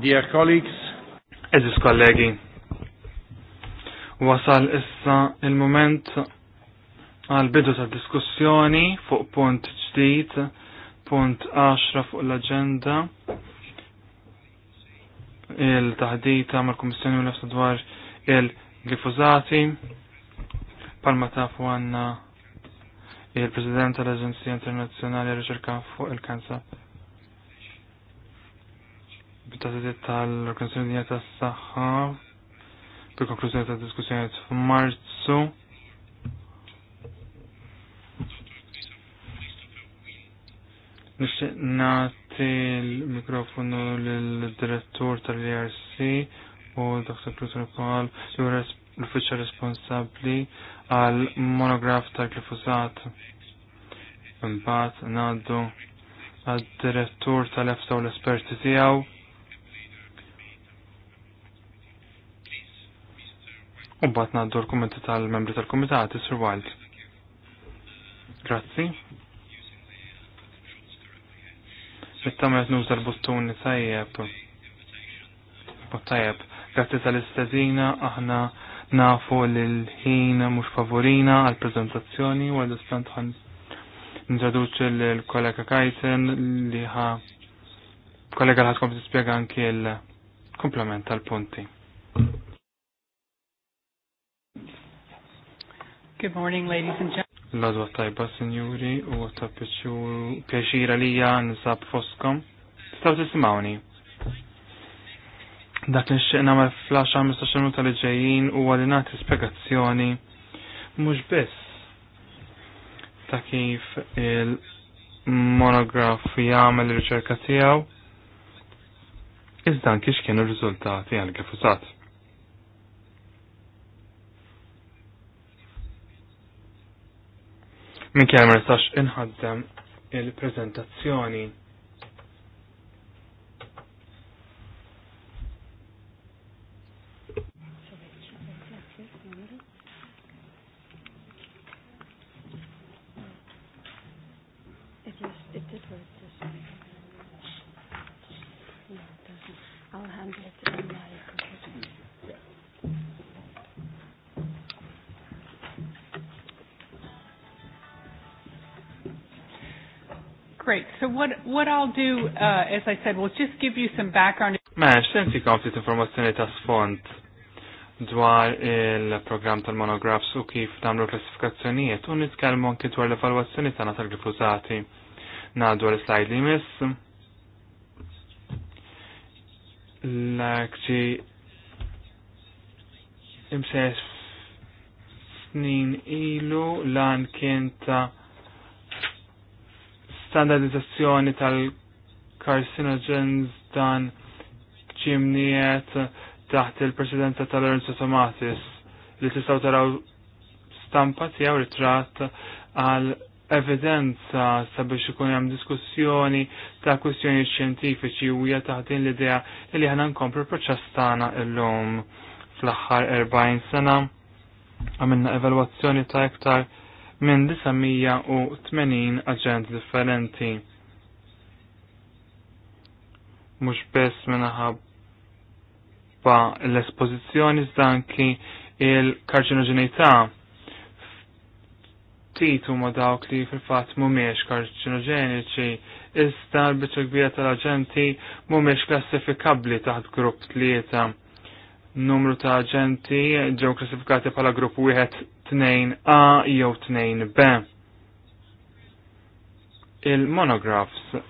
Dear colleagues, eżis kollegi, wasal issa il-moment għal-bidu ta' diskussjoni fuq punt ġdid, punt 10 fuq l-agenda, il-taħdita mal-Komissjoni u nafsa dwar il glifuzati palma ta' fu għanna il-President tal-Aġenzija Internazzjonali Riċerka fuq il-Kansa tal-Organizzazzjoni tas-Saħħa bil-konklużjoni tad diskussjoniet f'Marzu. Nixtieq nagħti l-mikrofonu lill-direttur tal-ERC u Dr. Pluton Paul li huwa l uffiċċja responsabbli għal monograf tal-glifosat. Imbagħad ngħaddu għad-direttur tal-EFSA u l-esperti tiegħu. bat naddu l-kommenti tal-membri tal-komitat, Sir Wild. Grazzi. Nittamet nuża l-buttuni tajjeb. Tajjeb. Grazzi tal-istazina, aħna nafu l-ħin mux favorina għal-prezentazzjoni u għal-istant għan nġaduċi l-kollega Kajten li ħa kollega l-ħatkom t-spiega anki l-komplement tal-punti. Good morning, ladies and gentlemen. L-għadwa tajba, signori, u ta' pjaċira li jan sab foskom. Staw tisimawni. Dak li xeqna ma' flash għam istaxenu tal-ġejjin u għalinat spiegazzjoni. Mux biss ta' kif il-monograf jgħamil il-riċerka tijaw. Iżdan kiex kienu r-rizultati għal-glifosat minn kien ma nistax inħaddem il-prezentazzjoni. what, what I'll do, uh, as I said, we'll just give you some background. Meħ, sensi kawti informazzjoni ta' sfond dwar il-program tal-monografs u kif tamlu klassifikazzjonijiet u nitkellmu anki dwar l-evalwazzjoni tagħna tal-glifosati. Ngħadu l-slide li miss. L-akċi imsejf snin ilu lan kien ta' standardizzazzjoni tal-carcinogens dan ċimniet taħt il-presidenza tal-Lorenzo Tomatis li tistaw taraw stampa tiegħu ritratt għal evidenza sabiex ikun hemm diskussjoni ta' kwistjoni xjentifiċi u hija taħt din l-idea li aħna nkomplu proċess tagħna llum fl-aħħar 40 sena għamilna evalwazzjoni ta' iktar minn 980 aġent differenti. Mhux biss minħabba l-espożizzjoni zdanki il-karċinoġenità ftit huma dawk li fil-fatt mhumiex karċinoġeniċi iżda l-biċċa kbira tal-aġenti mhumiex klassifikabbli taħt grupp tlieta. Numru ta' aġenti ġew klassifikati bħala grupp wieħed 2A jew 2B. Il-monographs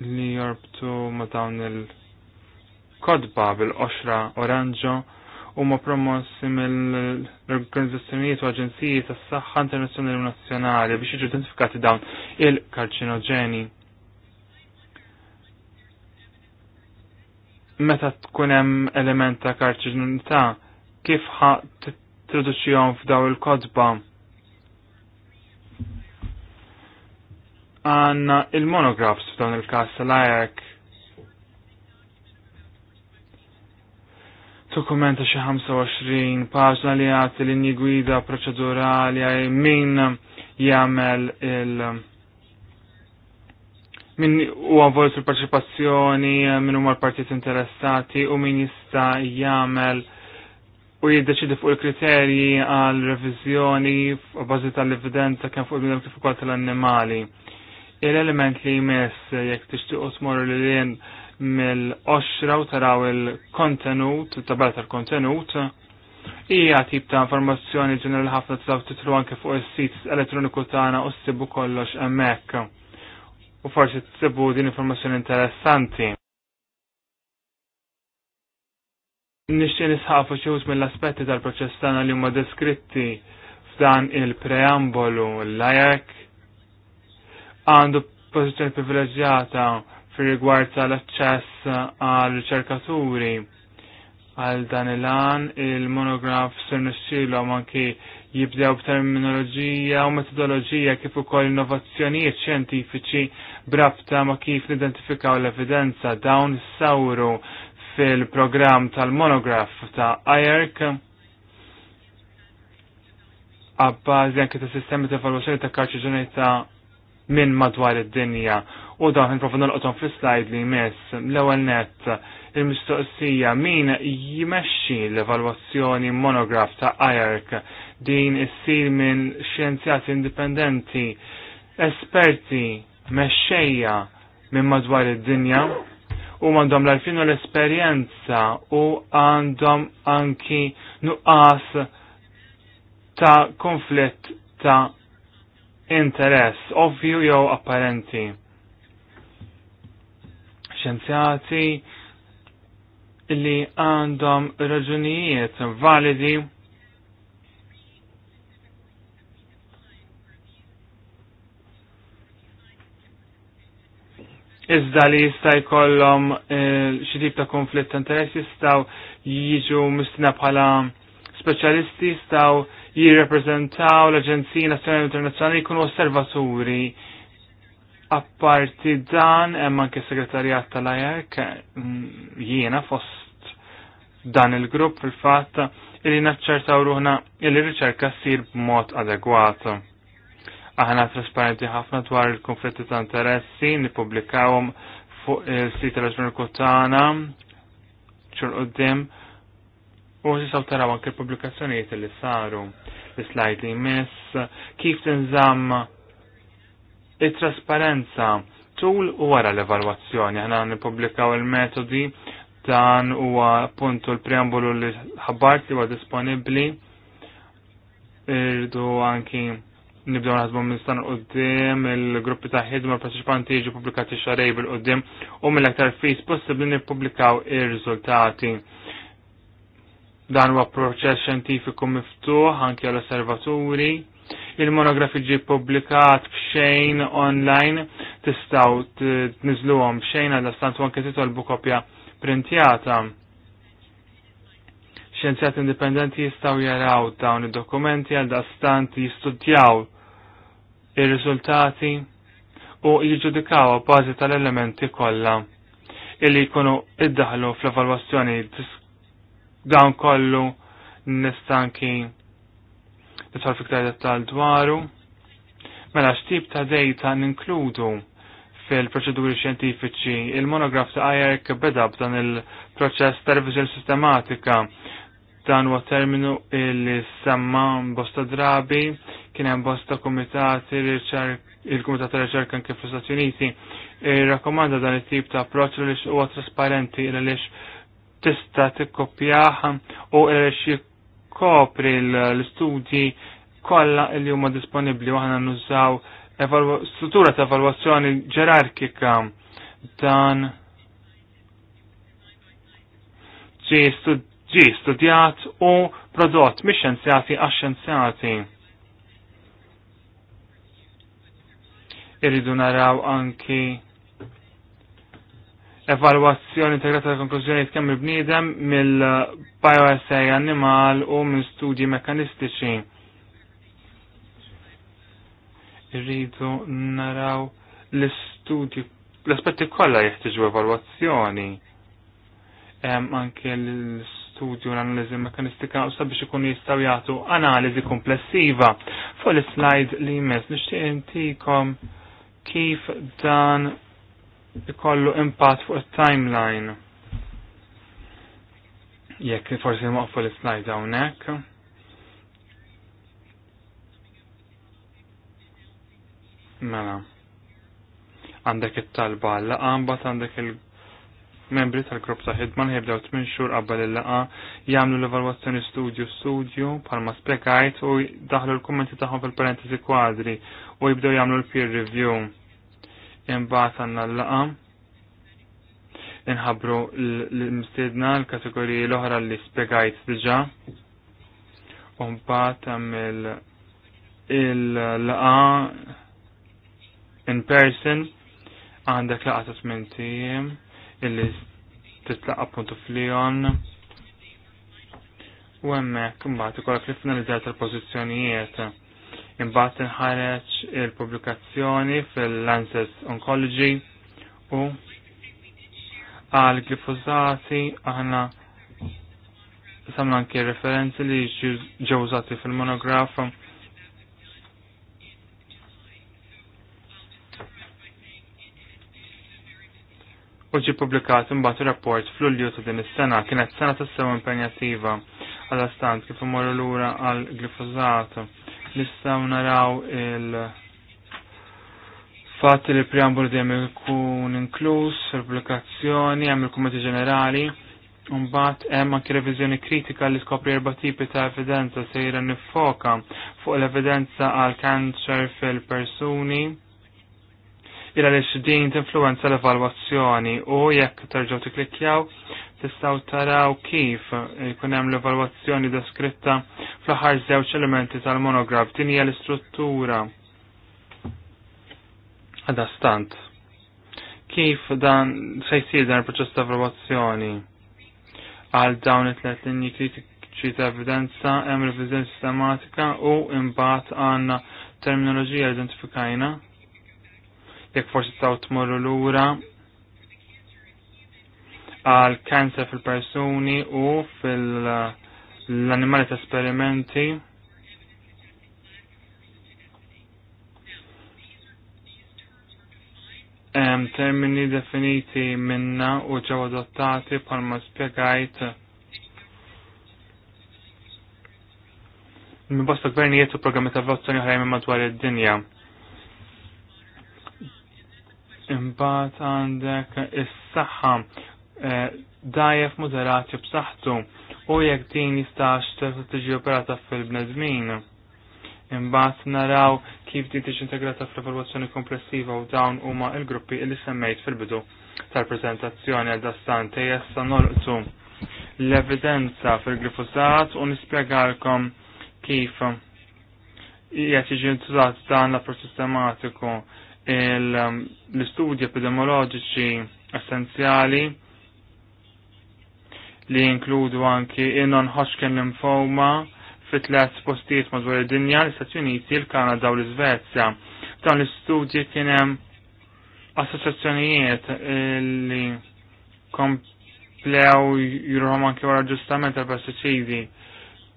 li jorbtu ma dawn il-kodba bil-qoxra oranġo u ma promossi mill-organizzazzjonijiet u aġenziji tas saħħa internazzjonali u nazzjonali biex jiġu identifikati dawn il karċinogeni Meta tkun hemm element ta' kif ħa traduzzjon f'daw il-kodba. Għanna il-monografs f'dan il-kas lajek. Dokumenta xi 25 paġna li għati linji gwida proċedurali għaj min jagħmel il- min u għavolt il-parċipazzjoni, min huma l partiet interessati u min jista' jagħmel u jiddeċidi fuq il-kriterji għal revizjoni bażi tal-evidenza kemm fuq il-bnedem kif ukoll tal-annimali. Il-element li jmiss jekk tixtiequ tmorru lil jien mill-10 u taraw il-kontenut, tabel tal-kontenut, hija tip ta' informazzjoni ġenerali ħafna tistgħu titru anke fuq is-sit elettroniku tagħna u ssibu kollox hemmhekk. U forsi tsibu din informazzjoni interessanti. Nixtieq nisħafu xi mill-aspetti tal-proċess tagħna li huma deskritti f'dan il-preambolu l-lajek għandu pożizzjoni privileġġjata fir rigward tal-aċċess għal riċerkaturi għal dan il għan il-monograf sirnixxilu anki jibdew b'terminoloġija u metodoloġija kif ukoll innovazzjonijiet xjentifiċi brabta ma kif nidentifikaw l-evidenza dawn sawru fil-programm tal-monograf ta' IRC għabbażi anke ta' sistemi ta' evaluazzjoni ta' ta' minn madwar id-dinja u dawn l-qotom fil slide li jmiss l-ewwel net il-mistoqsija min jimesċi l-evalwazzjoni monograf ta' IRC din issir minn xjenzjati indipendenti esperti mexxejja minn madwar id-dinja u għandhom l arfinu l-esperienza u għandhom anki nuqqas ta' konflitt ta' interess, ovvju jew apparenti. Xenzjati li għandhom raġunijiet validi iżda li jista' jkollhom eh, xi tip ta' konflitt ta' interess jistgħu jiġu mistina bħala speċjalisti jistgħu jirrepreżentaw l-Aġenziji Nazzjonali Internazzjonali jkunu osservaturi apparti dan hemm anke segretarjat tal-IAC mm, jiena fost dan il-grupp fil-fatt illi naċċertaw ruħna r riċerka ssir b'mod adegwat. Aħna trasparenti ħafna dwar il-konflitti ta' interessi, nipublikawhom fuq il-sit elettroniku tagħna xur qoddim u jisaw taraw anke l-pubblikazzjonijiet li saru l-slide li jmiss kif tinżamm it-trasparenza tul u wara l-evalwazzjoni. Aħna nippubblikaw il-metodi dan huwa appuntu l-preambolu li ħabbart li huwa disponibbli irdu anki nibdew naħsbu minn stan qudiem il-gruppi ta' ħidma l-parteċipanti jiġu pubblikati xarej bil-qudiem u mill-aktar fis possibbli nippubblikaw ir-riżultati. Dan huwa proċess xjentifiku miftuħ anke għal osservaturi. Il-monografi ġi publikat b'xejn online tistgħu tniżluhom b'xejn għal stant anke titolbu kopja printjata xjenzjat indipendenti jistaw jaraw dawn id-dokumenti għal stant jistudjaw ir-riżultati u jiġudikaw bażi tal-elementi kollha illi jkunu iddaħlu fl-evalwazzjoni dawn kollu nistanki nitfal fiktar dettal dwaru. Mela x'tip ta' data ninkludu fil-proċeduri xjentifiċi, il-monograf ta' IARC beda b'dan il-proċess ta' revizjoni sistematika dan huwa terminu li semma bosta drabi, kien hemm bosta kumitati il-Kumitat ta' Riċerka anke fl-Istati Uniti. E, rakkomanda dan it-tip ta' approċċ li huwa trasparenti lix tista' tikkoppjah u lix jikkopri l-istudji kollha li huma disponibbli u aħna nużaw struttura ta' evalwazzjoni ġerarkika dan ġi stud ġi studjat u prodott mix xenzjati għax xenzjati. Irridu naraw anki evalwazzjoni integrata tal konklużjoni kemm il-bniedem mill-bioessay animal u minn studji mekanistiċi. Irridu naraw l-istudji l-aspetti kollha jeħtieġu evalwazzjoni. Hemm anke l studju l analizi mekanistika u sabiex ikun jistgħu jagħtu analiżi komplessiva. Fuq l-slide li jmess, nixtieq intikom kif dan ikollu impatt fuq it-timeline. Jekk forsi waqfu l-slide hawnhekk. Mela. Għandek it-talba għall-laqamba, għandek il- membri tal-grupp ta' ħidma li jibdew tmien xhur qabel il-laqa jagħmlu l-evalwazzjoni studju studju bħalma spjegajt u daħlu l-kummenti tagħhom fil-parentesi kwadri u jibdew jagħmlu l-peer review. Imbagħad għandna l-laqa inħabru l-mstedna l-kategoriji l-oħra li spjegajt diġà. U mbagħad hemm il-laqa in person għandek laqa ta' tmien illi titlaq appuntu flion u hemmhekk imbagħad ikollok li finalizzat il-pożizzjonijiet. Imbagħad inħareġ il-pubblikazzjoni fil-Lancet Oncology u għal glifosati aħna samlan anke referenzi li ġewżati fil-monograf u ġi publikat imbagħad rapport fl-Ulju ta' din is-sena kienet sena tas-sew impenjattiva għal astant kif imorru lura għal glifosat nistgħu naraw il fatt li preambul dejjem ikun inkluż fil-pubblikazzjoni hemm il-Kumiti Ġenerali Mbagħad hemm anke reviżjoni kritika li skopri erba' tipi ta' evidenza sejra nifoka fuq l-evidenza għal kanċer fil-persuni illa li t-influenza l-evalwazzjoni u jekk terġgħu tiklikjaw tistgħu taraw kif jkun hemm l-evalwazzjoni deskritta fl-aħħar żewġ elementi tal-monograf din hija l-istruttura għada stant. Kif dan se jsir dan il-proċess ta' evalwazzjoni għal dawn it-tlet linji kritiċi ta' evidenza hemm reviżjoni sistematika u mbagħad għandna terminoloġija identifikajna jekk forsi taw tmorru lura għal kanser fil personi u fil-animali ta' esperimenti. termini definiti minna u ġew adottati bħalma spjegajt Mi bosta gvernijiet u programmi ta' votazzjoni ħajmi madwar id-dinja imbagħad għandek is-saħħa eh, dajef moderati b'saħħtu u jekk din jistax tiġi operata fil-bnedmin. Imbagħad naraw kif din tiġi integrata fl-evalwazzjoni komplessiva u dawn huma l-gruppi li semmejt fil-bidu tal-preżentazzjoni għal dastan tejessa nolqtu l-evidenza fil-glifosat u nispjegalkom kif jgħet iġi ntużat dan l-approċ sistematiku Um, l-istudji epidemioloġiċi essenzjali li jinkludu anki non l-infoma fit tlet postijiet madwar id-dinja l-Istati Uniti, il-Kanada u l-Svezja. Dan l-istudji kien hemm assoċjazzjonijiet eh, li komplew jurhom anki wara ġustament tal-pestiċidi.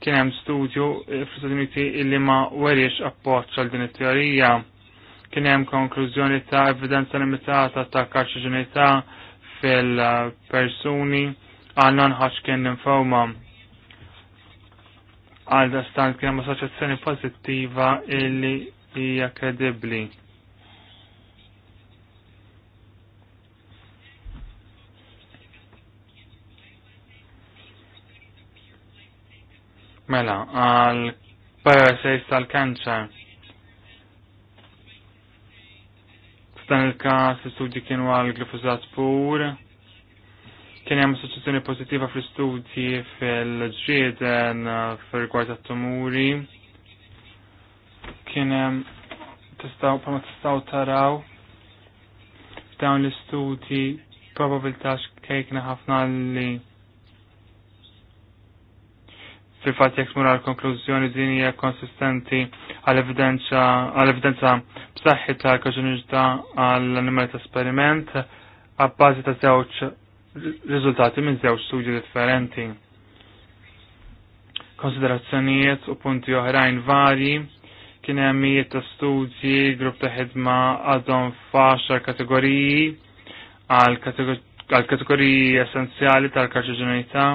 Kien hemm studju eh, fl-Istati Uniti li ma weriex appoġġ għal din it-teorija kien hemm konklużjoni ta' evidenza limitata ta' karċiġenità fil-persuni għal non kien lymphoma. Għal dastant kien hemm assoċjazzjoni pożittiva illi hija kredibbli. Mela, għal parasites tal-kanċer Dan il-każ l-istudji kienu għal glifosat pur. Kien hemm soċjazzjoni pożittiva fl-istudji fil-ġieden fil rigward tat-tumuri. Kien hemm tistgħu bħalma tistgħu taraw Dawn l-istudji probabilità kejkna ħafna li fil-fat jek mura għal-konklużjoni din hija konsistenti għal-evidenza b'saħħi ta' koġuniġda għall-animal ta' esperiment għabbażi ta' żewġ riżultati minn żewġ studji differenti. Konsiderazzjonijiet u punti oħrajn varji kien hemm ta' studji, grupp ta' ħidma għadhom f'għaxar kategoriji għal kategoriji essenzjali tal-karċoġenità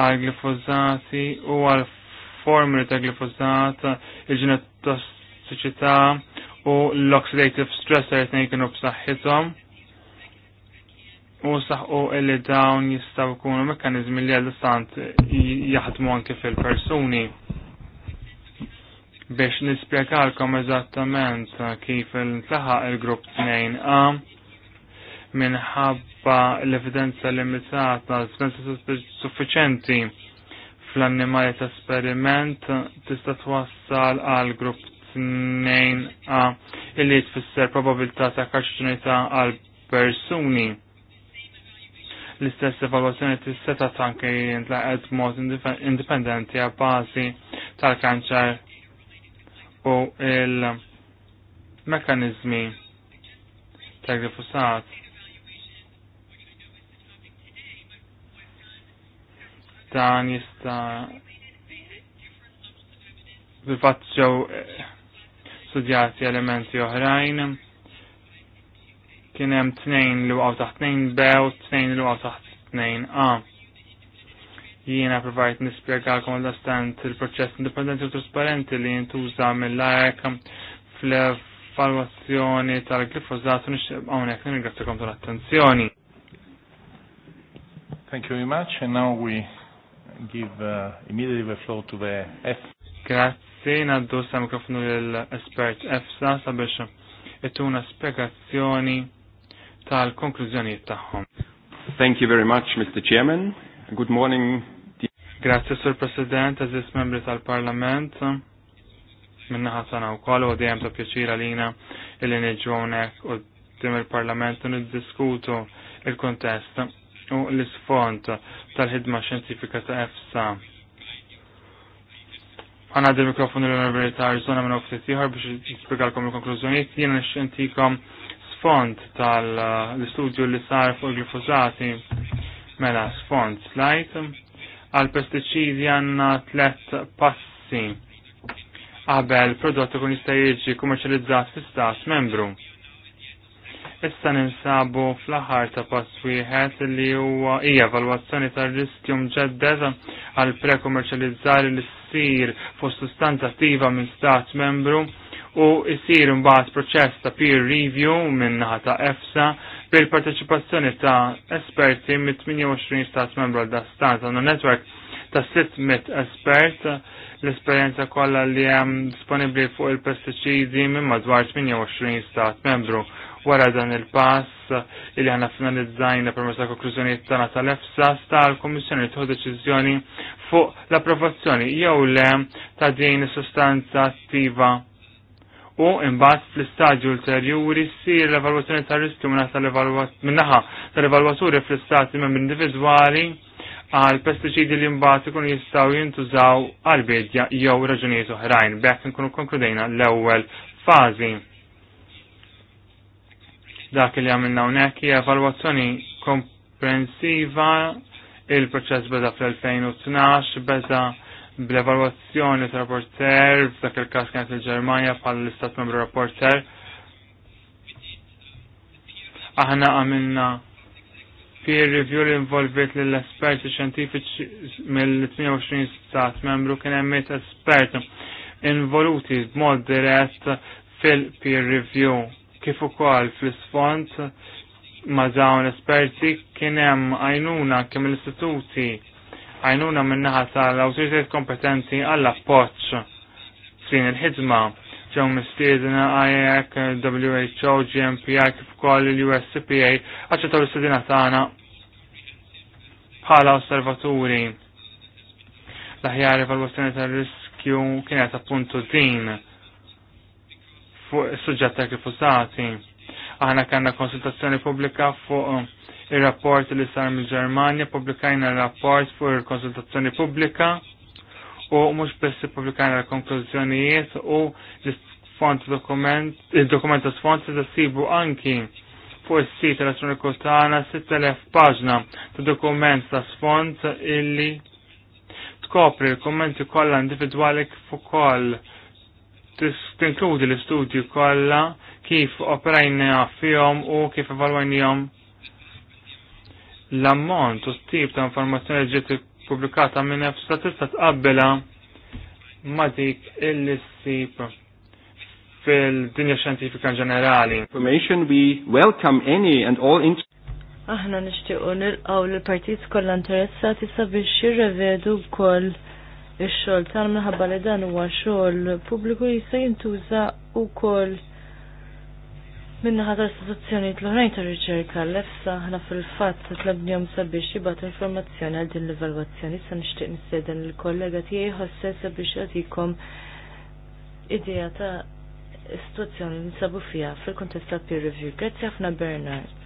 għal glifozati u għal formuli ta' glifozat, il-ġenet u l-oxidative stress li tnejn b b'saħħithom. U saħqu li dawn jistaw kunu mekanizmi li għal-istant jaħdmu anke fil-persuni biex nispjegalkom eżattament kif il-tlaħaq il-grupp 2A minħabba tiżviluppa l-evidenza limitata, evidenza suffiċenti fl-annimali ta' esperiment tista' twassal għal grupp 2A illi tfisser probabilità ta' karċinità għal persuni. L-istess evalwazzjoni tista' tanke jintlaqet mod indipendenti għal bażi tal-kanċer u il-mekanizmi ta' glifosat dan jista fil eh, studjati elementi oħrajn. Kien hemm tnejn li waqgħu taħt tnejn B u tnejn li waqgħu taħt tnejn A. Jiena provajt nispjegalkom l-astant il-proċess indipendenti u trasparenti li jintuża mill-lajk e fl evaluazzjoni tal-glifosat u nixtieq hawnhekk nirringrazzjakom tal-attenzjoni. Thank you very much. And now we give uh, immediately the floor to the F. Grazie, naddu sa mikrofonu l-espert EFSA sabiex ittuna spiegazzjoni tal konklużjoni taħħom. Thank you very much, Mr. Chairman. Good morning. Grazie, Sir President, aziz membri tal-Parlament. Minna ħasana u kollu u dijem ta' pjaċira lina il-li u dim il-Parlament u diskutu il-kontest u l-isfond tal-ħidma xjentifika ta' EFSA. Għana għaddi mikrofonu l-Università ta' Arizona minn uftit biex jispiegalkom il-konklużjoniet, jena xentikom sfond tal-istudju li sar fuq glifosati mela sfond slajt għal pesticidi għanna tlet passi qabel prodott ikun jista' jiġi fi stas membru Issa ninsabu fl-aħħar ta' pass wieħed li huwa hija valwazzjoni tar-riskju mġeddeda għal prekommerċjalizzari li ssir fost sustanza attiva minn stat membru u jsir mbagħad proċess ta' peer review minn naħa ta' EFSA bil-parteċipazzjoni ta' esperti mit 28 stat membru għal stat għandna netwerk ta' 600 espert l-esperjenza kollha li hemm disponibbli fuq il-pestiċidi minn madwar 28 stat membru wara dan il-pass li għanna finalizzajna permess ta' konklużjonijiet tagħna tal-EFSA sta' l-Kummissjoni tħu deċiżjoni fuq l-approvazzjoni jew le ta' din is-sostanza attiva u imbagħad fl-istadju ulterjuri ssir l-evalwazzjoni tar-riskju minnaħa tal-evalwaturi fl-istati membri individwali għal pesticidi li mbagħad ikun jistgħu jintużaw għal bidja jew raġunijiet oħrajn. Bekk nkunu konkludejna l-ewwel fażi. Dak li għamilna unnek hija evalwazzjoni komprensiva il-proċess beda fl-2012 beda bl-evalwazzjoni ta' rapporter f'dak il-każ kienet il-Ġermanja bħal l-Istat Membru Rapporter. Aħna għamilna peer review li involvit l-esperti xjentifiċi mill-28 stat membru kien hemm espert involuti b'mod dirett fil-peer review kif ukoll fl-isfond ma' dawn esperti kien hemm għajnuna kemm l-istituti għajnuna min-naħa tal-awtoritajiet kompetenti għall appoġġ f'din il-ħidma ġew mistiedna IAC, WHO, GMPI kif ukoll il-USCPA għaċċettaw l-istudina tagħna bħala osservaturi. L-aħjar evalwazzjoni tal-riskju kienet appuntu din fuq is-suġġett ta' glifosati. Aħna kanna konsultazzjoni pubblika fuq ir-rapport li sar mill-Ġermanja, il rapport fuq il-konsultazzjoni pubblika u mhux biss ippubblikajna l-konklużjonijiet u l-font dokument, il-dokument ta' sfond se tisibu anki fuq is-sit elettroniku tagħna 6000 paġna ta' dokument ta' sfond illi tkopri l-kommenti kollha individwali kif ukoll tinkludi l-istudju kollha kif operajna fihom u kif evalwajnihom l-ammont u t-tip ta' informazzjoni ġiet publikata minn nefsa tista' tqabbela ma' dik il-sib fil-dinja xjentifika ġenerali. Information we welcome any and all Aħna nixtiequ nilqgħu l-partit kollha interessati sabiex jirrevedu wkoll ix-xogħol tal minħabba li dan huwa xogħol pubbliku jista' jintuża wkoll minnaħa tal-istituzzjonijiet l-oħrajn ta' riċerka l-EFSA ħna fil-fatt tlabnihom sabiex jibgħat informazzjoni għal din l-evalwazzjoni sa nixtieq nistieden lill kollega tiegħi ħossel sabiex jagħtikom idea ta' istituzzjoni li nsabu fija fil-kontest ta' peer review. Grazzi ħafna Bernard.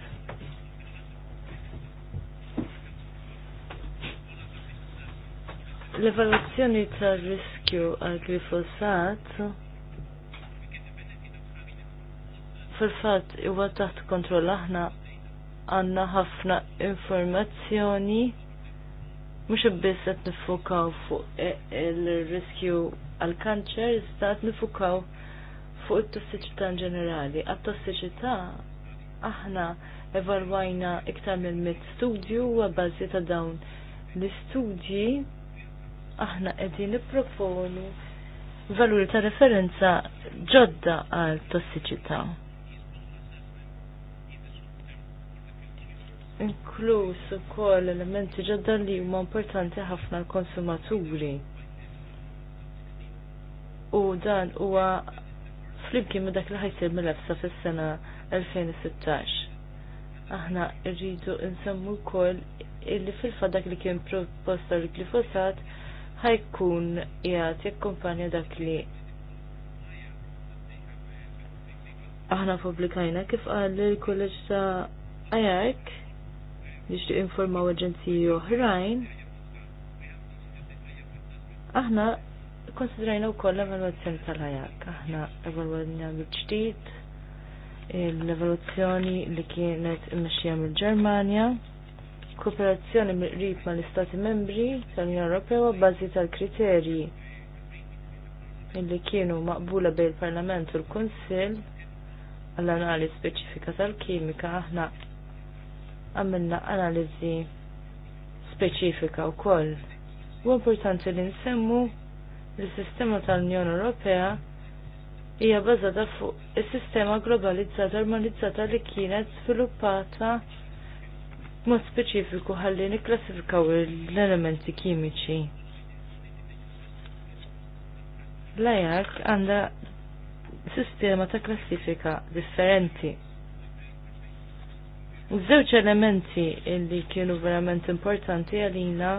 L-evaluazzjoni ta' riskju għal glifosat fil-fat huwa taħt kontroll aħna għandna ħafna informazzjoni mhux biss qed nifukaw fuq e-, il-riskju għal kanċer iżda qed nifukaw fuq it-tossiċità ġenerali. Għat-tossiċità aħna evalwajna iktar minn mit studju u bażi ta' dawn l-istudji aħna qegħdin nipproponu valuri ta' referenza ġodda għal tossiċità. Inkluż ukoll elementi ġodda li huma importanti ħafna l-konsumaturi. U dan huwa flimkien ma' dak li ħajsir mill-efsa fis-sena 2016. Aħna rridu nsemmu wkoll illi fil-fadak li kien proposta l-glifosat ħajkun jgħat kumpanja dak li aħna publikajna kif qal il-kolleġ ta' ajak biex informaw aġenziji oħrajn. Aħna konsidrajna wkoll l-evalwazzjoni tal ajak Aħna evalwajna l ġdijt l-evaluazzjoni li kienet imexxija mill-Ġermanja kooperazzjoni mill-qrib mal-Istati Membri tal-Unjoni Ewropea bbażi tal-kriterji li kienu maqbula bejn il-Parlament u l-Kunsill għall-analiż speċifika tal-kimika aħna għamilna analiżi speċifika wkoll. U importanti li nsemmu s sistema tal-Unjoni Ewropea hija bbażata fuq is-sistema globalizzata normalizzata li kienet sviluppata mod speċifiku ħalli niklassifikaw l-elementi kimiċi. L-ajak għanda sistema ta' klassifika differenti. żewġ elementi illi kienu verament importanti għalina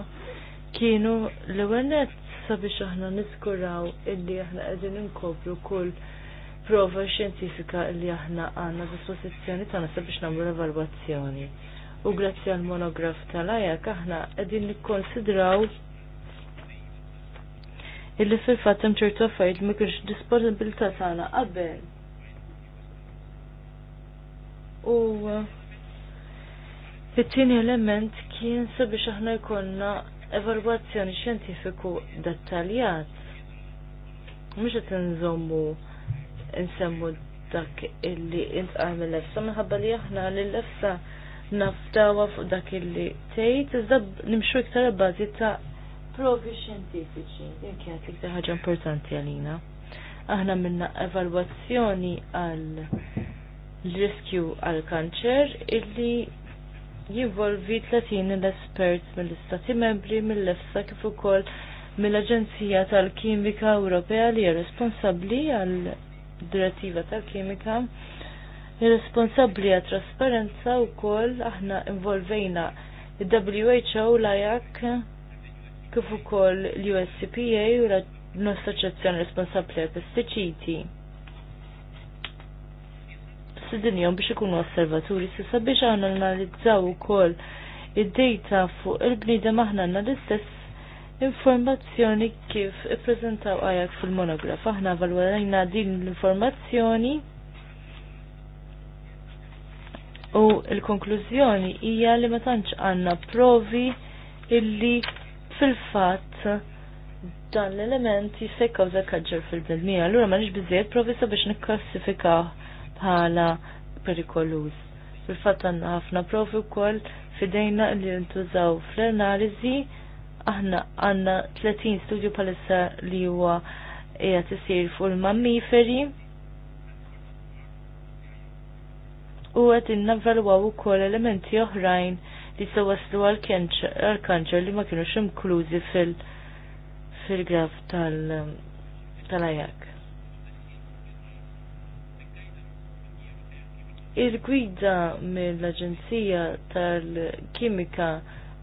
kienu l-ewenet sabiex aħna niskuraw illi aħna qegħdin inkopru kull prova xjentifika illi aħna għandna dispożizzjoni tagħna sabiex nagħmlu l-evalwazzjoni u grazzi għal monograf tal-ajak aħna qegħdin nikkonsidraw illi fil-fatt hemm ċertu affarijiet ma kienx disponibilità tagħna qabel. U uh, it-tieni element kien sabiex aħna jkollna evalwazzjoni xjentifiku dettaljat. Mhux qed inżommu nsemmu dak illi intqal mill-lefsa minħabba li aħna lill-lefsa nafdawa fuq dak illi tgħid, iżda nimxu iktar bażi ta' provi xjentifiċi, Jien kienet iktar ħaġa importanti għalina. Aħna minna evalwazzjoni għal riskju għal kanċer illi jivolvi 30 l esperts mill-istati membri mill-EFSA kif ukoll mill-Aġenzija tal-Kimika Ewropea li hija responsabbli għal direttiva tal-kimika responsabbli għat trasparenza u kol aħna involvejna il-WHO, l-IAC, kif ukoll l-USCPA u l-Assoċjazzjoni Responsabbli għal Pestiċiti. Sidinjom biex ikunu osservaturi, sissa biex aħna analizzaw ukoll id-data fuq il-bnidem aħna għanna l-istess informazzjoni kif ippreżentaw għajak fil-monograf. Aħna valwarajna din l-informazzjoni u l-konklużjoni hija li ma tantx għandna provi illi fil-fatt dan l-element jista' jikkawża kanċer fil-bnedmija. Allura ma nix biżjed provi sabiex nikkassifika bħala perikoluż. Fil-fatt għandna ħafna provi wkoll fidejna li ntużaw fl-analiżi aħna għandna 30 studju palissa li huwa qiegħed isir fuq il-mammiferi u għed innavalwaw u kol elementi oħrajn li sawaslu għal-kanċer li ma kienu inklużi fil-graf tal-ajak. Il-gwida mill-Aġenzija tal-Kimika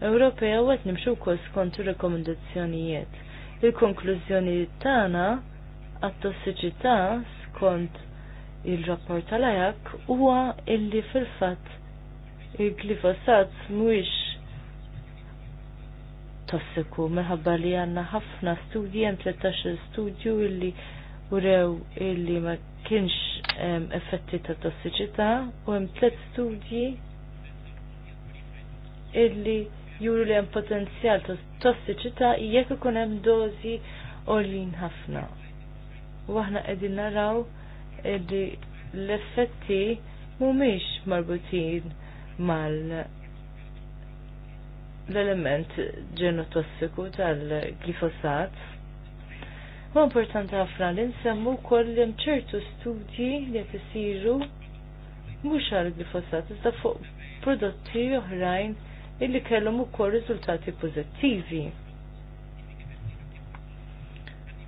Ewropea għed nimxu kol skontu rekomendazzjonijiet. Il-konklużjoni tana għat-tossiċità skont il-rapport tal-ajak huwa illi fil-fatt il-glifosat mhuwiex tossiku minħabba li għanna ħafna studji hemm 13 studju illi urew illi ma kienx effetti ta' tossiċità u hemm tliet studji illi juru li hemm potenzjal ta' tossiċità jekk ikun hemm dożi għolin ħafna. U aħna qegħdin naraw li l-effetti mhumiex marbutin mal l-element ġenotossiku tal-glifosat. Ma importanti ħafna li nsemmu koll ċertu studji li qed isiru mhux għal glifosat iżda fuq prodotti oħrajn illi kellhom ukoll riżultati pożittivi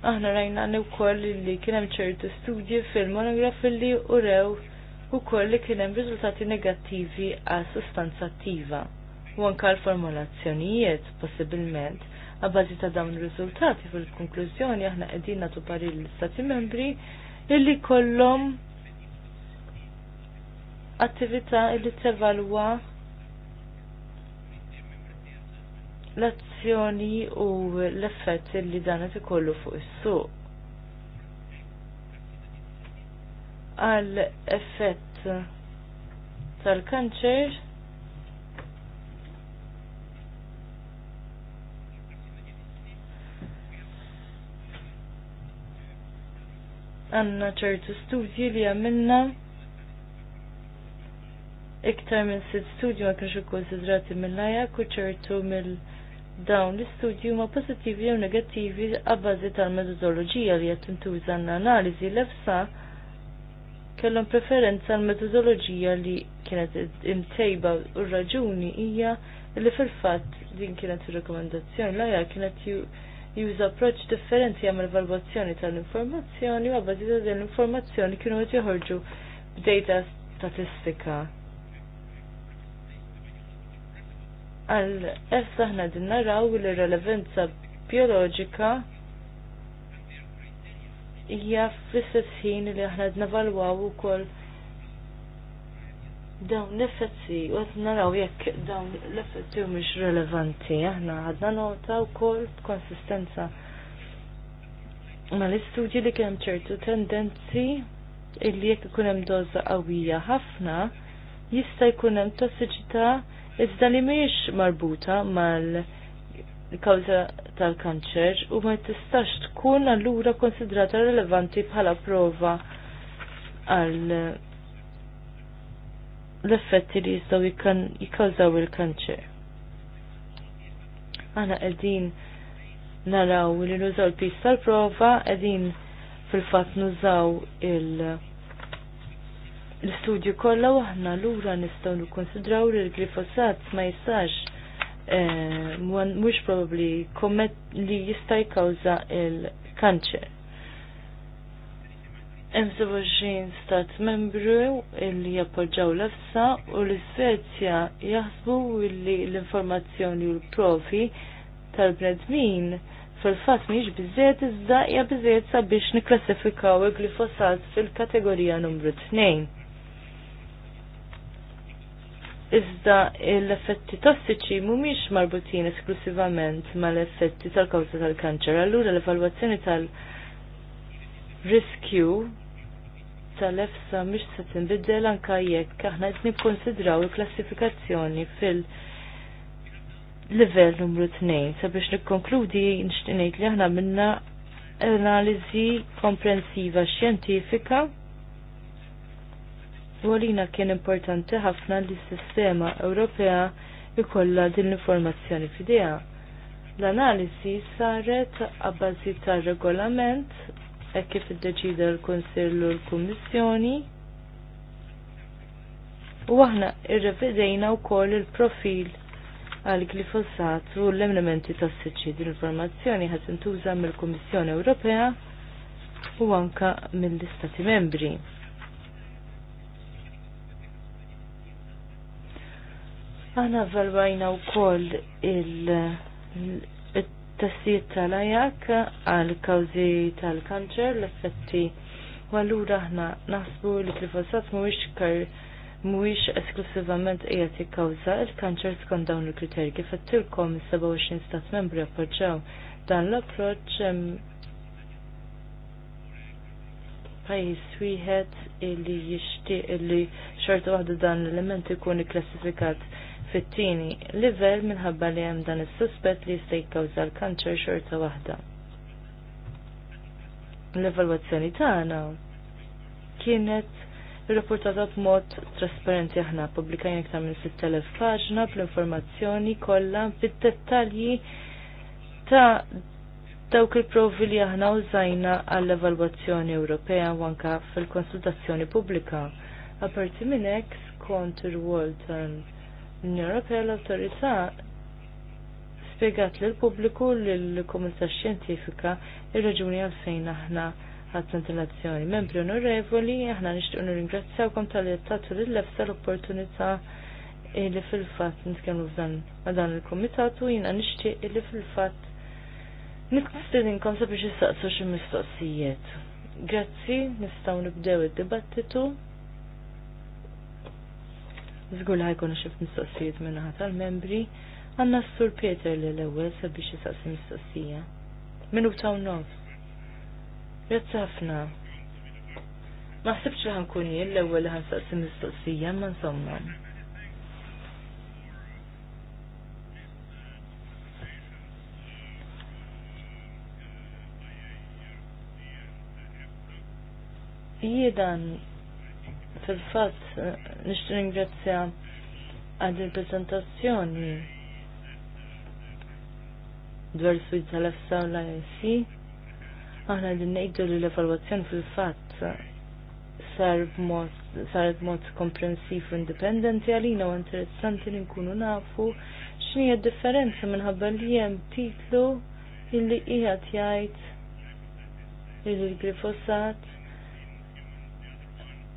aħna rajna u wkoll li kien hemm ċertu studji fil-monograf li urew ukoll li kien hemm riżultati negattivi għal sustanza attiva u anka l formulazzjonijiet possibilment għabazi ta' dawn ir-riżultati fil-konklużjoni aħna qegħdin nagħtu pari l-Istati membri illi kollom attività illi tevalwa l-azzjoni l-inflazzjoni u l-effett li dan qed ikollu fuq is-suq. Għal effett tal-kanċer għanna ċertu studji li għamilna iktar minn sitt studju ma kienx ikkonsidrati mill-lajak u ċertu mill dawn l-istudju ma pozittivi jew negattivi għabbażi tal metodologija li qed tintuża l-analiżi l-efsa kellhom preferenza l metodoloġija li kienet imtejba u raġuni hija li fil-fatt din kienet ir-rekomendazzjoni l-aja kienet juża approċċ differenti l valvazzjoni tal-informazzjoni u għabbażi tal-informazzjoni kienu qed joħorġu b'dejta statistika għal essaħna din naraw li relevanza bioloġika hija fl-istess ħin li aħna navalwaw ukoll dawn l-effetti u għad naraw jekk dawn l-effetti u mhux relevanti aħna għadna nota wkoll konsistenza ma l-istudji li kem ċertu tendenzi illi jekk ikun hemm doza qawwija ħafna jista' jkun hemm tossiċità iżda li mhijiex marbuta mal kawża tal-kanċer u ma tistax tkun allura konsidrata rilevanti bħala prova għal l-effetti li jistgħu jikkawżaw il-kanċer. Aħna qegħdin naraw li nużaw l pista tal-prova, qegħdin fil-fatt nużaw il-, -il l-istudju kollha aħna lura nistgħu nikkonsidraw li l-glifosat ma jistax eh, mhux probabbli komet li jista' kawza il-kanċer. Hemm 27 stat membru li jappoġġaw l-efsa u l-Svezja jaħsbu li l-informazzjoni u l-provi tal-bnedmin fil-fatt mhijiex biżejjed iżda hija biżejjed sabiex nikklassifikaw il-glifosat fil-kategorija numru 2 iżda l-effetti tossiċi mhumiex marbutin esklusivament mal-effetti tal-kawża tal-kanċer. Allura l-evalwazzjoni tal-riskju tal-efsa mhix se tinbidel anke jekk aħna qed nikkonsidraw il-klassifikazzjoni fil- level numru 2 sabiex nikkonkludi nixtieq ngħid li aħna minna analizi komprensiva xjentifika U għalina kien importanti ħafna li s-sistema Ewropea ikolla din l-informazzjoni fidea. L-analisi saret għabbażi ta' regolament e kif id-deċida l-Konsillu l-Kummissjoni. U aħna irrevidejna u koll il-profil għal glifosat u l-elementi ta' s din L-informazzjoni ħat intuża mill-Kummissjoni Ewropea u anka mill-Istati Membri. Aħna valwajna wkoll il-testijiet tal-ajak għal kawżi tal-kanċer l-effetti u allura aħna naħsbu li glifosat mhuwiex mhuwiex esklusivament qiegħed jikkawża il-kanċer skont dawn il-kriterji kif qedtilkom is-27 stat membri appoġġjaw dan l-approċċ pajis wieħed illi jixtieq illi xorta waħda dan l-element ikun ikklassifikat fit-tieni livell minħabba li hemm dan is-suspett li jista' jikkawża l-kanċer xorta waħda. L-evalwazzjoni tagħna kienet irrapportata b'mod trasparenti aħna pubblikajna iktar minn 6000 paġna bl-informazzjoni kollha bid-dettalji ta' dawk il-provi li aħna użajna għall-evalwazzjoni Ewropea u anka fil-konsultazzjoni pubblika. Aparti minn hekk kont ir-wol tal l-Unjoni l-Awtorità spiegat lill pubbliku lill komunità xjentifika ir-raġuni għalfejn aħna ħadd ventilazzjoni. Membri onorevoli, aħna nixtiequ nirringrazzjawkom tal-li tagħtu lill-lefsa l-opportunità li fil-fatt nitkellmu f'dan ma' dan il kumitatu jiena nixtieq li fil-fatt Nitkustidinkom sabiex jistaqsu xi mistoqsijiet. Grazzi, nistgħu nibdew id-dibattitu. Zgur li ħajkunu xif mistoqsijiet minnaħat tal-membri, għanna s-sur Peter li l-ewel sabiex jisaqsi mistoqsija. u taw nofs. Jazzafna. Maħsibx li ħankun jien l-ewel li ħansaqsi mistoqsija, ma insomma. Jiedan fil-fatt nishtu ringrazzja għad il-prezentazzjoni dwar suj tal-efsa u l-IC. Aħna din ngħidu li l-evalwazzjoni fil-fatt sar b'mod mod komprensif u indipendenti għalina u interessanti li nkunu nafu x'inhi differenza minħabba li hemm titlu illi qiegħed jgħid il-glifosat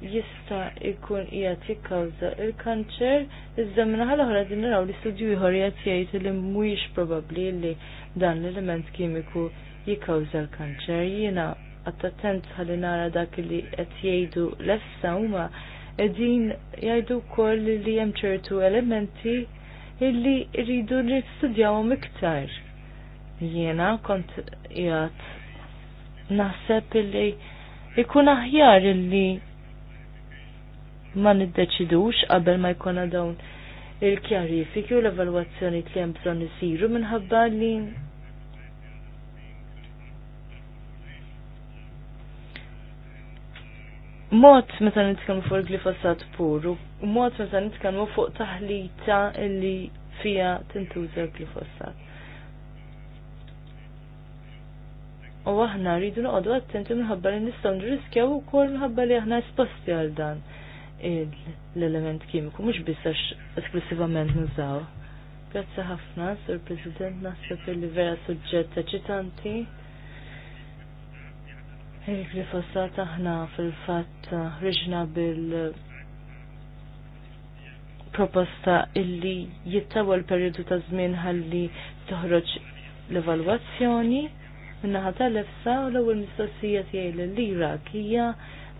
jista' jkun qiegħed jikkawża il-kanċer, iżda minħal oħra din naraw li studju ieħor qed jgħid li mhuwiex probabbli li dan l-element kimiku jikkawża l-kanċer. Jiena attent ħalli nara dak li qed jgħidu l-efsa huma qegħdin jgħidu wkoll li hemm ċertu elementi illi rridu nistudjawhom iktar. Jiena kont jgħat naħseb illi ikun aħjar illi ma niddeċidux qabel ma jkollna dawn il-kjarifiki u l-evalwazzjoni li hemm bżonn isiru minħabba li mod meta nitkellmu fuq il-glifosat puru, u mod meta nitkellmu fuq taħlita illi fija tintuża glifosat. U aħna rridu noqogħdu attenti minħabba li nistgħu nirriskjaw ukoll minħabba li aħna esposti għal dan l-element kimiku, mux bisax esklusivament nużaw. Grazzi ħafna, Sur President, naħseb li vera suġġett eċitanti. Il-glifosat aħna fil-fat riġna bil proposta illi jittawa l-periodu ta' żmien ħalli toħroġ l-evalwazzjoni minnaħa l efsa u l-ewwel mistoqsija tiegħi l-lira kija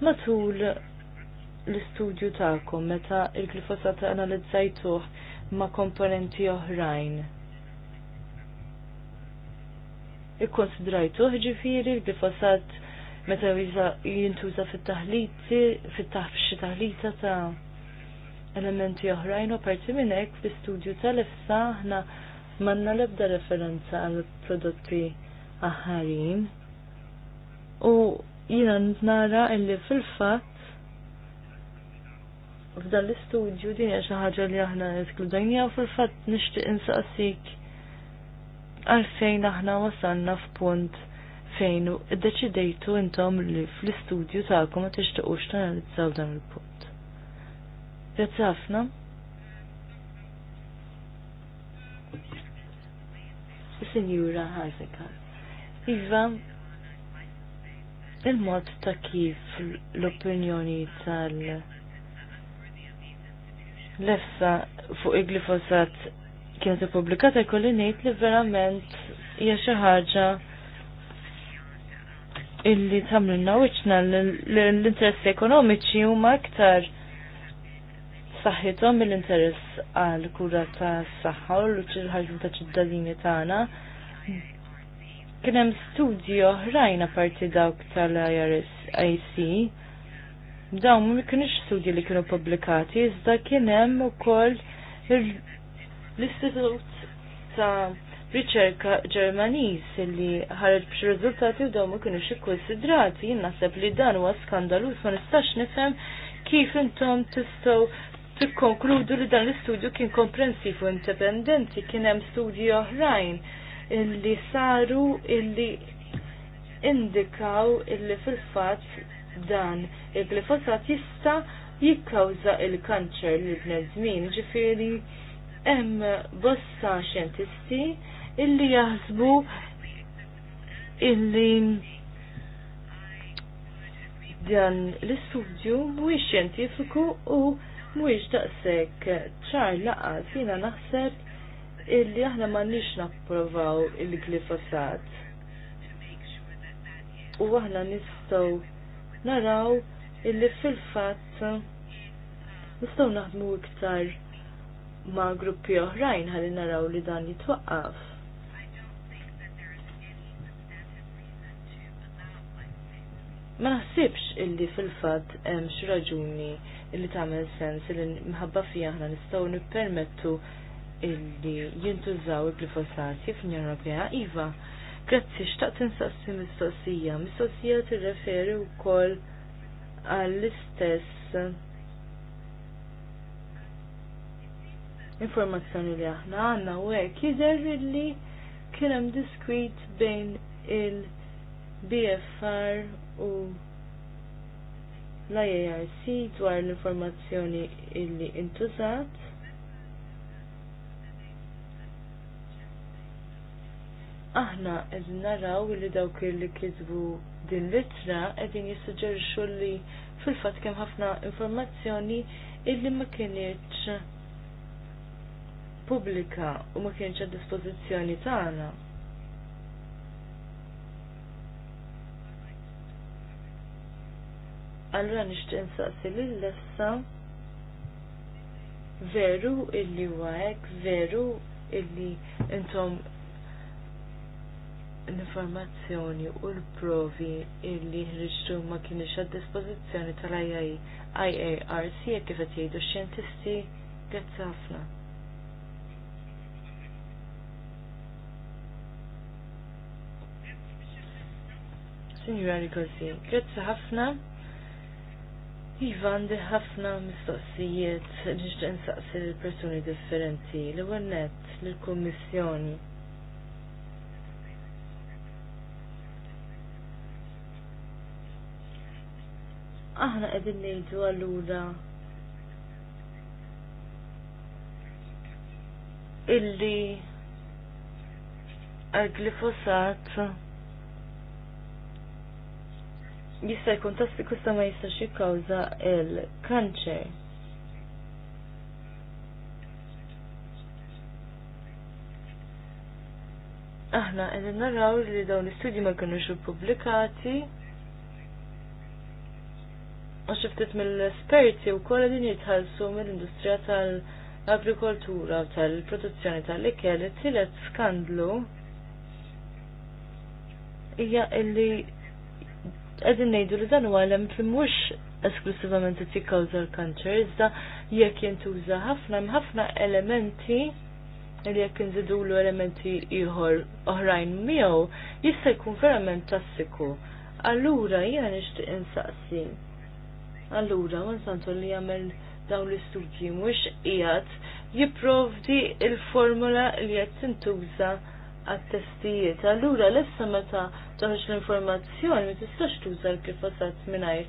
matul l-istudju ta'kom meta il-glifosat analizzajtuh ma' komponenti oħrajn. Ikkonsidrajtuh ġifiri l-glifosat meta jintuża fit-taħliti, fit-taħfxi taħlita ta' elementi oħrajn u parti minn hekk fl-istudju tal-efsa aħna manna l-ebda referenza għal prodotti aħħarin. U jina nara illi fil-fatt f'dan l-istudju din hija xi ħaġa li aħna eskludajnija u fil-fatt nixtieq insaqsik għalfejn aħna wasalna f'punt fejn iddeċidejtu intom li fl-istudju tagħkom ma tixtiequx tanalizzaw dan il-punt. Grazzi ħafna. Sinjura Ħażeka. Iva, il-mod ta' kif l-opinjoni tal- Lefsa fuq il-glifosat kienet ippubblikata jkolli ngħid li verament hija xi ħaġa illi tagħmilna wiċċna l-interessi ekonomiċi huma aktar saħħithom mill-interess għal kura tas saħħa u l-ħarġu ta' ċittadini tagħna. Kien hemm studji oħrajn apparti dawk tal-IRS IC Dawn ma kienx studji li kienu pubblikati, iżda kien hemm ukoll l-Istitut ta' riċerka Ġermaniż li ħareġ b'xi riżultati u dawn ma kienux ikkonsidrati. Jien naħseb li dan huwa skandalus ma nistax nifhem kif intom tistgħu tikkonkludu li dan l-istudju kien komprensiv u indipendenti, kien hemm studji oħrajn illi saru illi indikaw illi fil-fatt dan il-glifosat jista jikkawza il-kanċer li bnezmin ġifiri hemm bossa xjentisti illi jaħsbu illi dan l-istudju mhuwiex xjentifiku u mhuwiex daqshekk ċar laqas jiena naħseb illi aħna m'għandniex napprovaw il-glifosat. U aħna nistgħu naraw illi fil-fatt nistgħu naħdmu iktar ma' gruppi oħrajn ħalli naraw li dan jitwaqqaf. Ma naħsibx illi fil-fatt hemm xi raġuni illi tagħmel sens illi mħabba fija aħna nistgħu nippermettu illi jintużaw il glifosat fl Ewropea iva Grazzi, x'taq insassi mistoqsija. Mistoqsija tirreferi wkoll għall-istess informazzjoni li aħna għanna u għek. jidher li kienem hemm diskwit bejn il-BFR u l-IARC dwar l-informazzjoni illi intużat aħna qegħdin naraw li dawk li kitbu din litra qegħdin jissuġġerixxu li fil fat kemm ħafna informazzjoni illi ma kienieċ pubblika u ma kienx għad dispożizzjoni tagħna. Allura nixtieq insaqsi lil issa veru illi huwa hekk, veru illi intom l-informazzjoni u l-provi illi ħriġtu ma kienx għad dispożizzjoni tal-IARC kif qed jgħidu x-xjentisti grazzi ħafna. Signora Rigosi, grazzi ħafna. Ivan, di ħafna mistoqsijiet nixtieq nsaqsi l-persuni differenti. L-ewwel nett lill-Kummissjoni aħna qegħdin ngħidu allura illi għal-glifosat jista' jkun tossiku sa ma jistax jikkawża il-kanċer. Aħna qegħdin naraw li dawn l-istudji ma kinux ippubblikati għax ftit mill-esperti u kolla din jitħallsu mill-industrija tal-agrikoltura u tal-produzzjoni tal-ikel, it-tielet skandlu hija illi qegħdin ngħidu li dan huwa element li mhux esklusivament it jikkawża l-kanċer, iżda jekk jintuża ħafna ħafna elementi li jekk inżidulu elementi ieħor oħrajn miegħu jista' jkun verament tassiku. Allura jiena nixtieq insaqsin. Allura, Monsanto li jagħmel dawn l-istudji mhux qiegħed jipprovdi il-formula li qed tintuża għat-testijiet. Allura l meta toħroġ l-informazzjoni ma tistax tuża l-glifosat mingħajr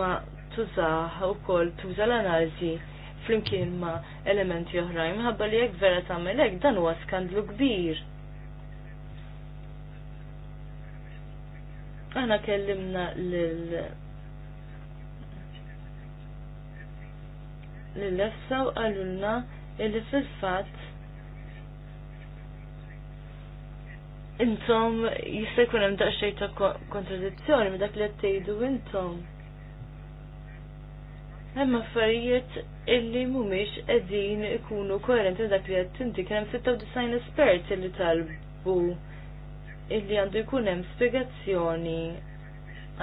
ma tużaha wkoll tuża l-analiżi flimkien ma elementi oħrajn minħabba li jekk vera tagħmel hekk dan huwa skandlu kbir. Aħna kellimna lil l-lefsa u għalulna illi fil-fat intom jista' jkun hemm daqsxejn ta' kontradizzjoni minn dak li qed tgħidu intom. Hemm affarijiet illi mhumiex qegħdin ikunu koerenti dak li qed tinti kien hemm 96 esperti illi talbu illi għandu jkun hemm spjegazzjoni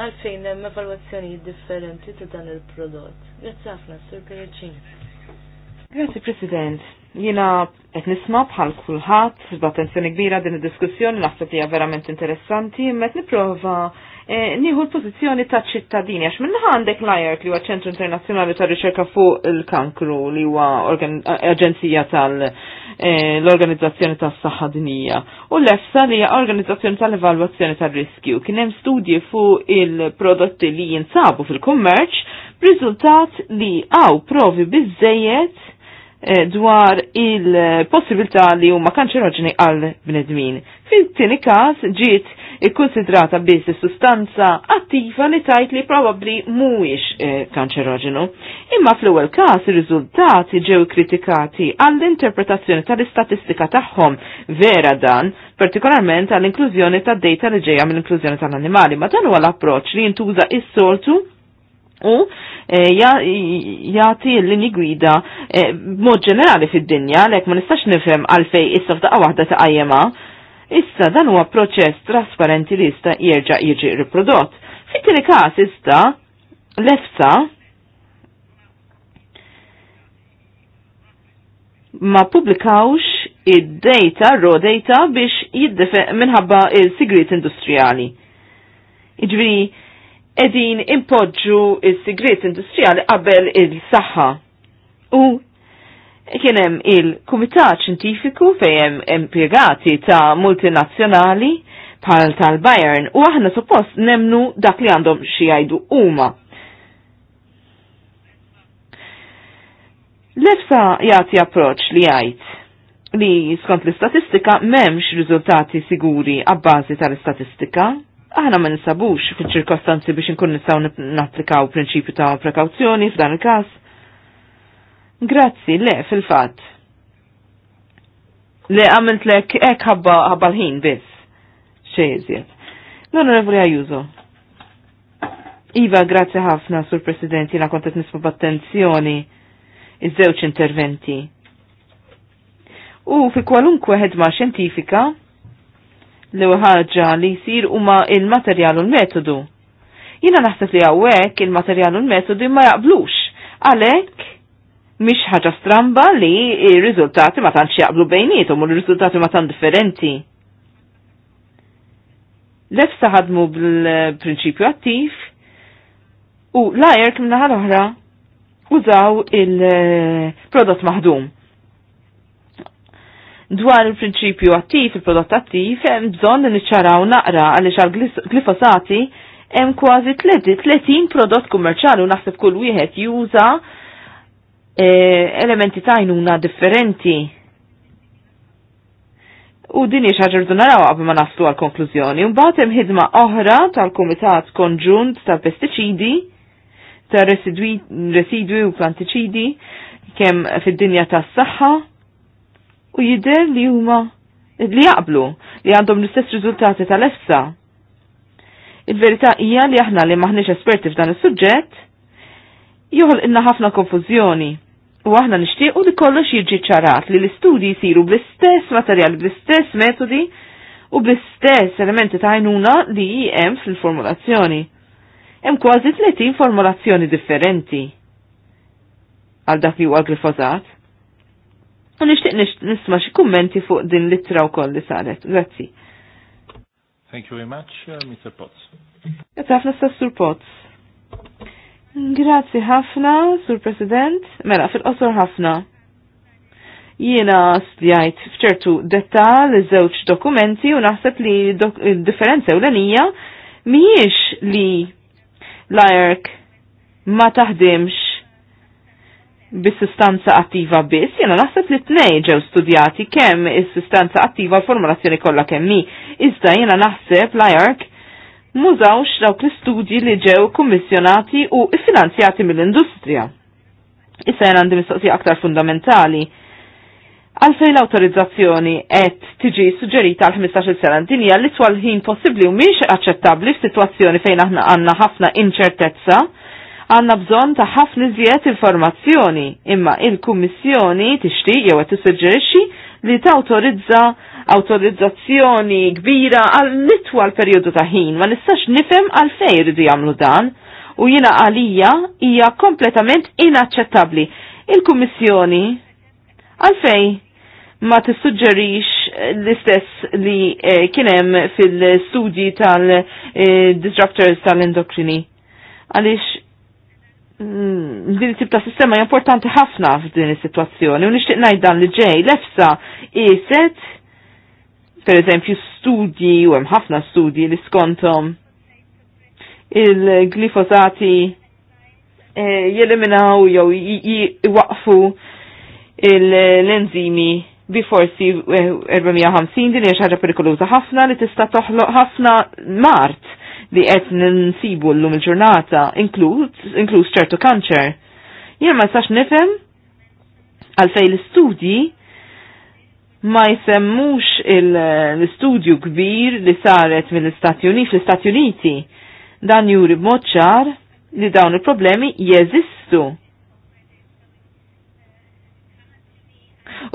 għalfejn hemm evalwazzjonijiet differenti ta' dan il-prodott. Grazie ħafna, Sur Pericini. Grazzi President. Jina qed nisma' bħal kulħadd b'attenzjoni kbira din id-diskussjoni naħseb hija verament interessanti, imma qed nipprova eh, nieħu l-pożizzjoni ta' ċittadini għax minn għandek l li huwa ċentru internazzjonali ta' riċerka fuq il-kankru li huwa aġenzija tal-Organizzazzjoni eh, tas-Saħħa Dinija u l-EFSA li hija Organizzazzjoni tal-Evalwazzjoni tar-Riskju. Kien hemm studji fuq il-prodotti li jinsabu fil-kummerċ riżultat li għaw provi bizzejiet eh, dwar il-possibilità li huma kanċeroġeni għal bnedmin. Fil-tieni każ ġiet ikkonsidrata biss sustanza attiva li tajt li probabbli mhuwiex eh, kanċeroġenu. Imma fl-ewwel każ ir-riżultati ġew kritikati għall-interpretazzjoni tal-istatistika tagħhom vera dan, partikolarment għall-inklużjoni tad-data li ġejja mill-inklużjoni tal-annimali, ma dan huwa l-approċċ li jintuża is-soltu u eh, jati l-lini gwida eh, mod ġenerali fid-dinja lek ma nistax nifhem għalfej issa f'daqqa waħda ta' IMA. Issa dan huwa proċess trasparenti li jista' jerġa' jiġi riprodott. Fit-tieni każ issa l-EFSA ma publikawx id-data, raw data biex jiddefe minħabba il-sigrit industrijali. Iġviri, edin impoġġu il sigret industrijali qabel il-saħħa. U kienem il-Kumitat Xintifiku fejem impiegati ta' multinazzjonali bħal tal-Bayern u aħna suppost nemnu dak li għandhom xijajdu huma. L-EFSA jati approċ li jgħid li skont l-istatistika memx riżultati siguri għabbażi tal-istatistika Aħna ma nisabux fil-ċirkostanzi biex nkun nistaw napplikaw prinċipju ta' prekawzjoni f'dan il-każ. Grazzi, le, fil-fatt. Le għamilt lek ek ħabba ħabba l-ħin bis. Xejżiet. L-Onorevoli għajuzo. Iva, grazzi ħafna, Sur President, jina kontet nisma b'attenzjoni iż-żewġ interventi. U fi kwalunkwe ħedma xjentifika, li ħaġa li jisir huma il-materjal u l-metodu. Jina naħseb li għawek il-materjal u l-metodu ma jaqblux. Għalhekk mhix ħaġa stramba li r-riżultati ma tantx jaqblu bejnietom u r-riżultati ma tant differenti. Lef ħadmu bil-prinċipju attiv u lajer kim naħal oħra użaw il-prodott maħdum dwar il-prinċipju attiv, il-prodott attiv, hemm bżonn li niċċaraw naqra għaliex għal glifosati hemm kważi 30 prodott kummerċjali u naħseb kull wieħed juża e, elementi tajnuna differenti. U din hija xi rridu naraw qabel ma naslu għall konklużjoni. Mbagħad hemm ħidma oħra tal-Kumitat Konġunt tal-Pestiċidi, tar residwi u plantiċidi kemm fid-dinja tas-saħħa u jider li huma li jaqblu li għandhom l-istess riżultati tal-efsa. Il-verità hija li aħna li maħniex esperti f'dan is-suġġett joħol inna ħafna konfużjoni. U aħna nixtiequ li kollox jiġi ċarat li l-istudji jsiru bl-istess materjal, bl-istess metodi u bl-istess elementi ta' għajnuna li jiem fil-formulazzjoni. Hemm kważi 30 formulazzjoni differenti għal dak li huwa glifosat. Nishtiq nisma xi kummenti fuq din l-ittra wkoll li saret. Grazzi. Thank you very much, uh, Mr. Potts. Grazzi ħafna Sassur Potts. Grazzi ħafna, Sur President. Mela, fil-qosor ħafna. Jiena stjajt fċertu dettal iż-żewġ dokumenti u naħseb li differenza ewlenija mhijiex li l-IRC ma taħdimx bis-sustanza attiva biss, jena naħseb li t-nej ġew studjati kemm is-sustanza attiva formulazzjoni kollha kemm hi. Iżda jena naħseb l-IARC mużawx dawk l-istudji li ġew kummissjonati u finanzjati mill-industrija. Issa jena għandi mistoqsija aktar fundamentali. Għalfej l-autorizzazzjoni qed tiġi suġġerita għal 15 sena din hija l-itwal ħin possibbli u mhix aċċettabbli f'sitwazzjoni fejn aħna għandna ħafna inċertezza għanna bżon ta' ħafna iżjed informazzjoni, imma il-Kummissjoni tixtieq jew qed tissuġġerixxi li tawtorizza awtorizzazzjoni kbira għal nitwa l-perjodu ta' ħin, ma nistax nifhem għal fejn iridu jagħmlu dan u jiena għalija hija kompletament inaċċettabbli. Il-Kummissjoni għalfej ma tissuġġerix l-istess li eh, kienem fil-studji tal-disruptors eh, tal-endokrini. Għalix Mm, din tip ta' sistema importanti ħafna f'din is-sitwazzjoni u nixtieq ngħid dan li ġej lefsa qiset per eżempju studji u hemm ħafna studji li skontom il-glifosati e, jeliminaw jew jwaqfu l-enzimi bi forsi 450 e, din hija xi ħaġa perikoluża ħafna li tista' toħloq ħafna mart li qed ninsibu llum il-ġurnata, inkluż ċertu kanċer. Jien ma nistax nifhem għalfej l-istudji ma jsemmux l-istudju kbir li saret mill-Istati Uniti fl-Istati Uniti. Dan juri b'mod ċar li dawn il-problemi jeżistu.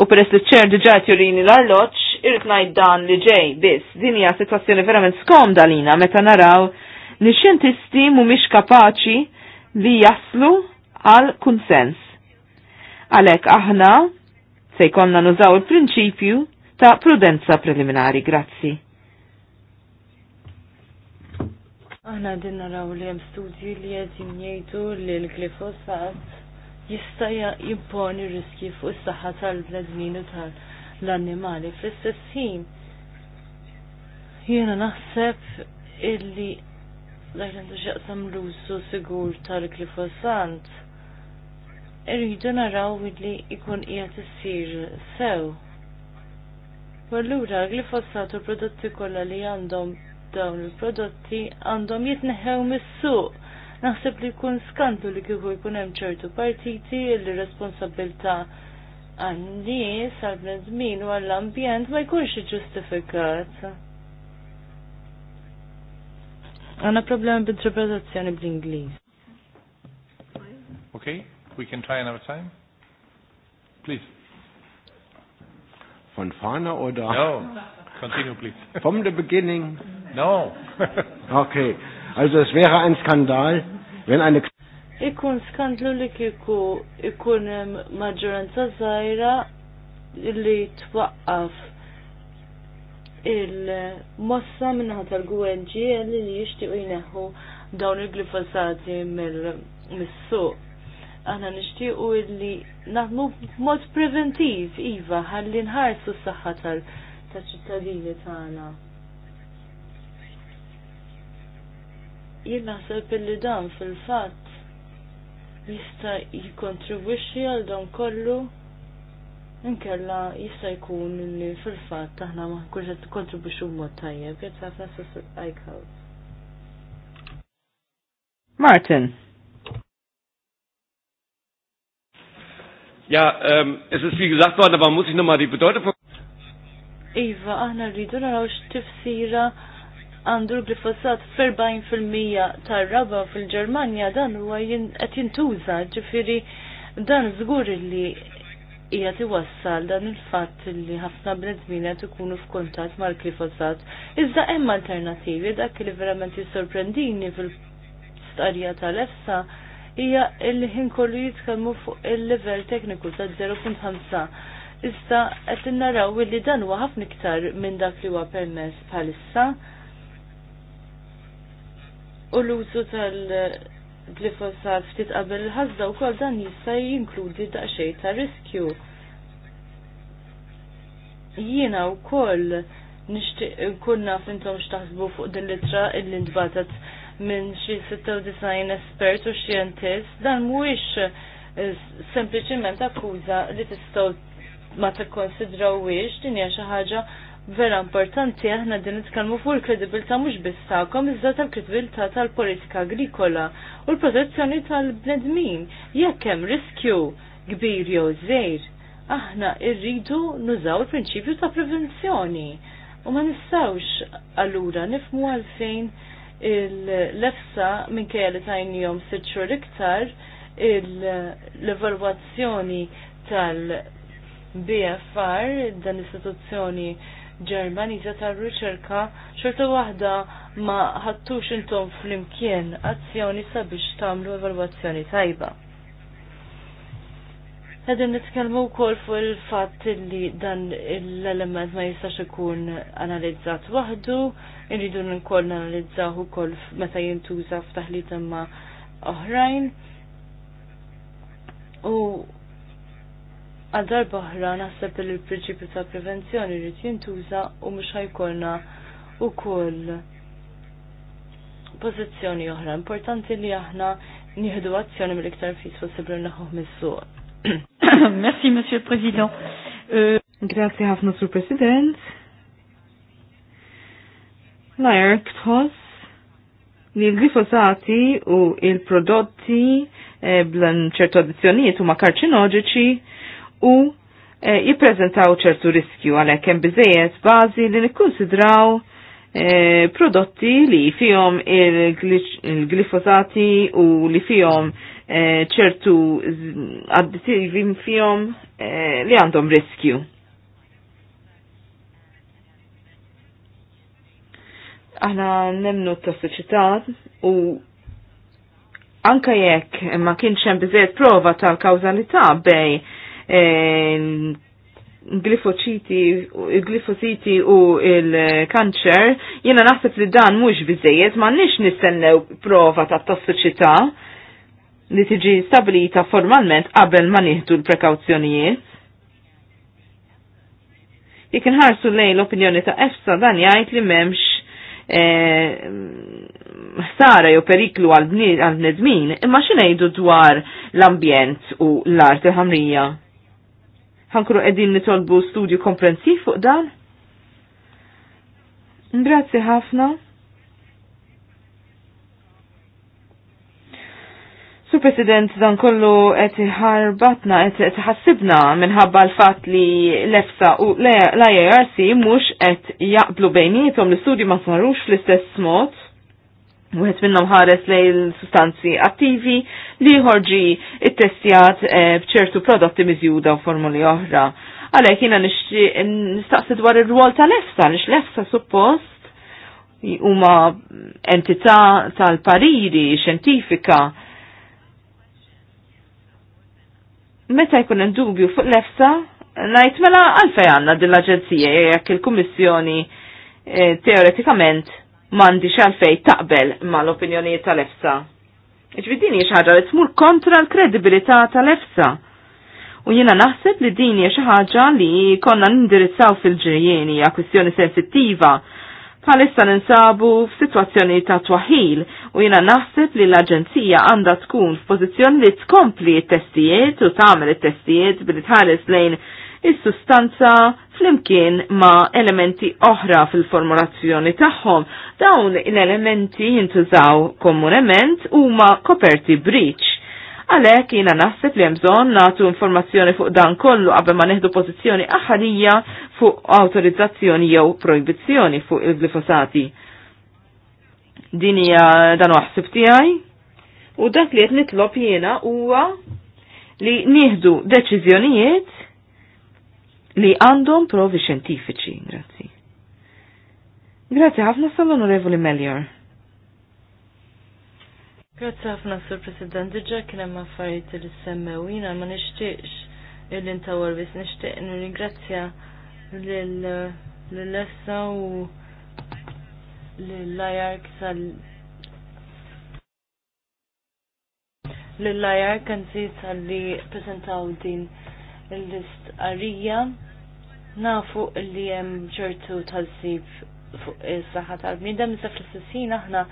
U peress li ċer diġa jurini l-arloċ, irrit ngħid dan li ġej biss. Din hija sitwazzjoni verament skomda lina meta naraw li xjentisti mhumiex kapaċi li jaslu għal kunsens. Għalhekk aħna se jkollna nużaw il-prinċipju ta' prudenza preliminari. Grazzi. Aħna din naraw li hemm studji li qegħdin jgħidu li l-glifosat jista' jimponi riski fuq is-saħħa tal-bnedmin u tal l-annimali. Fl-istess ħin jiena naħseb illi dak li xaqsam l-użu sigur tal-glifosant irridu naraw illi ikun qiegħed issir sew. Allura glifosat u prodotti kollha li għandhom dawn il-prodotti għandhom jitneħew mis-suq naħseb li jkun skandlu li kieku jkun hemm ċertu partiti li responsabilta' għannis għal-bnedmin u għall-ambjent ma jkunx ġustifikat. Għanna problemi b'interpretazzjoni bl-Inglis. Okay, we can try another time. Please. Von vorne oder? No, continue please. (laughs) From the beginning? No. okay, also es wäre ein Skandal, wenn eine ikun skandlu li kieku ikun maġġoranza żgħira li twaqqaf il-mossa minnaħat tal-GNGL li u jneħu dawn il-glifosati mill Għana Aħna u li naħmu mod preventiv, Iva, ħalli nħarsu s-saxħa tal-ċittadini tagħna. Jien naħseb li dan fil-fatt jista' jikontribwixxi għal dawn kollu inkella jista' jkun li fil-fatt aħna ma nkunx qed tikkontribwixxu b'mod tajjeb, qed ħafna sus iCloud. Martin. Ja, ähm, es ist wie gesagt worden, aber muss ich nochmal die Bedeutung von... Iva, aħna rridu naraw x'tifsira għandu l-glifosat f-40% tar-raba fil-Ġermanja dan huwa qed jintuża, ġifieri dan żgur li hija tiwassal dan il-fatt li ħafna bnedmin qed ikunu f'kuntatt mal-glifosat. Iżda hemm alternattivi dak li verament jisorprendini fil-starja tal-EFSA hija il-ħin kollu jitkellmu fuq il-level tekniku ta' 0.5 Iżda qed naraw li dan huwa ħafna iktar minn dak li huwa permess bħalissa u l-użu tal-glifosat ftit qabel ħazda u kol dan jista' jinkludi daqsxejn ta' riskju. Jiena wkoll nixtieq nkun naf intom x'taħsbu fuq din litra illi ntbatet minn xi 96 espert u xjentist, dan mhuwiex eh, sempliċiment akkuża li tistgħu ma tikkonsidrawiex din hija xi ħaġa vera importanti aħna din nitkellmu fuq il-kredibilità mhux biss tagħkom iżda tal-kredibilità tal-politika agrikola u l-protezzjoni tal-bnedmin jekk hemm riskju kbir jew żgħir aħna rridu nużaw il-prinċipju ta' prevenzjoni u ma nistgħux allura nifmu għalfejn l-lefsa minkejja li tajnihom sitt xhur iktar l-evalwazzjoni tal BFR, dan l-istituzzjoni Ġermaniża tar-riċerka xorta waħda ma ħattux intom fl-imkien azzjoni sabiex tagħmlu evalwazzjoni tajba. Għedin nitkellmu wkoll fuq il-fatt li dan l-element ma jistax ikun analizzat waħdu, irridu nkoll analizzaw ukoll meta jintuża f'taħlit imma oħrajn. U Għal darba oħra naħseb li l-prinċipju ta' prevenzjoni rrid jintuża u mhux ħajkolna koll pożizzjoni oħra. Importanti li aħna nieħdu azzjoni mill-iktar fis possibbli naħuh mis-suq. (coughs) Merci, Monsieur le Président. Euh, Grazie ħafna, Sur President. Lajer tħoss li l-glifosati u il-prodotti eh, blan ċertu addizzjonijiet huma karċinoġiċi u eh, jippreżentaw ċertu riskju għalhekk hemm bizzejet bażi li nikkonsidraw eh, prodotti li fihom il-glifosati u li fihom eh, ċertu additivi fihom li għandhom riskju. aħna nemnu t-tossiċità u anka jekk ma kienx hemm biżejjed prova tal-kawżalità bej il eh, glifociti u il-kanċer, jena naħseb li dan mux bizzejiet, ma nix nistennew prova ta' tossiċità li tiġi stabilita formalment qabel ma nieħdu l-prekawzjonijiet. Jek nħarsu lejn l-opinjoni ta' EFSA dan jgħid li m'hemmx eh, ħsara jew periklu għal-bnedmin, imma xinejdu dwar l-ambjent u l-art il-ħamrija ħankru qegħdin nitolbu studju komprensiv fuq dan? Grazzi ħafna. Su President, dan kollu qed ħarbatna qed ħassibna minħabba l-fatt li l-EFSA u l-IARC mhux qed jaqblu bejnietom l studju ma sarux fl-istess mod Wieħed minnhom ħares lejn sustanzi attivi li ħorġi it testijat eh, bċertu prodotti mizjuda u formuli oħra. Għalhekk jiena nistaqsi dwar ir-rwol tal-EFSA, nix l-EFSA suppost huma entità tal-pariri xjentifika meta jkun hemm dubju fuq l-EFSA, ngħid mela għalfejn għandna din l-aġenzija jekk il-Kummissjoni eh, teoretikament mandi xalfej taqbel mal-opinjonijiet tal-EFSA. Iġbi din hija ħaġa li tmur kontra l-kredibilità tal-EFSA. U jiena naħseb li din hija xi ħaġa li konna nindirizzaw fil-ġejjien hija kwistjoni sensittiva bħalissa ninsabu f'sitwazzjoni ta' twaħil u jina naħseb li l-Aġenzija għandha tkun f'pożizzjoni li tkompli t-testijiet u tagħmel it-testijiet billi tħares lejn is-sustanza flimkien ma' elementi oħra fil-formulazzjoni tagħhom. Dawn l-elementi jintużaw komunement huma koperti breach għalek jina naħseb li jemżon natu informazzjoni fuq dan kollu qabel ma neħdu pozizjoni aħħalija fuq autorizzazzjoni jew proibizzjoni fuq il-glifosati. Dinija dan waħsib tiegħi. U dak li qed nitlob jiena huwa li nieħdu deċiżjonijiet li għandhom provi xjentifiċi. Grazzi. Grazzi ħafna sal-Onorevoli Melior. Grazzi ħafna, Sur President. Diġa kien hemm affarijiet li semmew jiena ma nixtieqx illi ntawar biss nixtieq nirringrazzja l-lessa u l-lajar kisal lill-ajark kanzi tal-li presentaw din il-list għarija nafu li hemm ċertu tħassib fuq is-saħħa tal-bniedem iżda fl-istessin aħna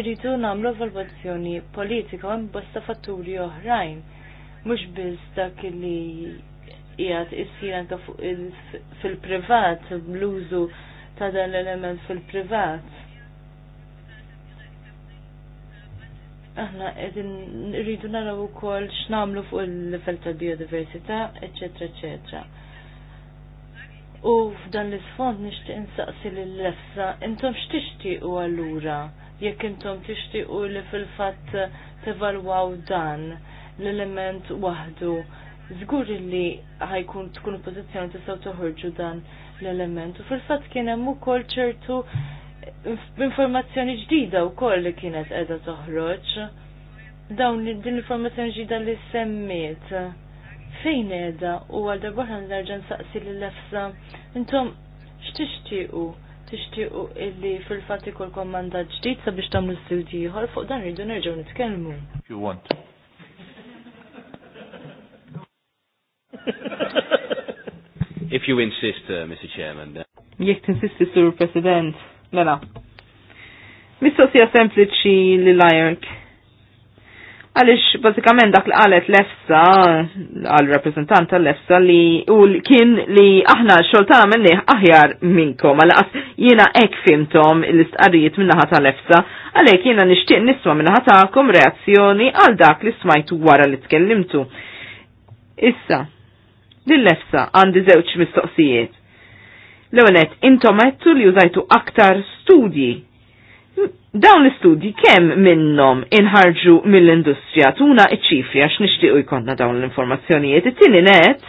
irridu nagħmlu evalwazzjoni politika għan bosta fatturi oħrajn mhux biss dak li qiegħed issir anke fil-privat bluzu użu ta' dan l-element fil-privat. aħna qegħdin rridu naraw ukoll x'namlu fuq il-livell tal-biodiversità, eċetera, eċetera. U f'dan l-isfond nixtieq insaqsi lill-lefsa, intom x'tixtiequ allura jekk intom tixtiequ li fil-fatt tevalwaw dan l-element waħdu Zgur li ħajkun tkun pozizjoni tisaw toħorġu dan l-element. U fil fatt kien hemm ukoll ċertu informazzjoni ġdida u koll li kienet edha toħroġ. Dawn din l-informazzjoni ġdida li semmiet. Fejn edha u għal darbaħan nerġan saqsi li lefsa. Intom, xtixtiqu? Tixtiqu illi fil-fat ikol komanda ġdid sabiex tamlu studji ieħor fuq dan rridu nerġgħu nitkellmu. You want. If you insist, uh, Mr. Chairman. Jekk tinsisti, Sur President. Mela. Mistoqsija sempliċi li lajrk. Għalix, bazzikament dak li għalet lefsa, għal-reprezentant tal-lefsa li u kien li aħna xoltana menni aħjar minnkom, għal-qas jena ek fimtom il-istqarijiet minnaħa tal-lefsa, għalek jena nishtiq nisma minnaħa ta'kom reazzjoni għal dak li smajtu wara li tkellimtu. Issa, li lefsa għandi zewċ mistoqsijiet. L-ewlet, intomettu li użajtu aktar studji. Dawn l-studji kemm minnhom inħarġu mill-industrija tuna iċ-ċifri għax nixtiequ jkontna dawn l-informazzjonijiet. It-tieni net,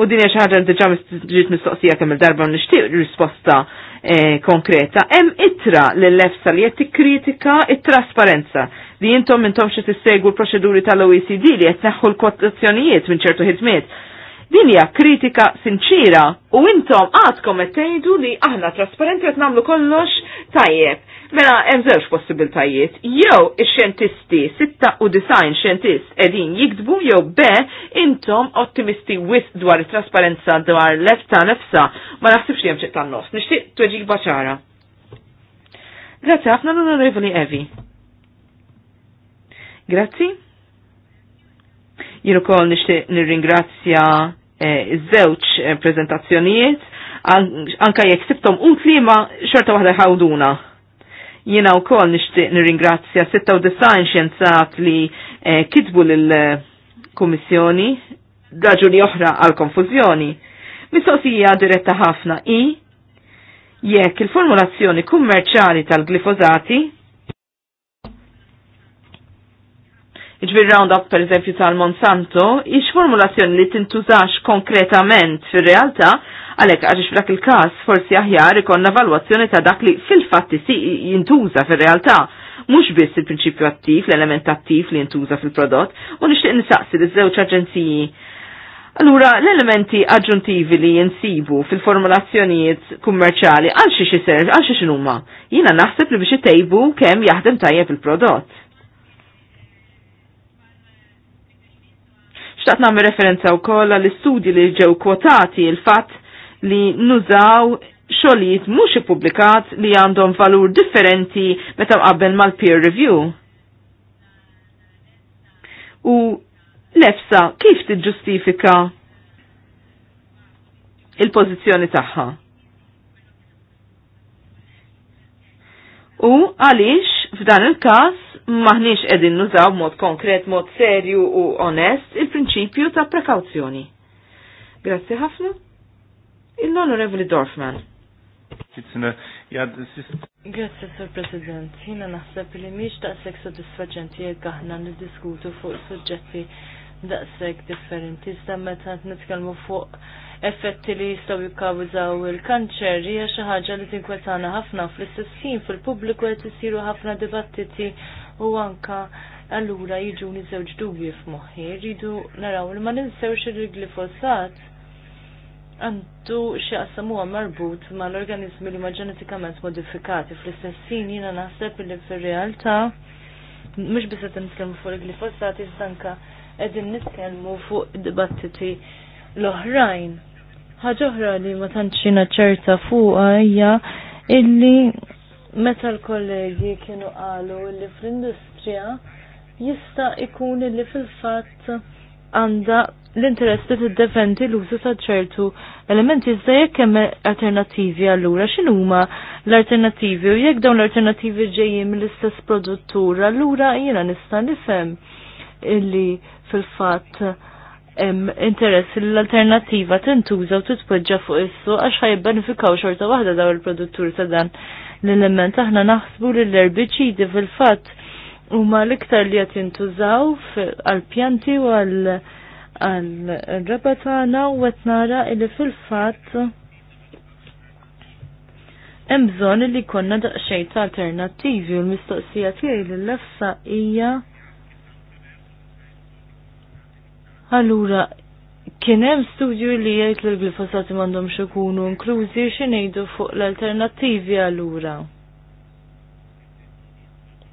u din hija xi ħaġa diġà ġiet mistoqsija kemm il-darba nixtieq risposta eh, konkreta. Hemm itra l lefsa li qed tikkritika it-trasparenza li intom intom xi tissegwu l-proċeduri tal-OECD li qed neħħu l-kotazzjonijiet minn ċertu ħidmiet Din hija kritika sinċira u intom għadkom qed tgħidu li aħna trasparenti qed nagħmlu kollox tajjeb. Mela hemm żewġ possibiltajiet. Jew ix-xjentisti sitta u design xjentist qegħdin jikdbu jew be intom ottimisti wis dwar it-trasparenza dwar lefta nefsa ma naħsibx li hemm ċiq tan-nofs. Nixtieq tweġik baċara. Grazzi ħafna l-Onorevoli Evi. Grazzi. Jien ukoll nixtieq nirringrazzja Eh, iż-żewġ eh, prezentazzjonijiet, anka jekk sibtom u tlima xorta waħda ħawduna. Jiena wkoll nixtieq nirringrazzja 96 xienzat li eh, kitbu lill-Kummissjoni raġuni oħra għal konfużjoni. Mistoqsija diretta ħafna i jekk il-formulazzjoni kummerċali tal-glifozati iġbir round-up per eżempju tal-Monsanto, ix formulazzjoni li tintużax konkretament fil-realtà, għalek għax f'dak il-kas forsi aħjar ikonna valwazzjoni ta' dak li fil-fatti si jintuża fil-realtà mux biss il-prinċipju attiv, l-element attiv li jintuża fil-prodott, u nixtieq nisaqsi li żewġ aġenziji. Allura, l-elementi aġġuntivi li jinsibu fil-formulazzjonijiet kummerċali għal xiex iser, għal xiex numa, jina naħseb li biex itejbu kemm jaħdem tajjeb il-prodott. Xtaqt nagħmel referenza wkoll għall-istudji li ġew kwotati il-fatt li nużaw xogħlijiet mhux ippubblikat li għandhom valur differenti meta qabel mal-peer review. U lefsa, kif tiġġustifika il-pożizzjoni tagħha? U għaliex f'dan il-każ maħniex edin nużaw mod konkret, mod serju u onest il-prinċipju ta' prekawzjoni. Grazzi ħafna. Il-Onorevoli Dorfman. Grazie, Sir President. Jina naħseb li miex daqseg soddisfaċenti jekk aħna niddiskutu fuq suġġetti daqseg differenti. Iżda meta nitkellmu fuq effetti li jistgħu jikkawżaw il-kanċer hija xi ħaġa li tinkwetana ħafna fl-istess ħin fil-pubbliku qed isiru ħafna dibattiti u anka allura jiġu niżewġ dubji f'moħħi, rridu naraw li ma ninsewx il-glifosat għandu xie għassamu marbut ma l-organizmi li ma ġenetikament modifikati fl-istessin jina naħseb li fir realtà mux biss t-nitkellmu fuq il-glifosat jistanka edin nitkellmu fuq dibattiti l-oħrajn. oħra li ma tantxina ċerta fuqha hija illi meta l-kollegi kienu qalu li fl-industrija jista' ikun li fil-fatt għandha l-interess li tiddefendi l-użu ta' ċertu elementi iżda jekk hemm alternattivi allura x'inhu huma l-alternattivi u jekk dawn l alternativi ġejjin mill-istess produttur allura jiena nista' nifhem illi fil-fatt interess l-alternativa tintuża u titpoġġa fuq issu għax ħajbenefikaw xorta waħda daw il-produttur ta' dan l-element. Aħna naħsbu li l-erbiċidi fil-fatt huma l-iktar li qed jintużaw għal-pjanti u għal rabatana u qed nara li fil-fatt hemm bżonn li jkollna daqsxejn ta' alternattivi u l-mistoqsija tiegħi l lefsa hija Allura, Kien hemm studju li jgħid li l-glifosati m'għandhomx ikunu inklużi xinejdu fuq l-alternattivi allura.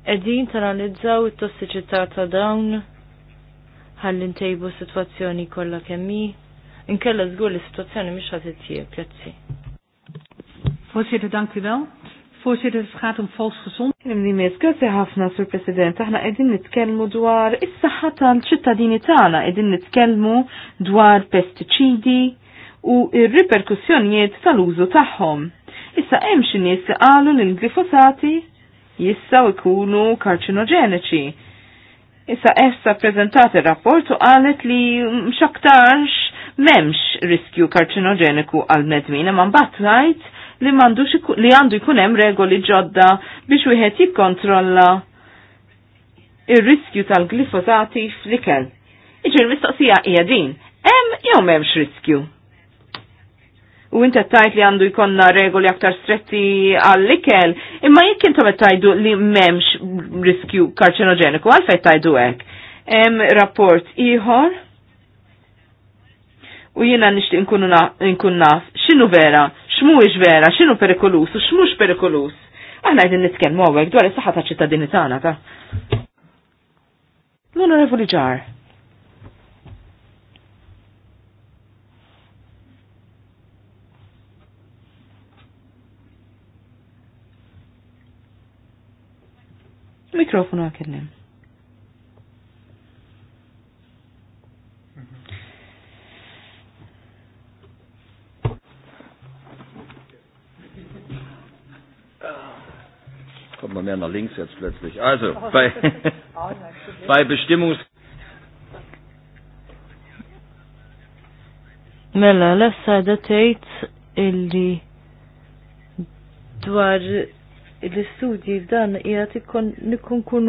Qegħdin tanalizzaw it-tossiċità ta' dawn ħalli ntejbu sitwazzjoni kollha kemm hi. Inkella żgur li sitwazzjoni mhix ħadd titjieb, grazzi. Forsi dank u dawn? Voorzitter, het gaat om volksgezondheid. Nimnimes, grazie ħafna, Sur President. Aħna qegħdin nitkellmu dwar is-saħħa tal-ċittadini tagħna, qegħdin nitkellmu dwar pestiċidi u r-riperkussjonijiet tal-użu tagħhom. Issa hemm xi nies li qalu li l-glifosati jistgħu jkunu karċinoġeniċi. Issa essa prezentat ir rapport u qalet li mxaktarx m'hemmx riskju karċinogeniku għal-medmina man batrajt li mandu li għandu jkun hemm regoli ġodda biex wieħed jikkontrolla ir-riskju tal-glifosati fl-ikel. Iġir mistoqsija hija din, hemm jew m'hemmx riskju. U inti tajt li għandu jkonna regoli aktar stretti għall-ikel, imma jekk intom tajdu li m'hemmx riskju karċenogeniku, għalfej tajdu hekk. Hemm rapport ieħor u jiena nixtieq nkun naf x'inhu vera x'mhuwiex vera, x'inhu perikolus u x'mhux perikolus. Aħna qegħdin nitkellmu hawnhekk dwar is-saħħa taċ-ċittadini tagħna ta'. L-Onorevoli Ġar. Mikrofonu għakirnim. Kommt man mehr nach links jetzt plötzlich. Also, oh, bei, (laughs) bei Bestimmungs... Mela, l-essa da tejt illi dwar l-istudji f'dan jgħat nikun kun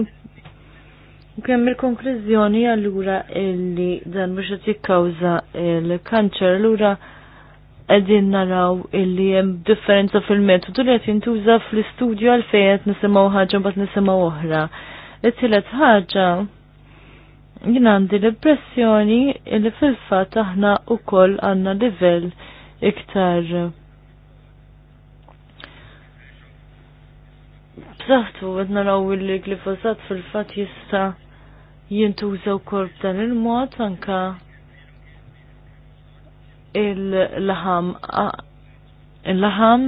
kemm il-konklużjoni allura illi dan mhux qed jikkawża l-kanċer allura qegħdin naraw illi hemm differenza fil-metodu li qed jintuża fl-istudju għal fejet nisimgħu ħagġa bat nisimaw oħra. It-tielet ħaġa jien għandi l-impressjoni li fil-fatt aħna wkoll għandna livell iktar Bżaħtu qed naraw illi glifosat fil-fatt jista' jintużaw korp dan il-mod anka il laham il-laħam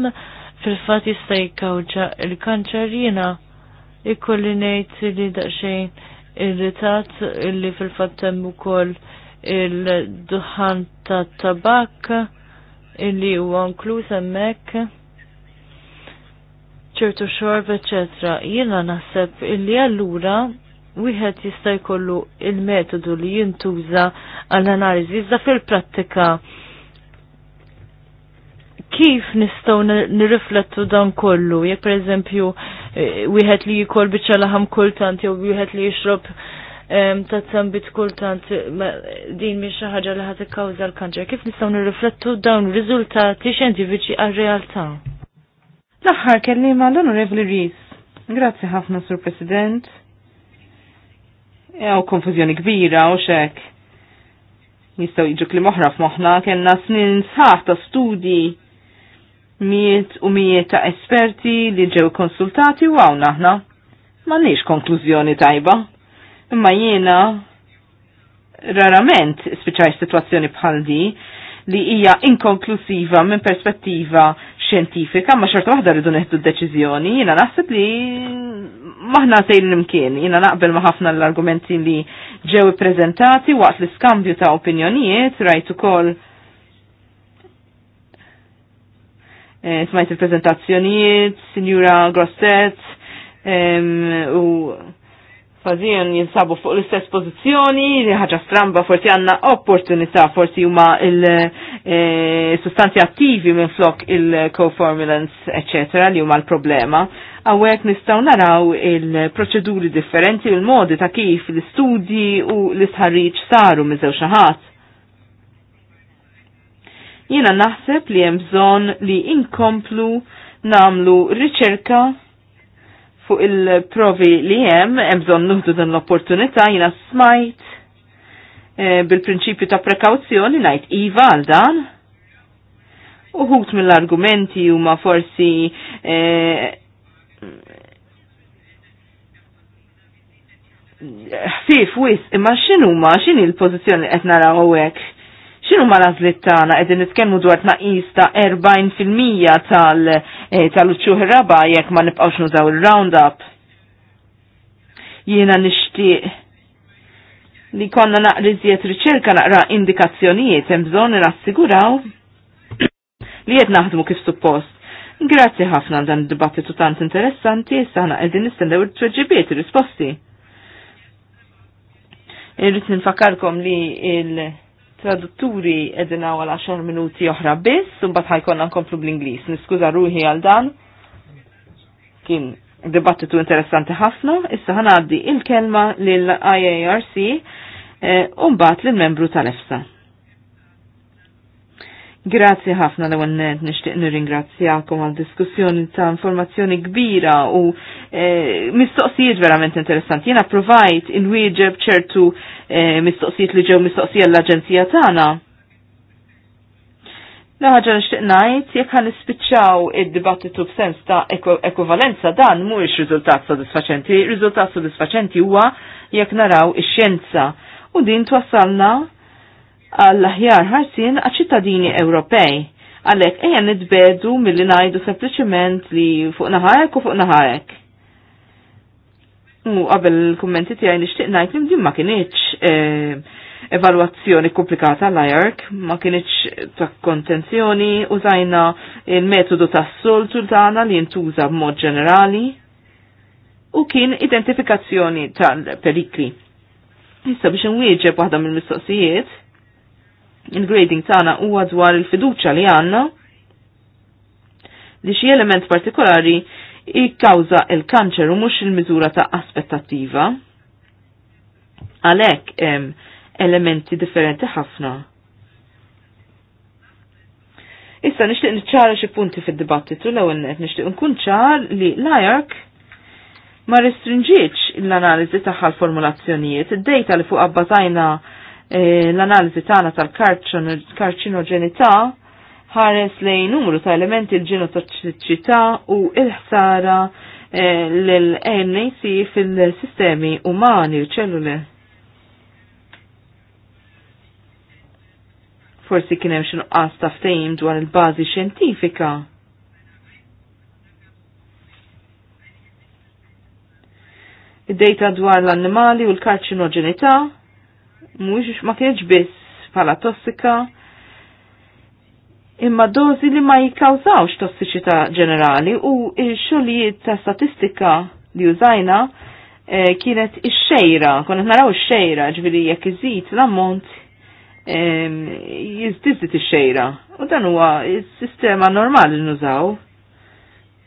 fil-fat jista' jikkawġa il-kanċer jiena li ngħid li ritat irritat illi fil-fatt hemm ukoll il-duħan ta' tabak illi huwa inkluż hemmhekk ċertu xorb, eċetera. Jiena naħseb illi allura wieħed jista' jkollu il-metodu li jintuża għall-analiżi iżda fil-prattika kif nistaw nirriflettu dan kollu, jek per eżempju eh, wieħed li jikol biċċa laħam kultant jew wieħed li jixrob ta' bit kultant din minn xi ħaġa li ħat ikkawża l-kanċer. Kif nistgħu nirriflettu dawn riżultati xjentifiċi għal realtà L-aħħar ma l Revli Rees. Grazzi ħafna, Sur President. Ew konfużjoni kbira u xek. Jistgħu jiġu kli moħraf moħna, kellna snin sħaħ ta' studji miet u miet ta' esperti li ġew konsultati u għaw naħna. nix konklużjoni tajba. Imma jiena rarament spiċaj situazzjoni bħal di li hija inkonklusiva minn perspettiva xjentifika ma xorta waħda rridu neħdu d-deċiżjoni, jiena naħseb li maħna sejn imkien jiena naqbel ma ħafna l-argumenti li ġew ippreżentati waqt l-iskambju ta' opinjonijiet rajt ukoll Eh, smajt il-prezentazzjonijiet, Signora Grosset, u fazien jinsabu fuq l-istess pozizjoni, li ħaġa stramba, forsi għanna opportunità, forsi huma il-sustanzi eh, attivi minn flok il-co-formulants, eccetera, li huma l-problema. Għawek nistaw naraw il-proċeduri differenti, il-modi ta' kif l-istudji u l-istħarriċ saru xaħat. Jiena naħseb li hemm bżonn li inkomplu namlu riċerka fuq il-provi li hemm, hemm bżonn nuħdu dan l-opportunità jiena smajt e, bil-prinċipju ta' prekawzjoni ngħid iva għal dan. Uħut mill-argumenti huma forsi e, eh, ħfif wis, imma x'inhuma x'inhi l-pożizzjoni qed naraw hawnhekk? X'inhu ma lażlit tagħna qegħdin nitkellmu dwar tnaqis ta' 40% tal eh, tal-uċċuħ raba jekk ma nibqgħux nużaw il-roundup. Jiena nixtieq li konna naqriżiet riċerka naqra indikazzjonijiet hemm bżonn nassiguraw li qed naħdmu kif suppost. Grazzi ħafna dan id-dibattitu tant interessanti, issa ħana qegħdin nistennew il tweġibiet ir-risposti. Irrid ninfakarkom li il- tradutturi edina għal 10 minuti oħra biss, un bat ħajkonna nkomplu bl-Inglis. Niskuza ruħi għal dan. Kien dibattitu interessanti ħafna. Issa ħanaddi il-kelma lill iarc eh, un bat l-membru tal-EFSA. Grazzi ħafna l għannet nishtiq nirringrazzjakom għal diskussjoni ta' informazzjoni kbira u eh, mistoqsijiet verament interessanti. Jena provajt inwieġeb ċertu eh, mistoqsijiet li ġew mistoqsija l-Aġenzija tagħna. Naħġa nishtiq najt, jek għan ispiċċaw id-dibattitu b'sens ta' ekwivalenza dan mhuwiex riżultat sodisfaċenti, riżultat sodisfaċenti huwa jekk naraw ix-xjenza. U din twassalna għall-aħjar ħarsin għal-ċittadini Ewropej. Għalek, eja nitbedu mill-li najdu sempliciment li fuq naħarek u fuq naħarek. U qabel il-kommenti tijaj nishtiq najt li mdim ma kienieċ evaluazzjoni eh, evalwazzjoni komplikata l-ajark, ma kienieċ ta' kontenzjoni, użajna il-metodu ta' soltu tana li jintuża b'mod ġenerali u kien identifikazzjoni tal-perikli. Issa biex nwieġeb waħda mill-mistoqsijiet, il-grading tagħna huwa dwar il-fiduċa li għandna li xi element partikolari i-kawza il-kanċer u mhux il-miżura ta' aspettattiva. Għalhekk hemm elementi differenti ħafna. Issa nixtieq niċċara xi punti fid-dibattitu l-ewwel qed nixtieq nkun ċar li l-ajark ma restringiċ l-analiżi tagħha l-formulazzjonijiet, id li fuq abbatajna E, l-analiżi tagħna tal-karċinoġenità ħares lejn numru ta' elementi l-ġenotoċiċità u il-ħsara e, l-NAC fil-sistemi umani u ċellule. Forsi kien hemm x'inqas ta' ftehim dwar il-bażi xjentifika. Id-dejta dwar l-annimali u l-karċinoġenità mux ma kienx biss bħala tossika imma dozi li ma jikkawżawx tossiċità ġenerali u x-xogħlijiet ta' statistika li użajna e, kienet ix-xejra, konet naraw ix-xejra ġviri jekk iżid l-ammont jizdizdit jiżdiżdit ix-xejra. U dan huwa s-sistema normali nużaw.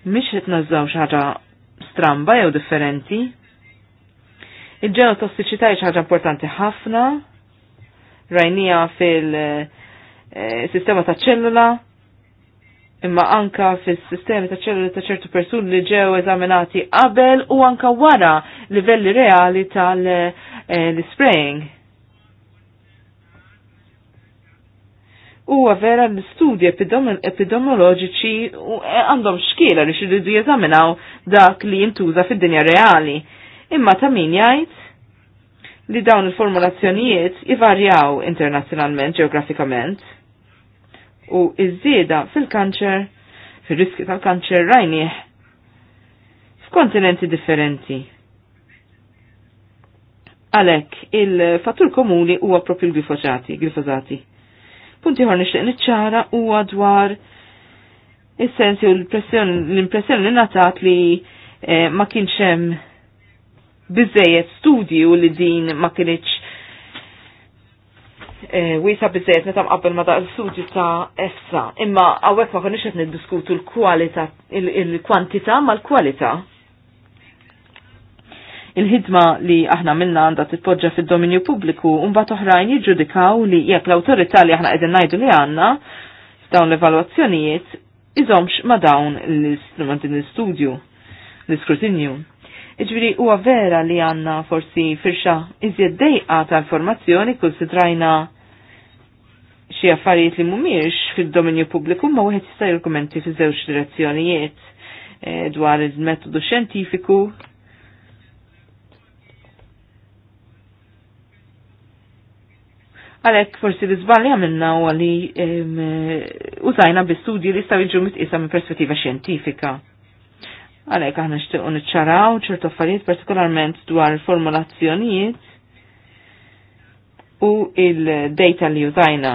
Mhix qed nażaw xi ħaġa stramba jew differenti. Il-ġeno tossiċità hija ħaġa importanti ħafna, rajnija fil-sistema eh, ta' ċellula, imma anka fil-sistemi ta' ċellula ta' ċertu persuni li ġew eżaminati qabel u anka wara livelli reali tal-spraying. Eh, huwa vera l-istudji u eh, għandhom xkiela li xiridu jeżaminaw dak li jintuża fid-dinja reali imma ta' min jgħid li dawn il-formulazzjonijiet jivarjaw internazzjonalment ġeografikament u iż-żieda fil-kanċer, fil-riski tal-kanċer rajnieħ f'kontinenti differenti. Għalek, il-fattur komuni huwa propju l-glifosati, glifosati. Punti ħor nixtieq niċċara huwa dwar is-sensi u l-impressjoni li natat li eh, ma kienx hemm bizzejet studi u li din ma kienieċ eh, wisa bizzejet netam mqabbel ma daq studi ta' essa. Imma għawek ma konniex qed niddiskutu l-kwalità il-kwantità ma l-kwalità. Il-ħidma li aħna minna għandha titpoġġa fid-dominju pubbliku u mbagħad oħrajn jiġġudikaw li jekk l-awtorità li aħna qegħdin ngħidu li għandna f'dawn l-evalwazzjonijiet iżomx ma dawn l-istrumenti l-istudju, l-iskrutinju. Iġviri huwa vera li għanna forsi firxa iżjed dejqa ta' informazzjoni sitrajna xi affarijiet li mhumiex fid-dominju pubbliku ma wieħed jista' jirkumenti fi żewġ direzzjonijiet eh, dwar il-metodu xjentifiku Għalek, forsi li zballi għamilna u għalli eh, użajna bi studji li staw iġu mitqisa minn perspettiva xjentifika. Għalek aħna nixtiequ niċċaraw ċertu affarijiet partikolarment dwar formulazzjonijiet u il-data li użajna.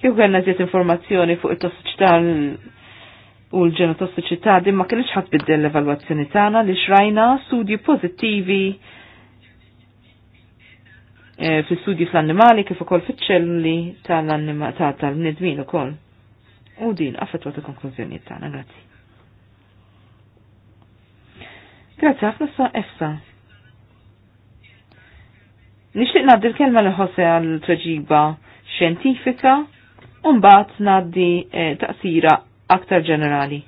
Kif għanna ziet informazzjoni fuq it-tossiċità u l-ġenotossiċità din ma kienx ħadd biddel l-evalwazzjoni tagħna li xrajna studji pożittivi eh, fil studji fl-annimali kif ukoll fiċ-ċelluli tal-nidmin ukoll u din għat il-konklużjoni tagħna. Grazzi. Grazzi ħafna sa efsa. Nixtieq ngħaddi l-kelma li ħosse għal tweġiba xjentifika u mbagħad ngħaddi eh, taqsira aktar ġenerali.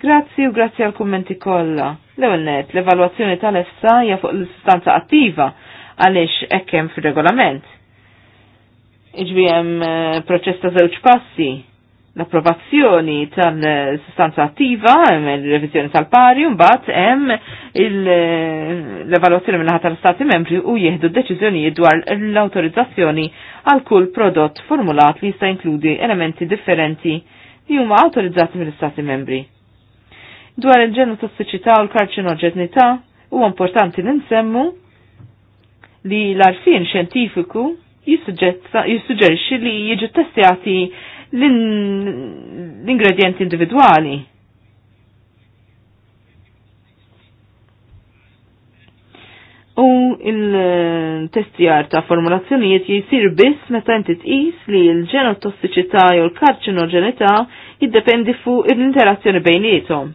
Grazzi u grazzi għal kummenti kollha. L-ewwel net, l-evalwazzjoni tal-efsa hija fuq l sustanza attiva għaliex hekk hemm fir-regolament Iġbijem proċesta eh, proċess ta' żewġ passi l-approvazzjoni tal-sustanza attiva, il-revizjoni tal-pari, mbagħad hemm l-evaluazzjoni minnaħa tal-Stati membri u jieħdu deċiżjonijiet dwar l-autorizzazzjoni għal kull prodott formulat li jista' jinkludi elementi differenti li huma autorizzati mill-Stati membri. Dwar il-ġenu tossiċità u l-karċinoġenità huwa importanti li nsemmu li l-arfin xjentifiku jissuġġerixxi li jiġu testjati l-ingredienti individuali. U il-testijar ta' formulazzjonijiet jisir biss meta inti tqis li l-ġenotossiċità jew l-karċinoġenità jiddependi fuq l-interazzjoni bejniethom.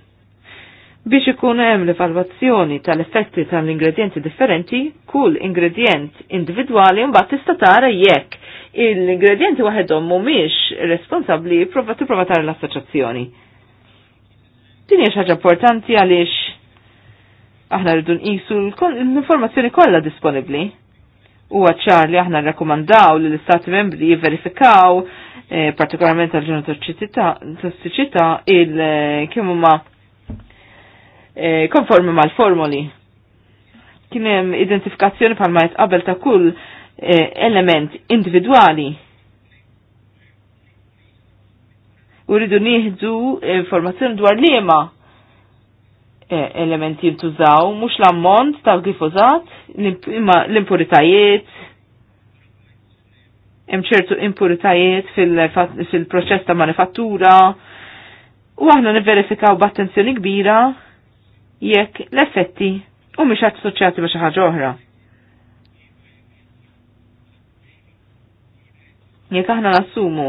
Biex ikun hemm l-evalwazzjoni tal-effetti tal-ingredjenti differenti, kull ingredient individwali mbagħad tista' tara jekk l-ingredienti waħedhom mhumiex responsabbli prova tipprova tara l-assoċjazzjoni. Din hija ħaġa importanti għaliex aħna rridu nqisu l-informazzjoni kollha disponibbli. Huwa ċar li aħna rrakkomandaw li l-Istati membri jivverifikaw eh, partikolarment għal ġenotossiċità il eh, kemm huma eh, konformi mal-formoli. Kien hemm identifikazzjoni bħalma jitqabel ta' kull Eh, element individuali. U rridu nieħdu informazzjoni dwar liema eh, elementi jintużaw, mhux l-ammont tal glifozat, l-impuritajiet, hemm ċertu impuritajiet fil-proċess ta' manifattura, u aħna nivverifikaw b'attenzjoni kbira jekk l-effetti u mhix assoċjati ma' xi ħaġa oħra. Jekk aħna nassumu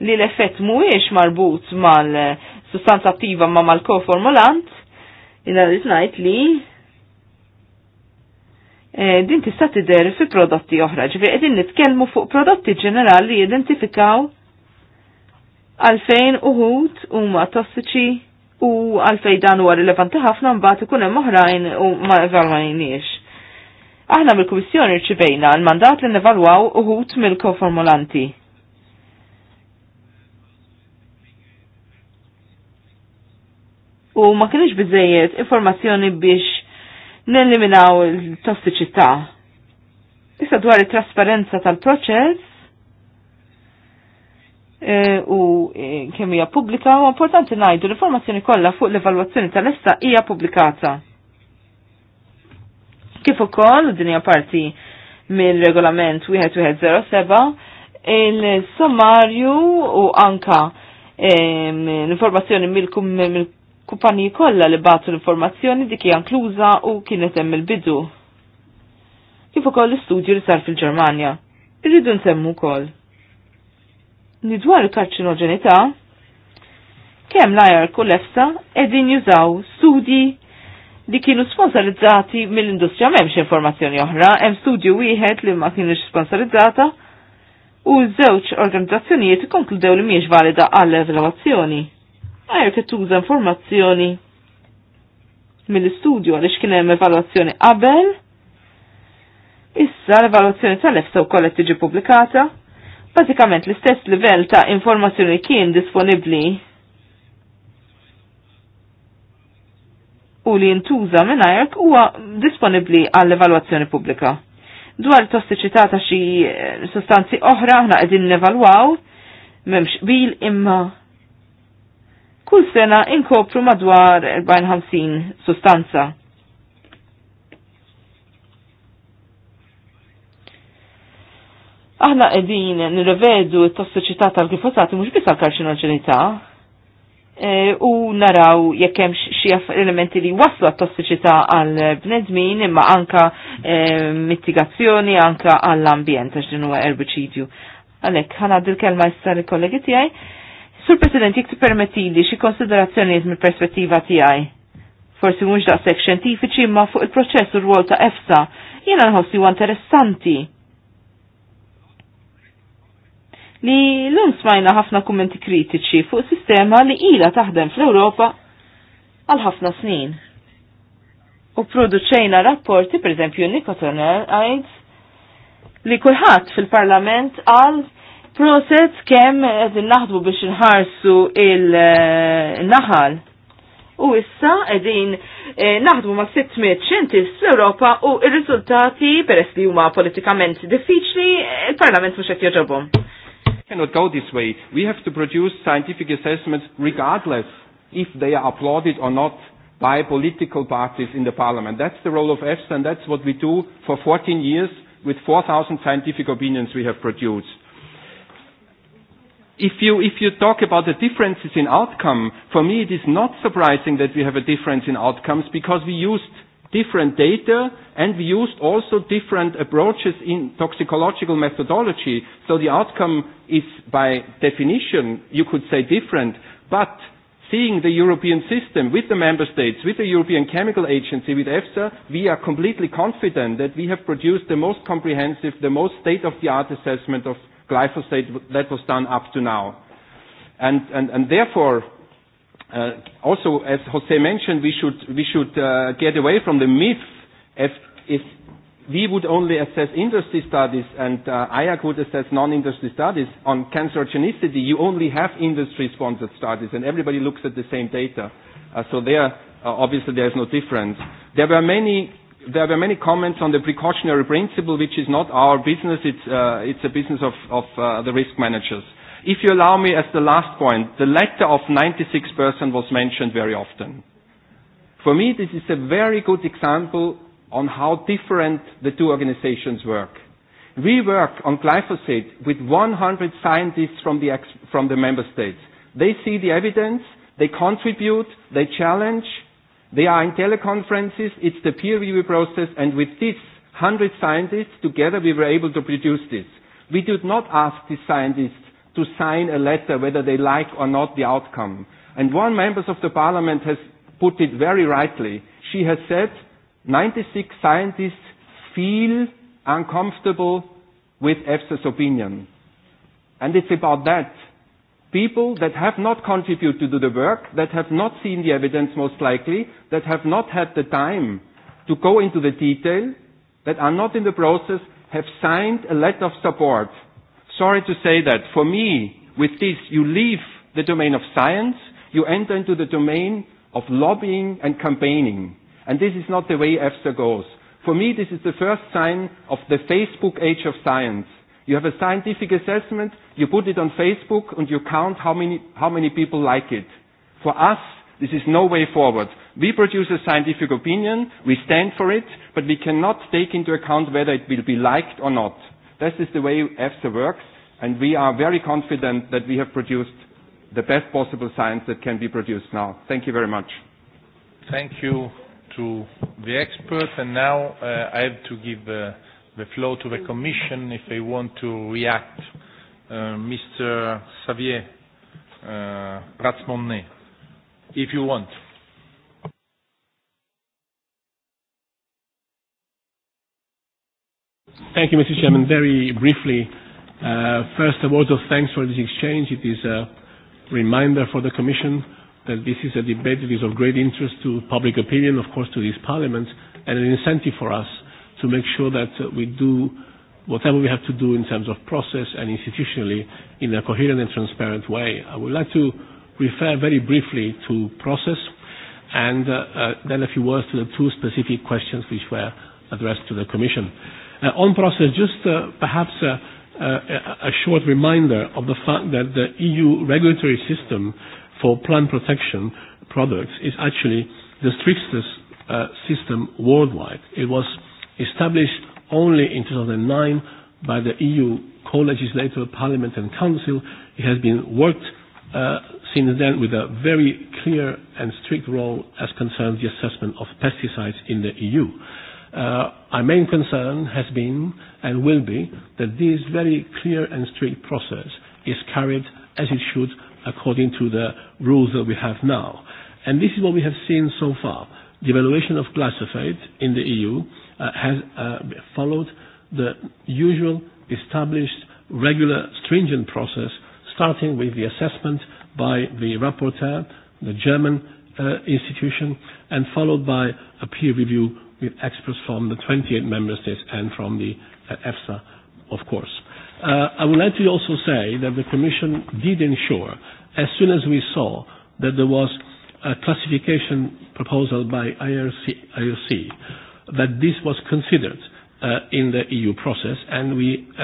li l-effett mhuwiex marbut mal-sustanza attiva ma mal-koformulant, jina ngħid li e, din tista' tidher fi prodotti oħra, ġifieri qegħdin nitkellmu fuq prodotti ġenerali li jidentifikaw għalfejn uħud huma tossiċi u għalfejn dan huwa rilevanti ħafna mbagħad ikun hemm oħrajn u ma evalwajniex. Aħna mill-Kummissjoni rċivejna l-mandat li nevalwaw uħut mill-koformulanti. U ma kienx bizzejiet informazzjoni biex neliminaw il-tossiċità. Issa dwar it-trasparenza tal-proċess, E, u e, kemm hija pubblika u importanti ngħidu l-informazzjoni kollha fuq l-evalwazzjoni tal-essa hija pubblikata. Kif ukoll din hija parti mill-regolament 1107 il-sommarju u anka l-informazzjoni mill-kumpaniji kollha li batu l-informazzjoni dik hija inkluża u kienet hemm il-bidu kif ukoll l-istudju li sar fil-Ġermanja. Irridu nsemmu wkoll. Nidwar il-karċinoġenità, kemm l-ajar kull efsa qegħdin jużaw studji li kienu sponsorizzati mill-industrija m'hemmx informazzjoni oħra, hemm studju wieħed li ma kienx sponsorizzata u żewġ organizzazzjonijiet konkludew li mhijiex valida għall evalwazzjoni Għajr kif tuża informazzjoni mill-istudju għaliex kien hemm evalwazzjoni qabel, issa l-evalwazzjoni tal-EFSA wkoll qed tiġi pubblikata, bażikament l-istess livell ta' informazzjoni kien disponibbli u li jintuża mingħajr huwa disponibbli għall-evalwazzjoni pubblika. Dwar tossiċità ta' xi eh, sostanzi oħra aħna qegħdin nevalwaw m'hemmx bil imma kull sena inkopru madwar 54 sostanza. Aħna qegħdin nirrevedu t-tossiċità tal-glifosati mhux biss għall-karċinoġenità, Eh, u naraw jekk hemm xi elementi li waslu għat-tossiċità għal bnedmin imma anka eh, mitigazzjoni anka għall-ambjent għax din huwa erbiċidju. Għalhekk ħanad il-kelma issa il kollegi tiegħi. Sur President, jek li xi konsiderazzjoni mill perspettiva tiegħi. Forsi mux daqshekk xjentifiċi imma fuq il-proċess u r-rwol ta' EFSA jiena nħossi huwa interessanti li l-lum smajna ħafna kummenti kritiċi fuq sistema li ila taħdem fl-Europa għal ħafna snin. U produċejna rapporti, per eżempju, Nikotoner għajt li kullħat fil-parlament għal proset kem għedin naħdbu biex nħarsu il-naħal. U issa għedin eh, naħdmu ma' 600 ċentis fl-Europa u il-rizultati, peress li huma politikament diffiċli, il-parlament mux għet joġobom cannot go this way. We have to produce scientific assessments regardless if they are applauded or not by political parties in the parliament. That's the role of EFSA and that's what we do for 14 years with 4,000 scientific opinions we have produced. If you, if you talk about the differences in outcome, for me it is not surprising that we have a difference in outcomes because we used different data and we used also different approaches in toxicological methodology. So the outcome is by definition, you could say different, but seeing the European system with the member states, with the European Chemical Agency, with EFSA, we are completely confident that we have produced the most comprehensive, the most state-of-the-art assessment of glyphosate that was done up to now. And, and, and therefore, Uh, also, as Jose mentioned, we should, we should uh, get away from the myth if, if we would only assess industry studies and uh, IAC would assess non-industry studies on cancerogenicity. You only have industry-sponsored studies and everybody looks at the same data. Uh, so there, uh, obviously, there is no difference. There were many there were many comments on the precautionary principle, which is not our business. It's, uh, it's a business of, of uh, the risk managers. If you allow me as the last point, the letter of 96% was mentioned very often. For me, this is a very good example on how different the two organizations work. We work on glyphosate with 100 scientists from the, ex from the member states. They see the evidence, they contribute, they challenge, they are in teleconferences, it's the peer review process, and with these 100 scientists together we were able to produce this. We did not ask these scientists to sign a letter whether they like or not the outcome. And one member of the parliament has put it very rightly. She has said 96 scientists feel uncomfortable with EFSA's opinion. And it's about that. People that have not contributed to the work, that have not seen the evidence most likely, that have not had the time to go into the detail, that are not in the process, have signed a letter of support sorry to say that for me, with this, you leave the domain of science, you enter into the domain of lobbying and campaigning. And this is not the way EFSA goes. For me, this is the first sign of the Facebook age of science. You have a scientific assessment, you put it on Facebook, and you count how many, how many people like it. For us, this is no way forward. We produce a scientific opinion, we stand for it, but we cannot take into account whether it will be liked or not. This is the way EFSA works, and we are very confident that we have produced the best possible science that can be produced now. Thank you very much. Thank you to the experts, and now uh, I have to give uh, the floor to the Commission if they want to react. Uh, Mr. Xavier uh, Ratsmonnet, if you want. Thank you, Mr. Chairman. Very briefly, Uh, first, a word of thanks for this exchange. It is a reminder for the Commission that this is a debate that is of great interest to public opinion, of course, to this Parliament, and an incentive for us to make sure that uh, we do whatever we have to do in terms of process and institutionally in a coherent and transparent way. I would like to refer very briefly to process and uh, uh, then a few words to the two specific questions which were addressed to the Commission. Uh, on process, just uh, perhaps uh, uh, a short reminder of the fact that the EU regulatory system for plant protection products is actually the strictest uh, system worldwide. It was established only in 2009 by the EU co-legislator, Parliament and Council. It has been worked uh, since then with a very clear and strict role as concerns the assessment of pesticides in the EU. Uh, our main concern has been and will be that this very clear and strict process is carried as it should according to the rules that we have now. And this is what we have seen so far. The evaluation of glyphosate in the EU uh, has uh, followed the usual established regular stringent process starting with the assessment by the rapporteur, the German uh, institution, and followed by a peer review with experts from the 28 member states and from the uh, EFSA, of course. Uh, I would like to also say that the Commission did ensure, as soon as we saw that there was a classification proposal by IRC, IRC that this was considered uh, in the EU process, and we uh,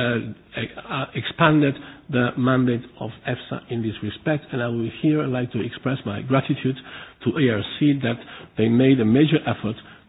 uh, expanded the mandate of EFSA in this respect, and I would here like to express my gratitude to ARC that they made a major effort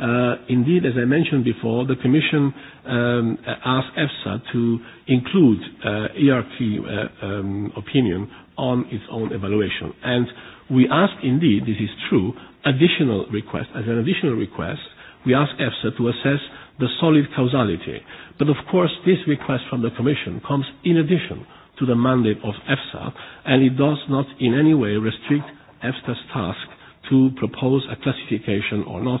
Uh, indeed, as I mentioned before, the Commission um, asked EFSA to include uh, ERT uh, um, opinion on its own evaluation. And we ask, indeed, this is true, additional request, as an additional request, we ask EFSA to assess the solid causality. But of course, this request from the Commission comes in addition to the mandate of EFSA, and it does not in any way restrict EFSA's task to propose a classification or not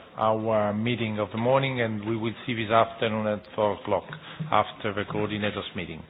our meeting of the morning and we will see this afternoon at four o'clock after the coordinators meeting.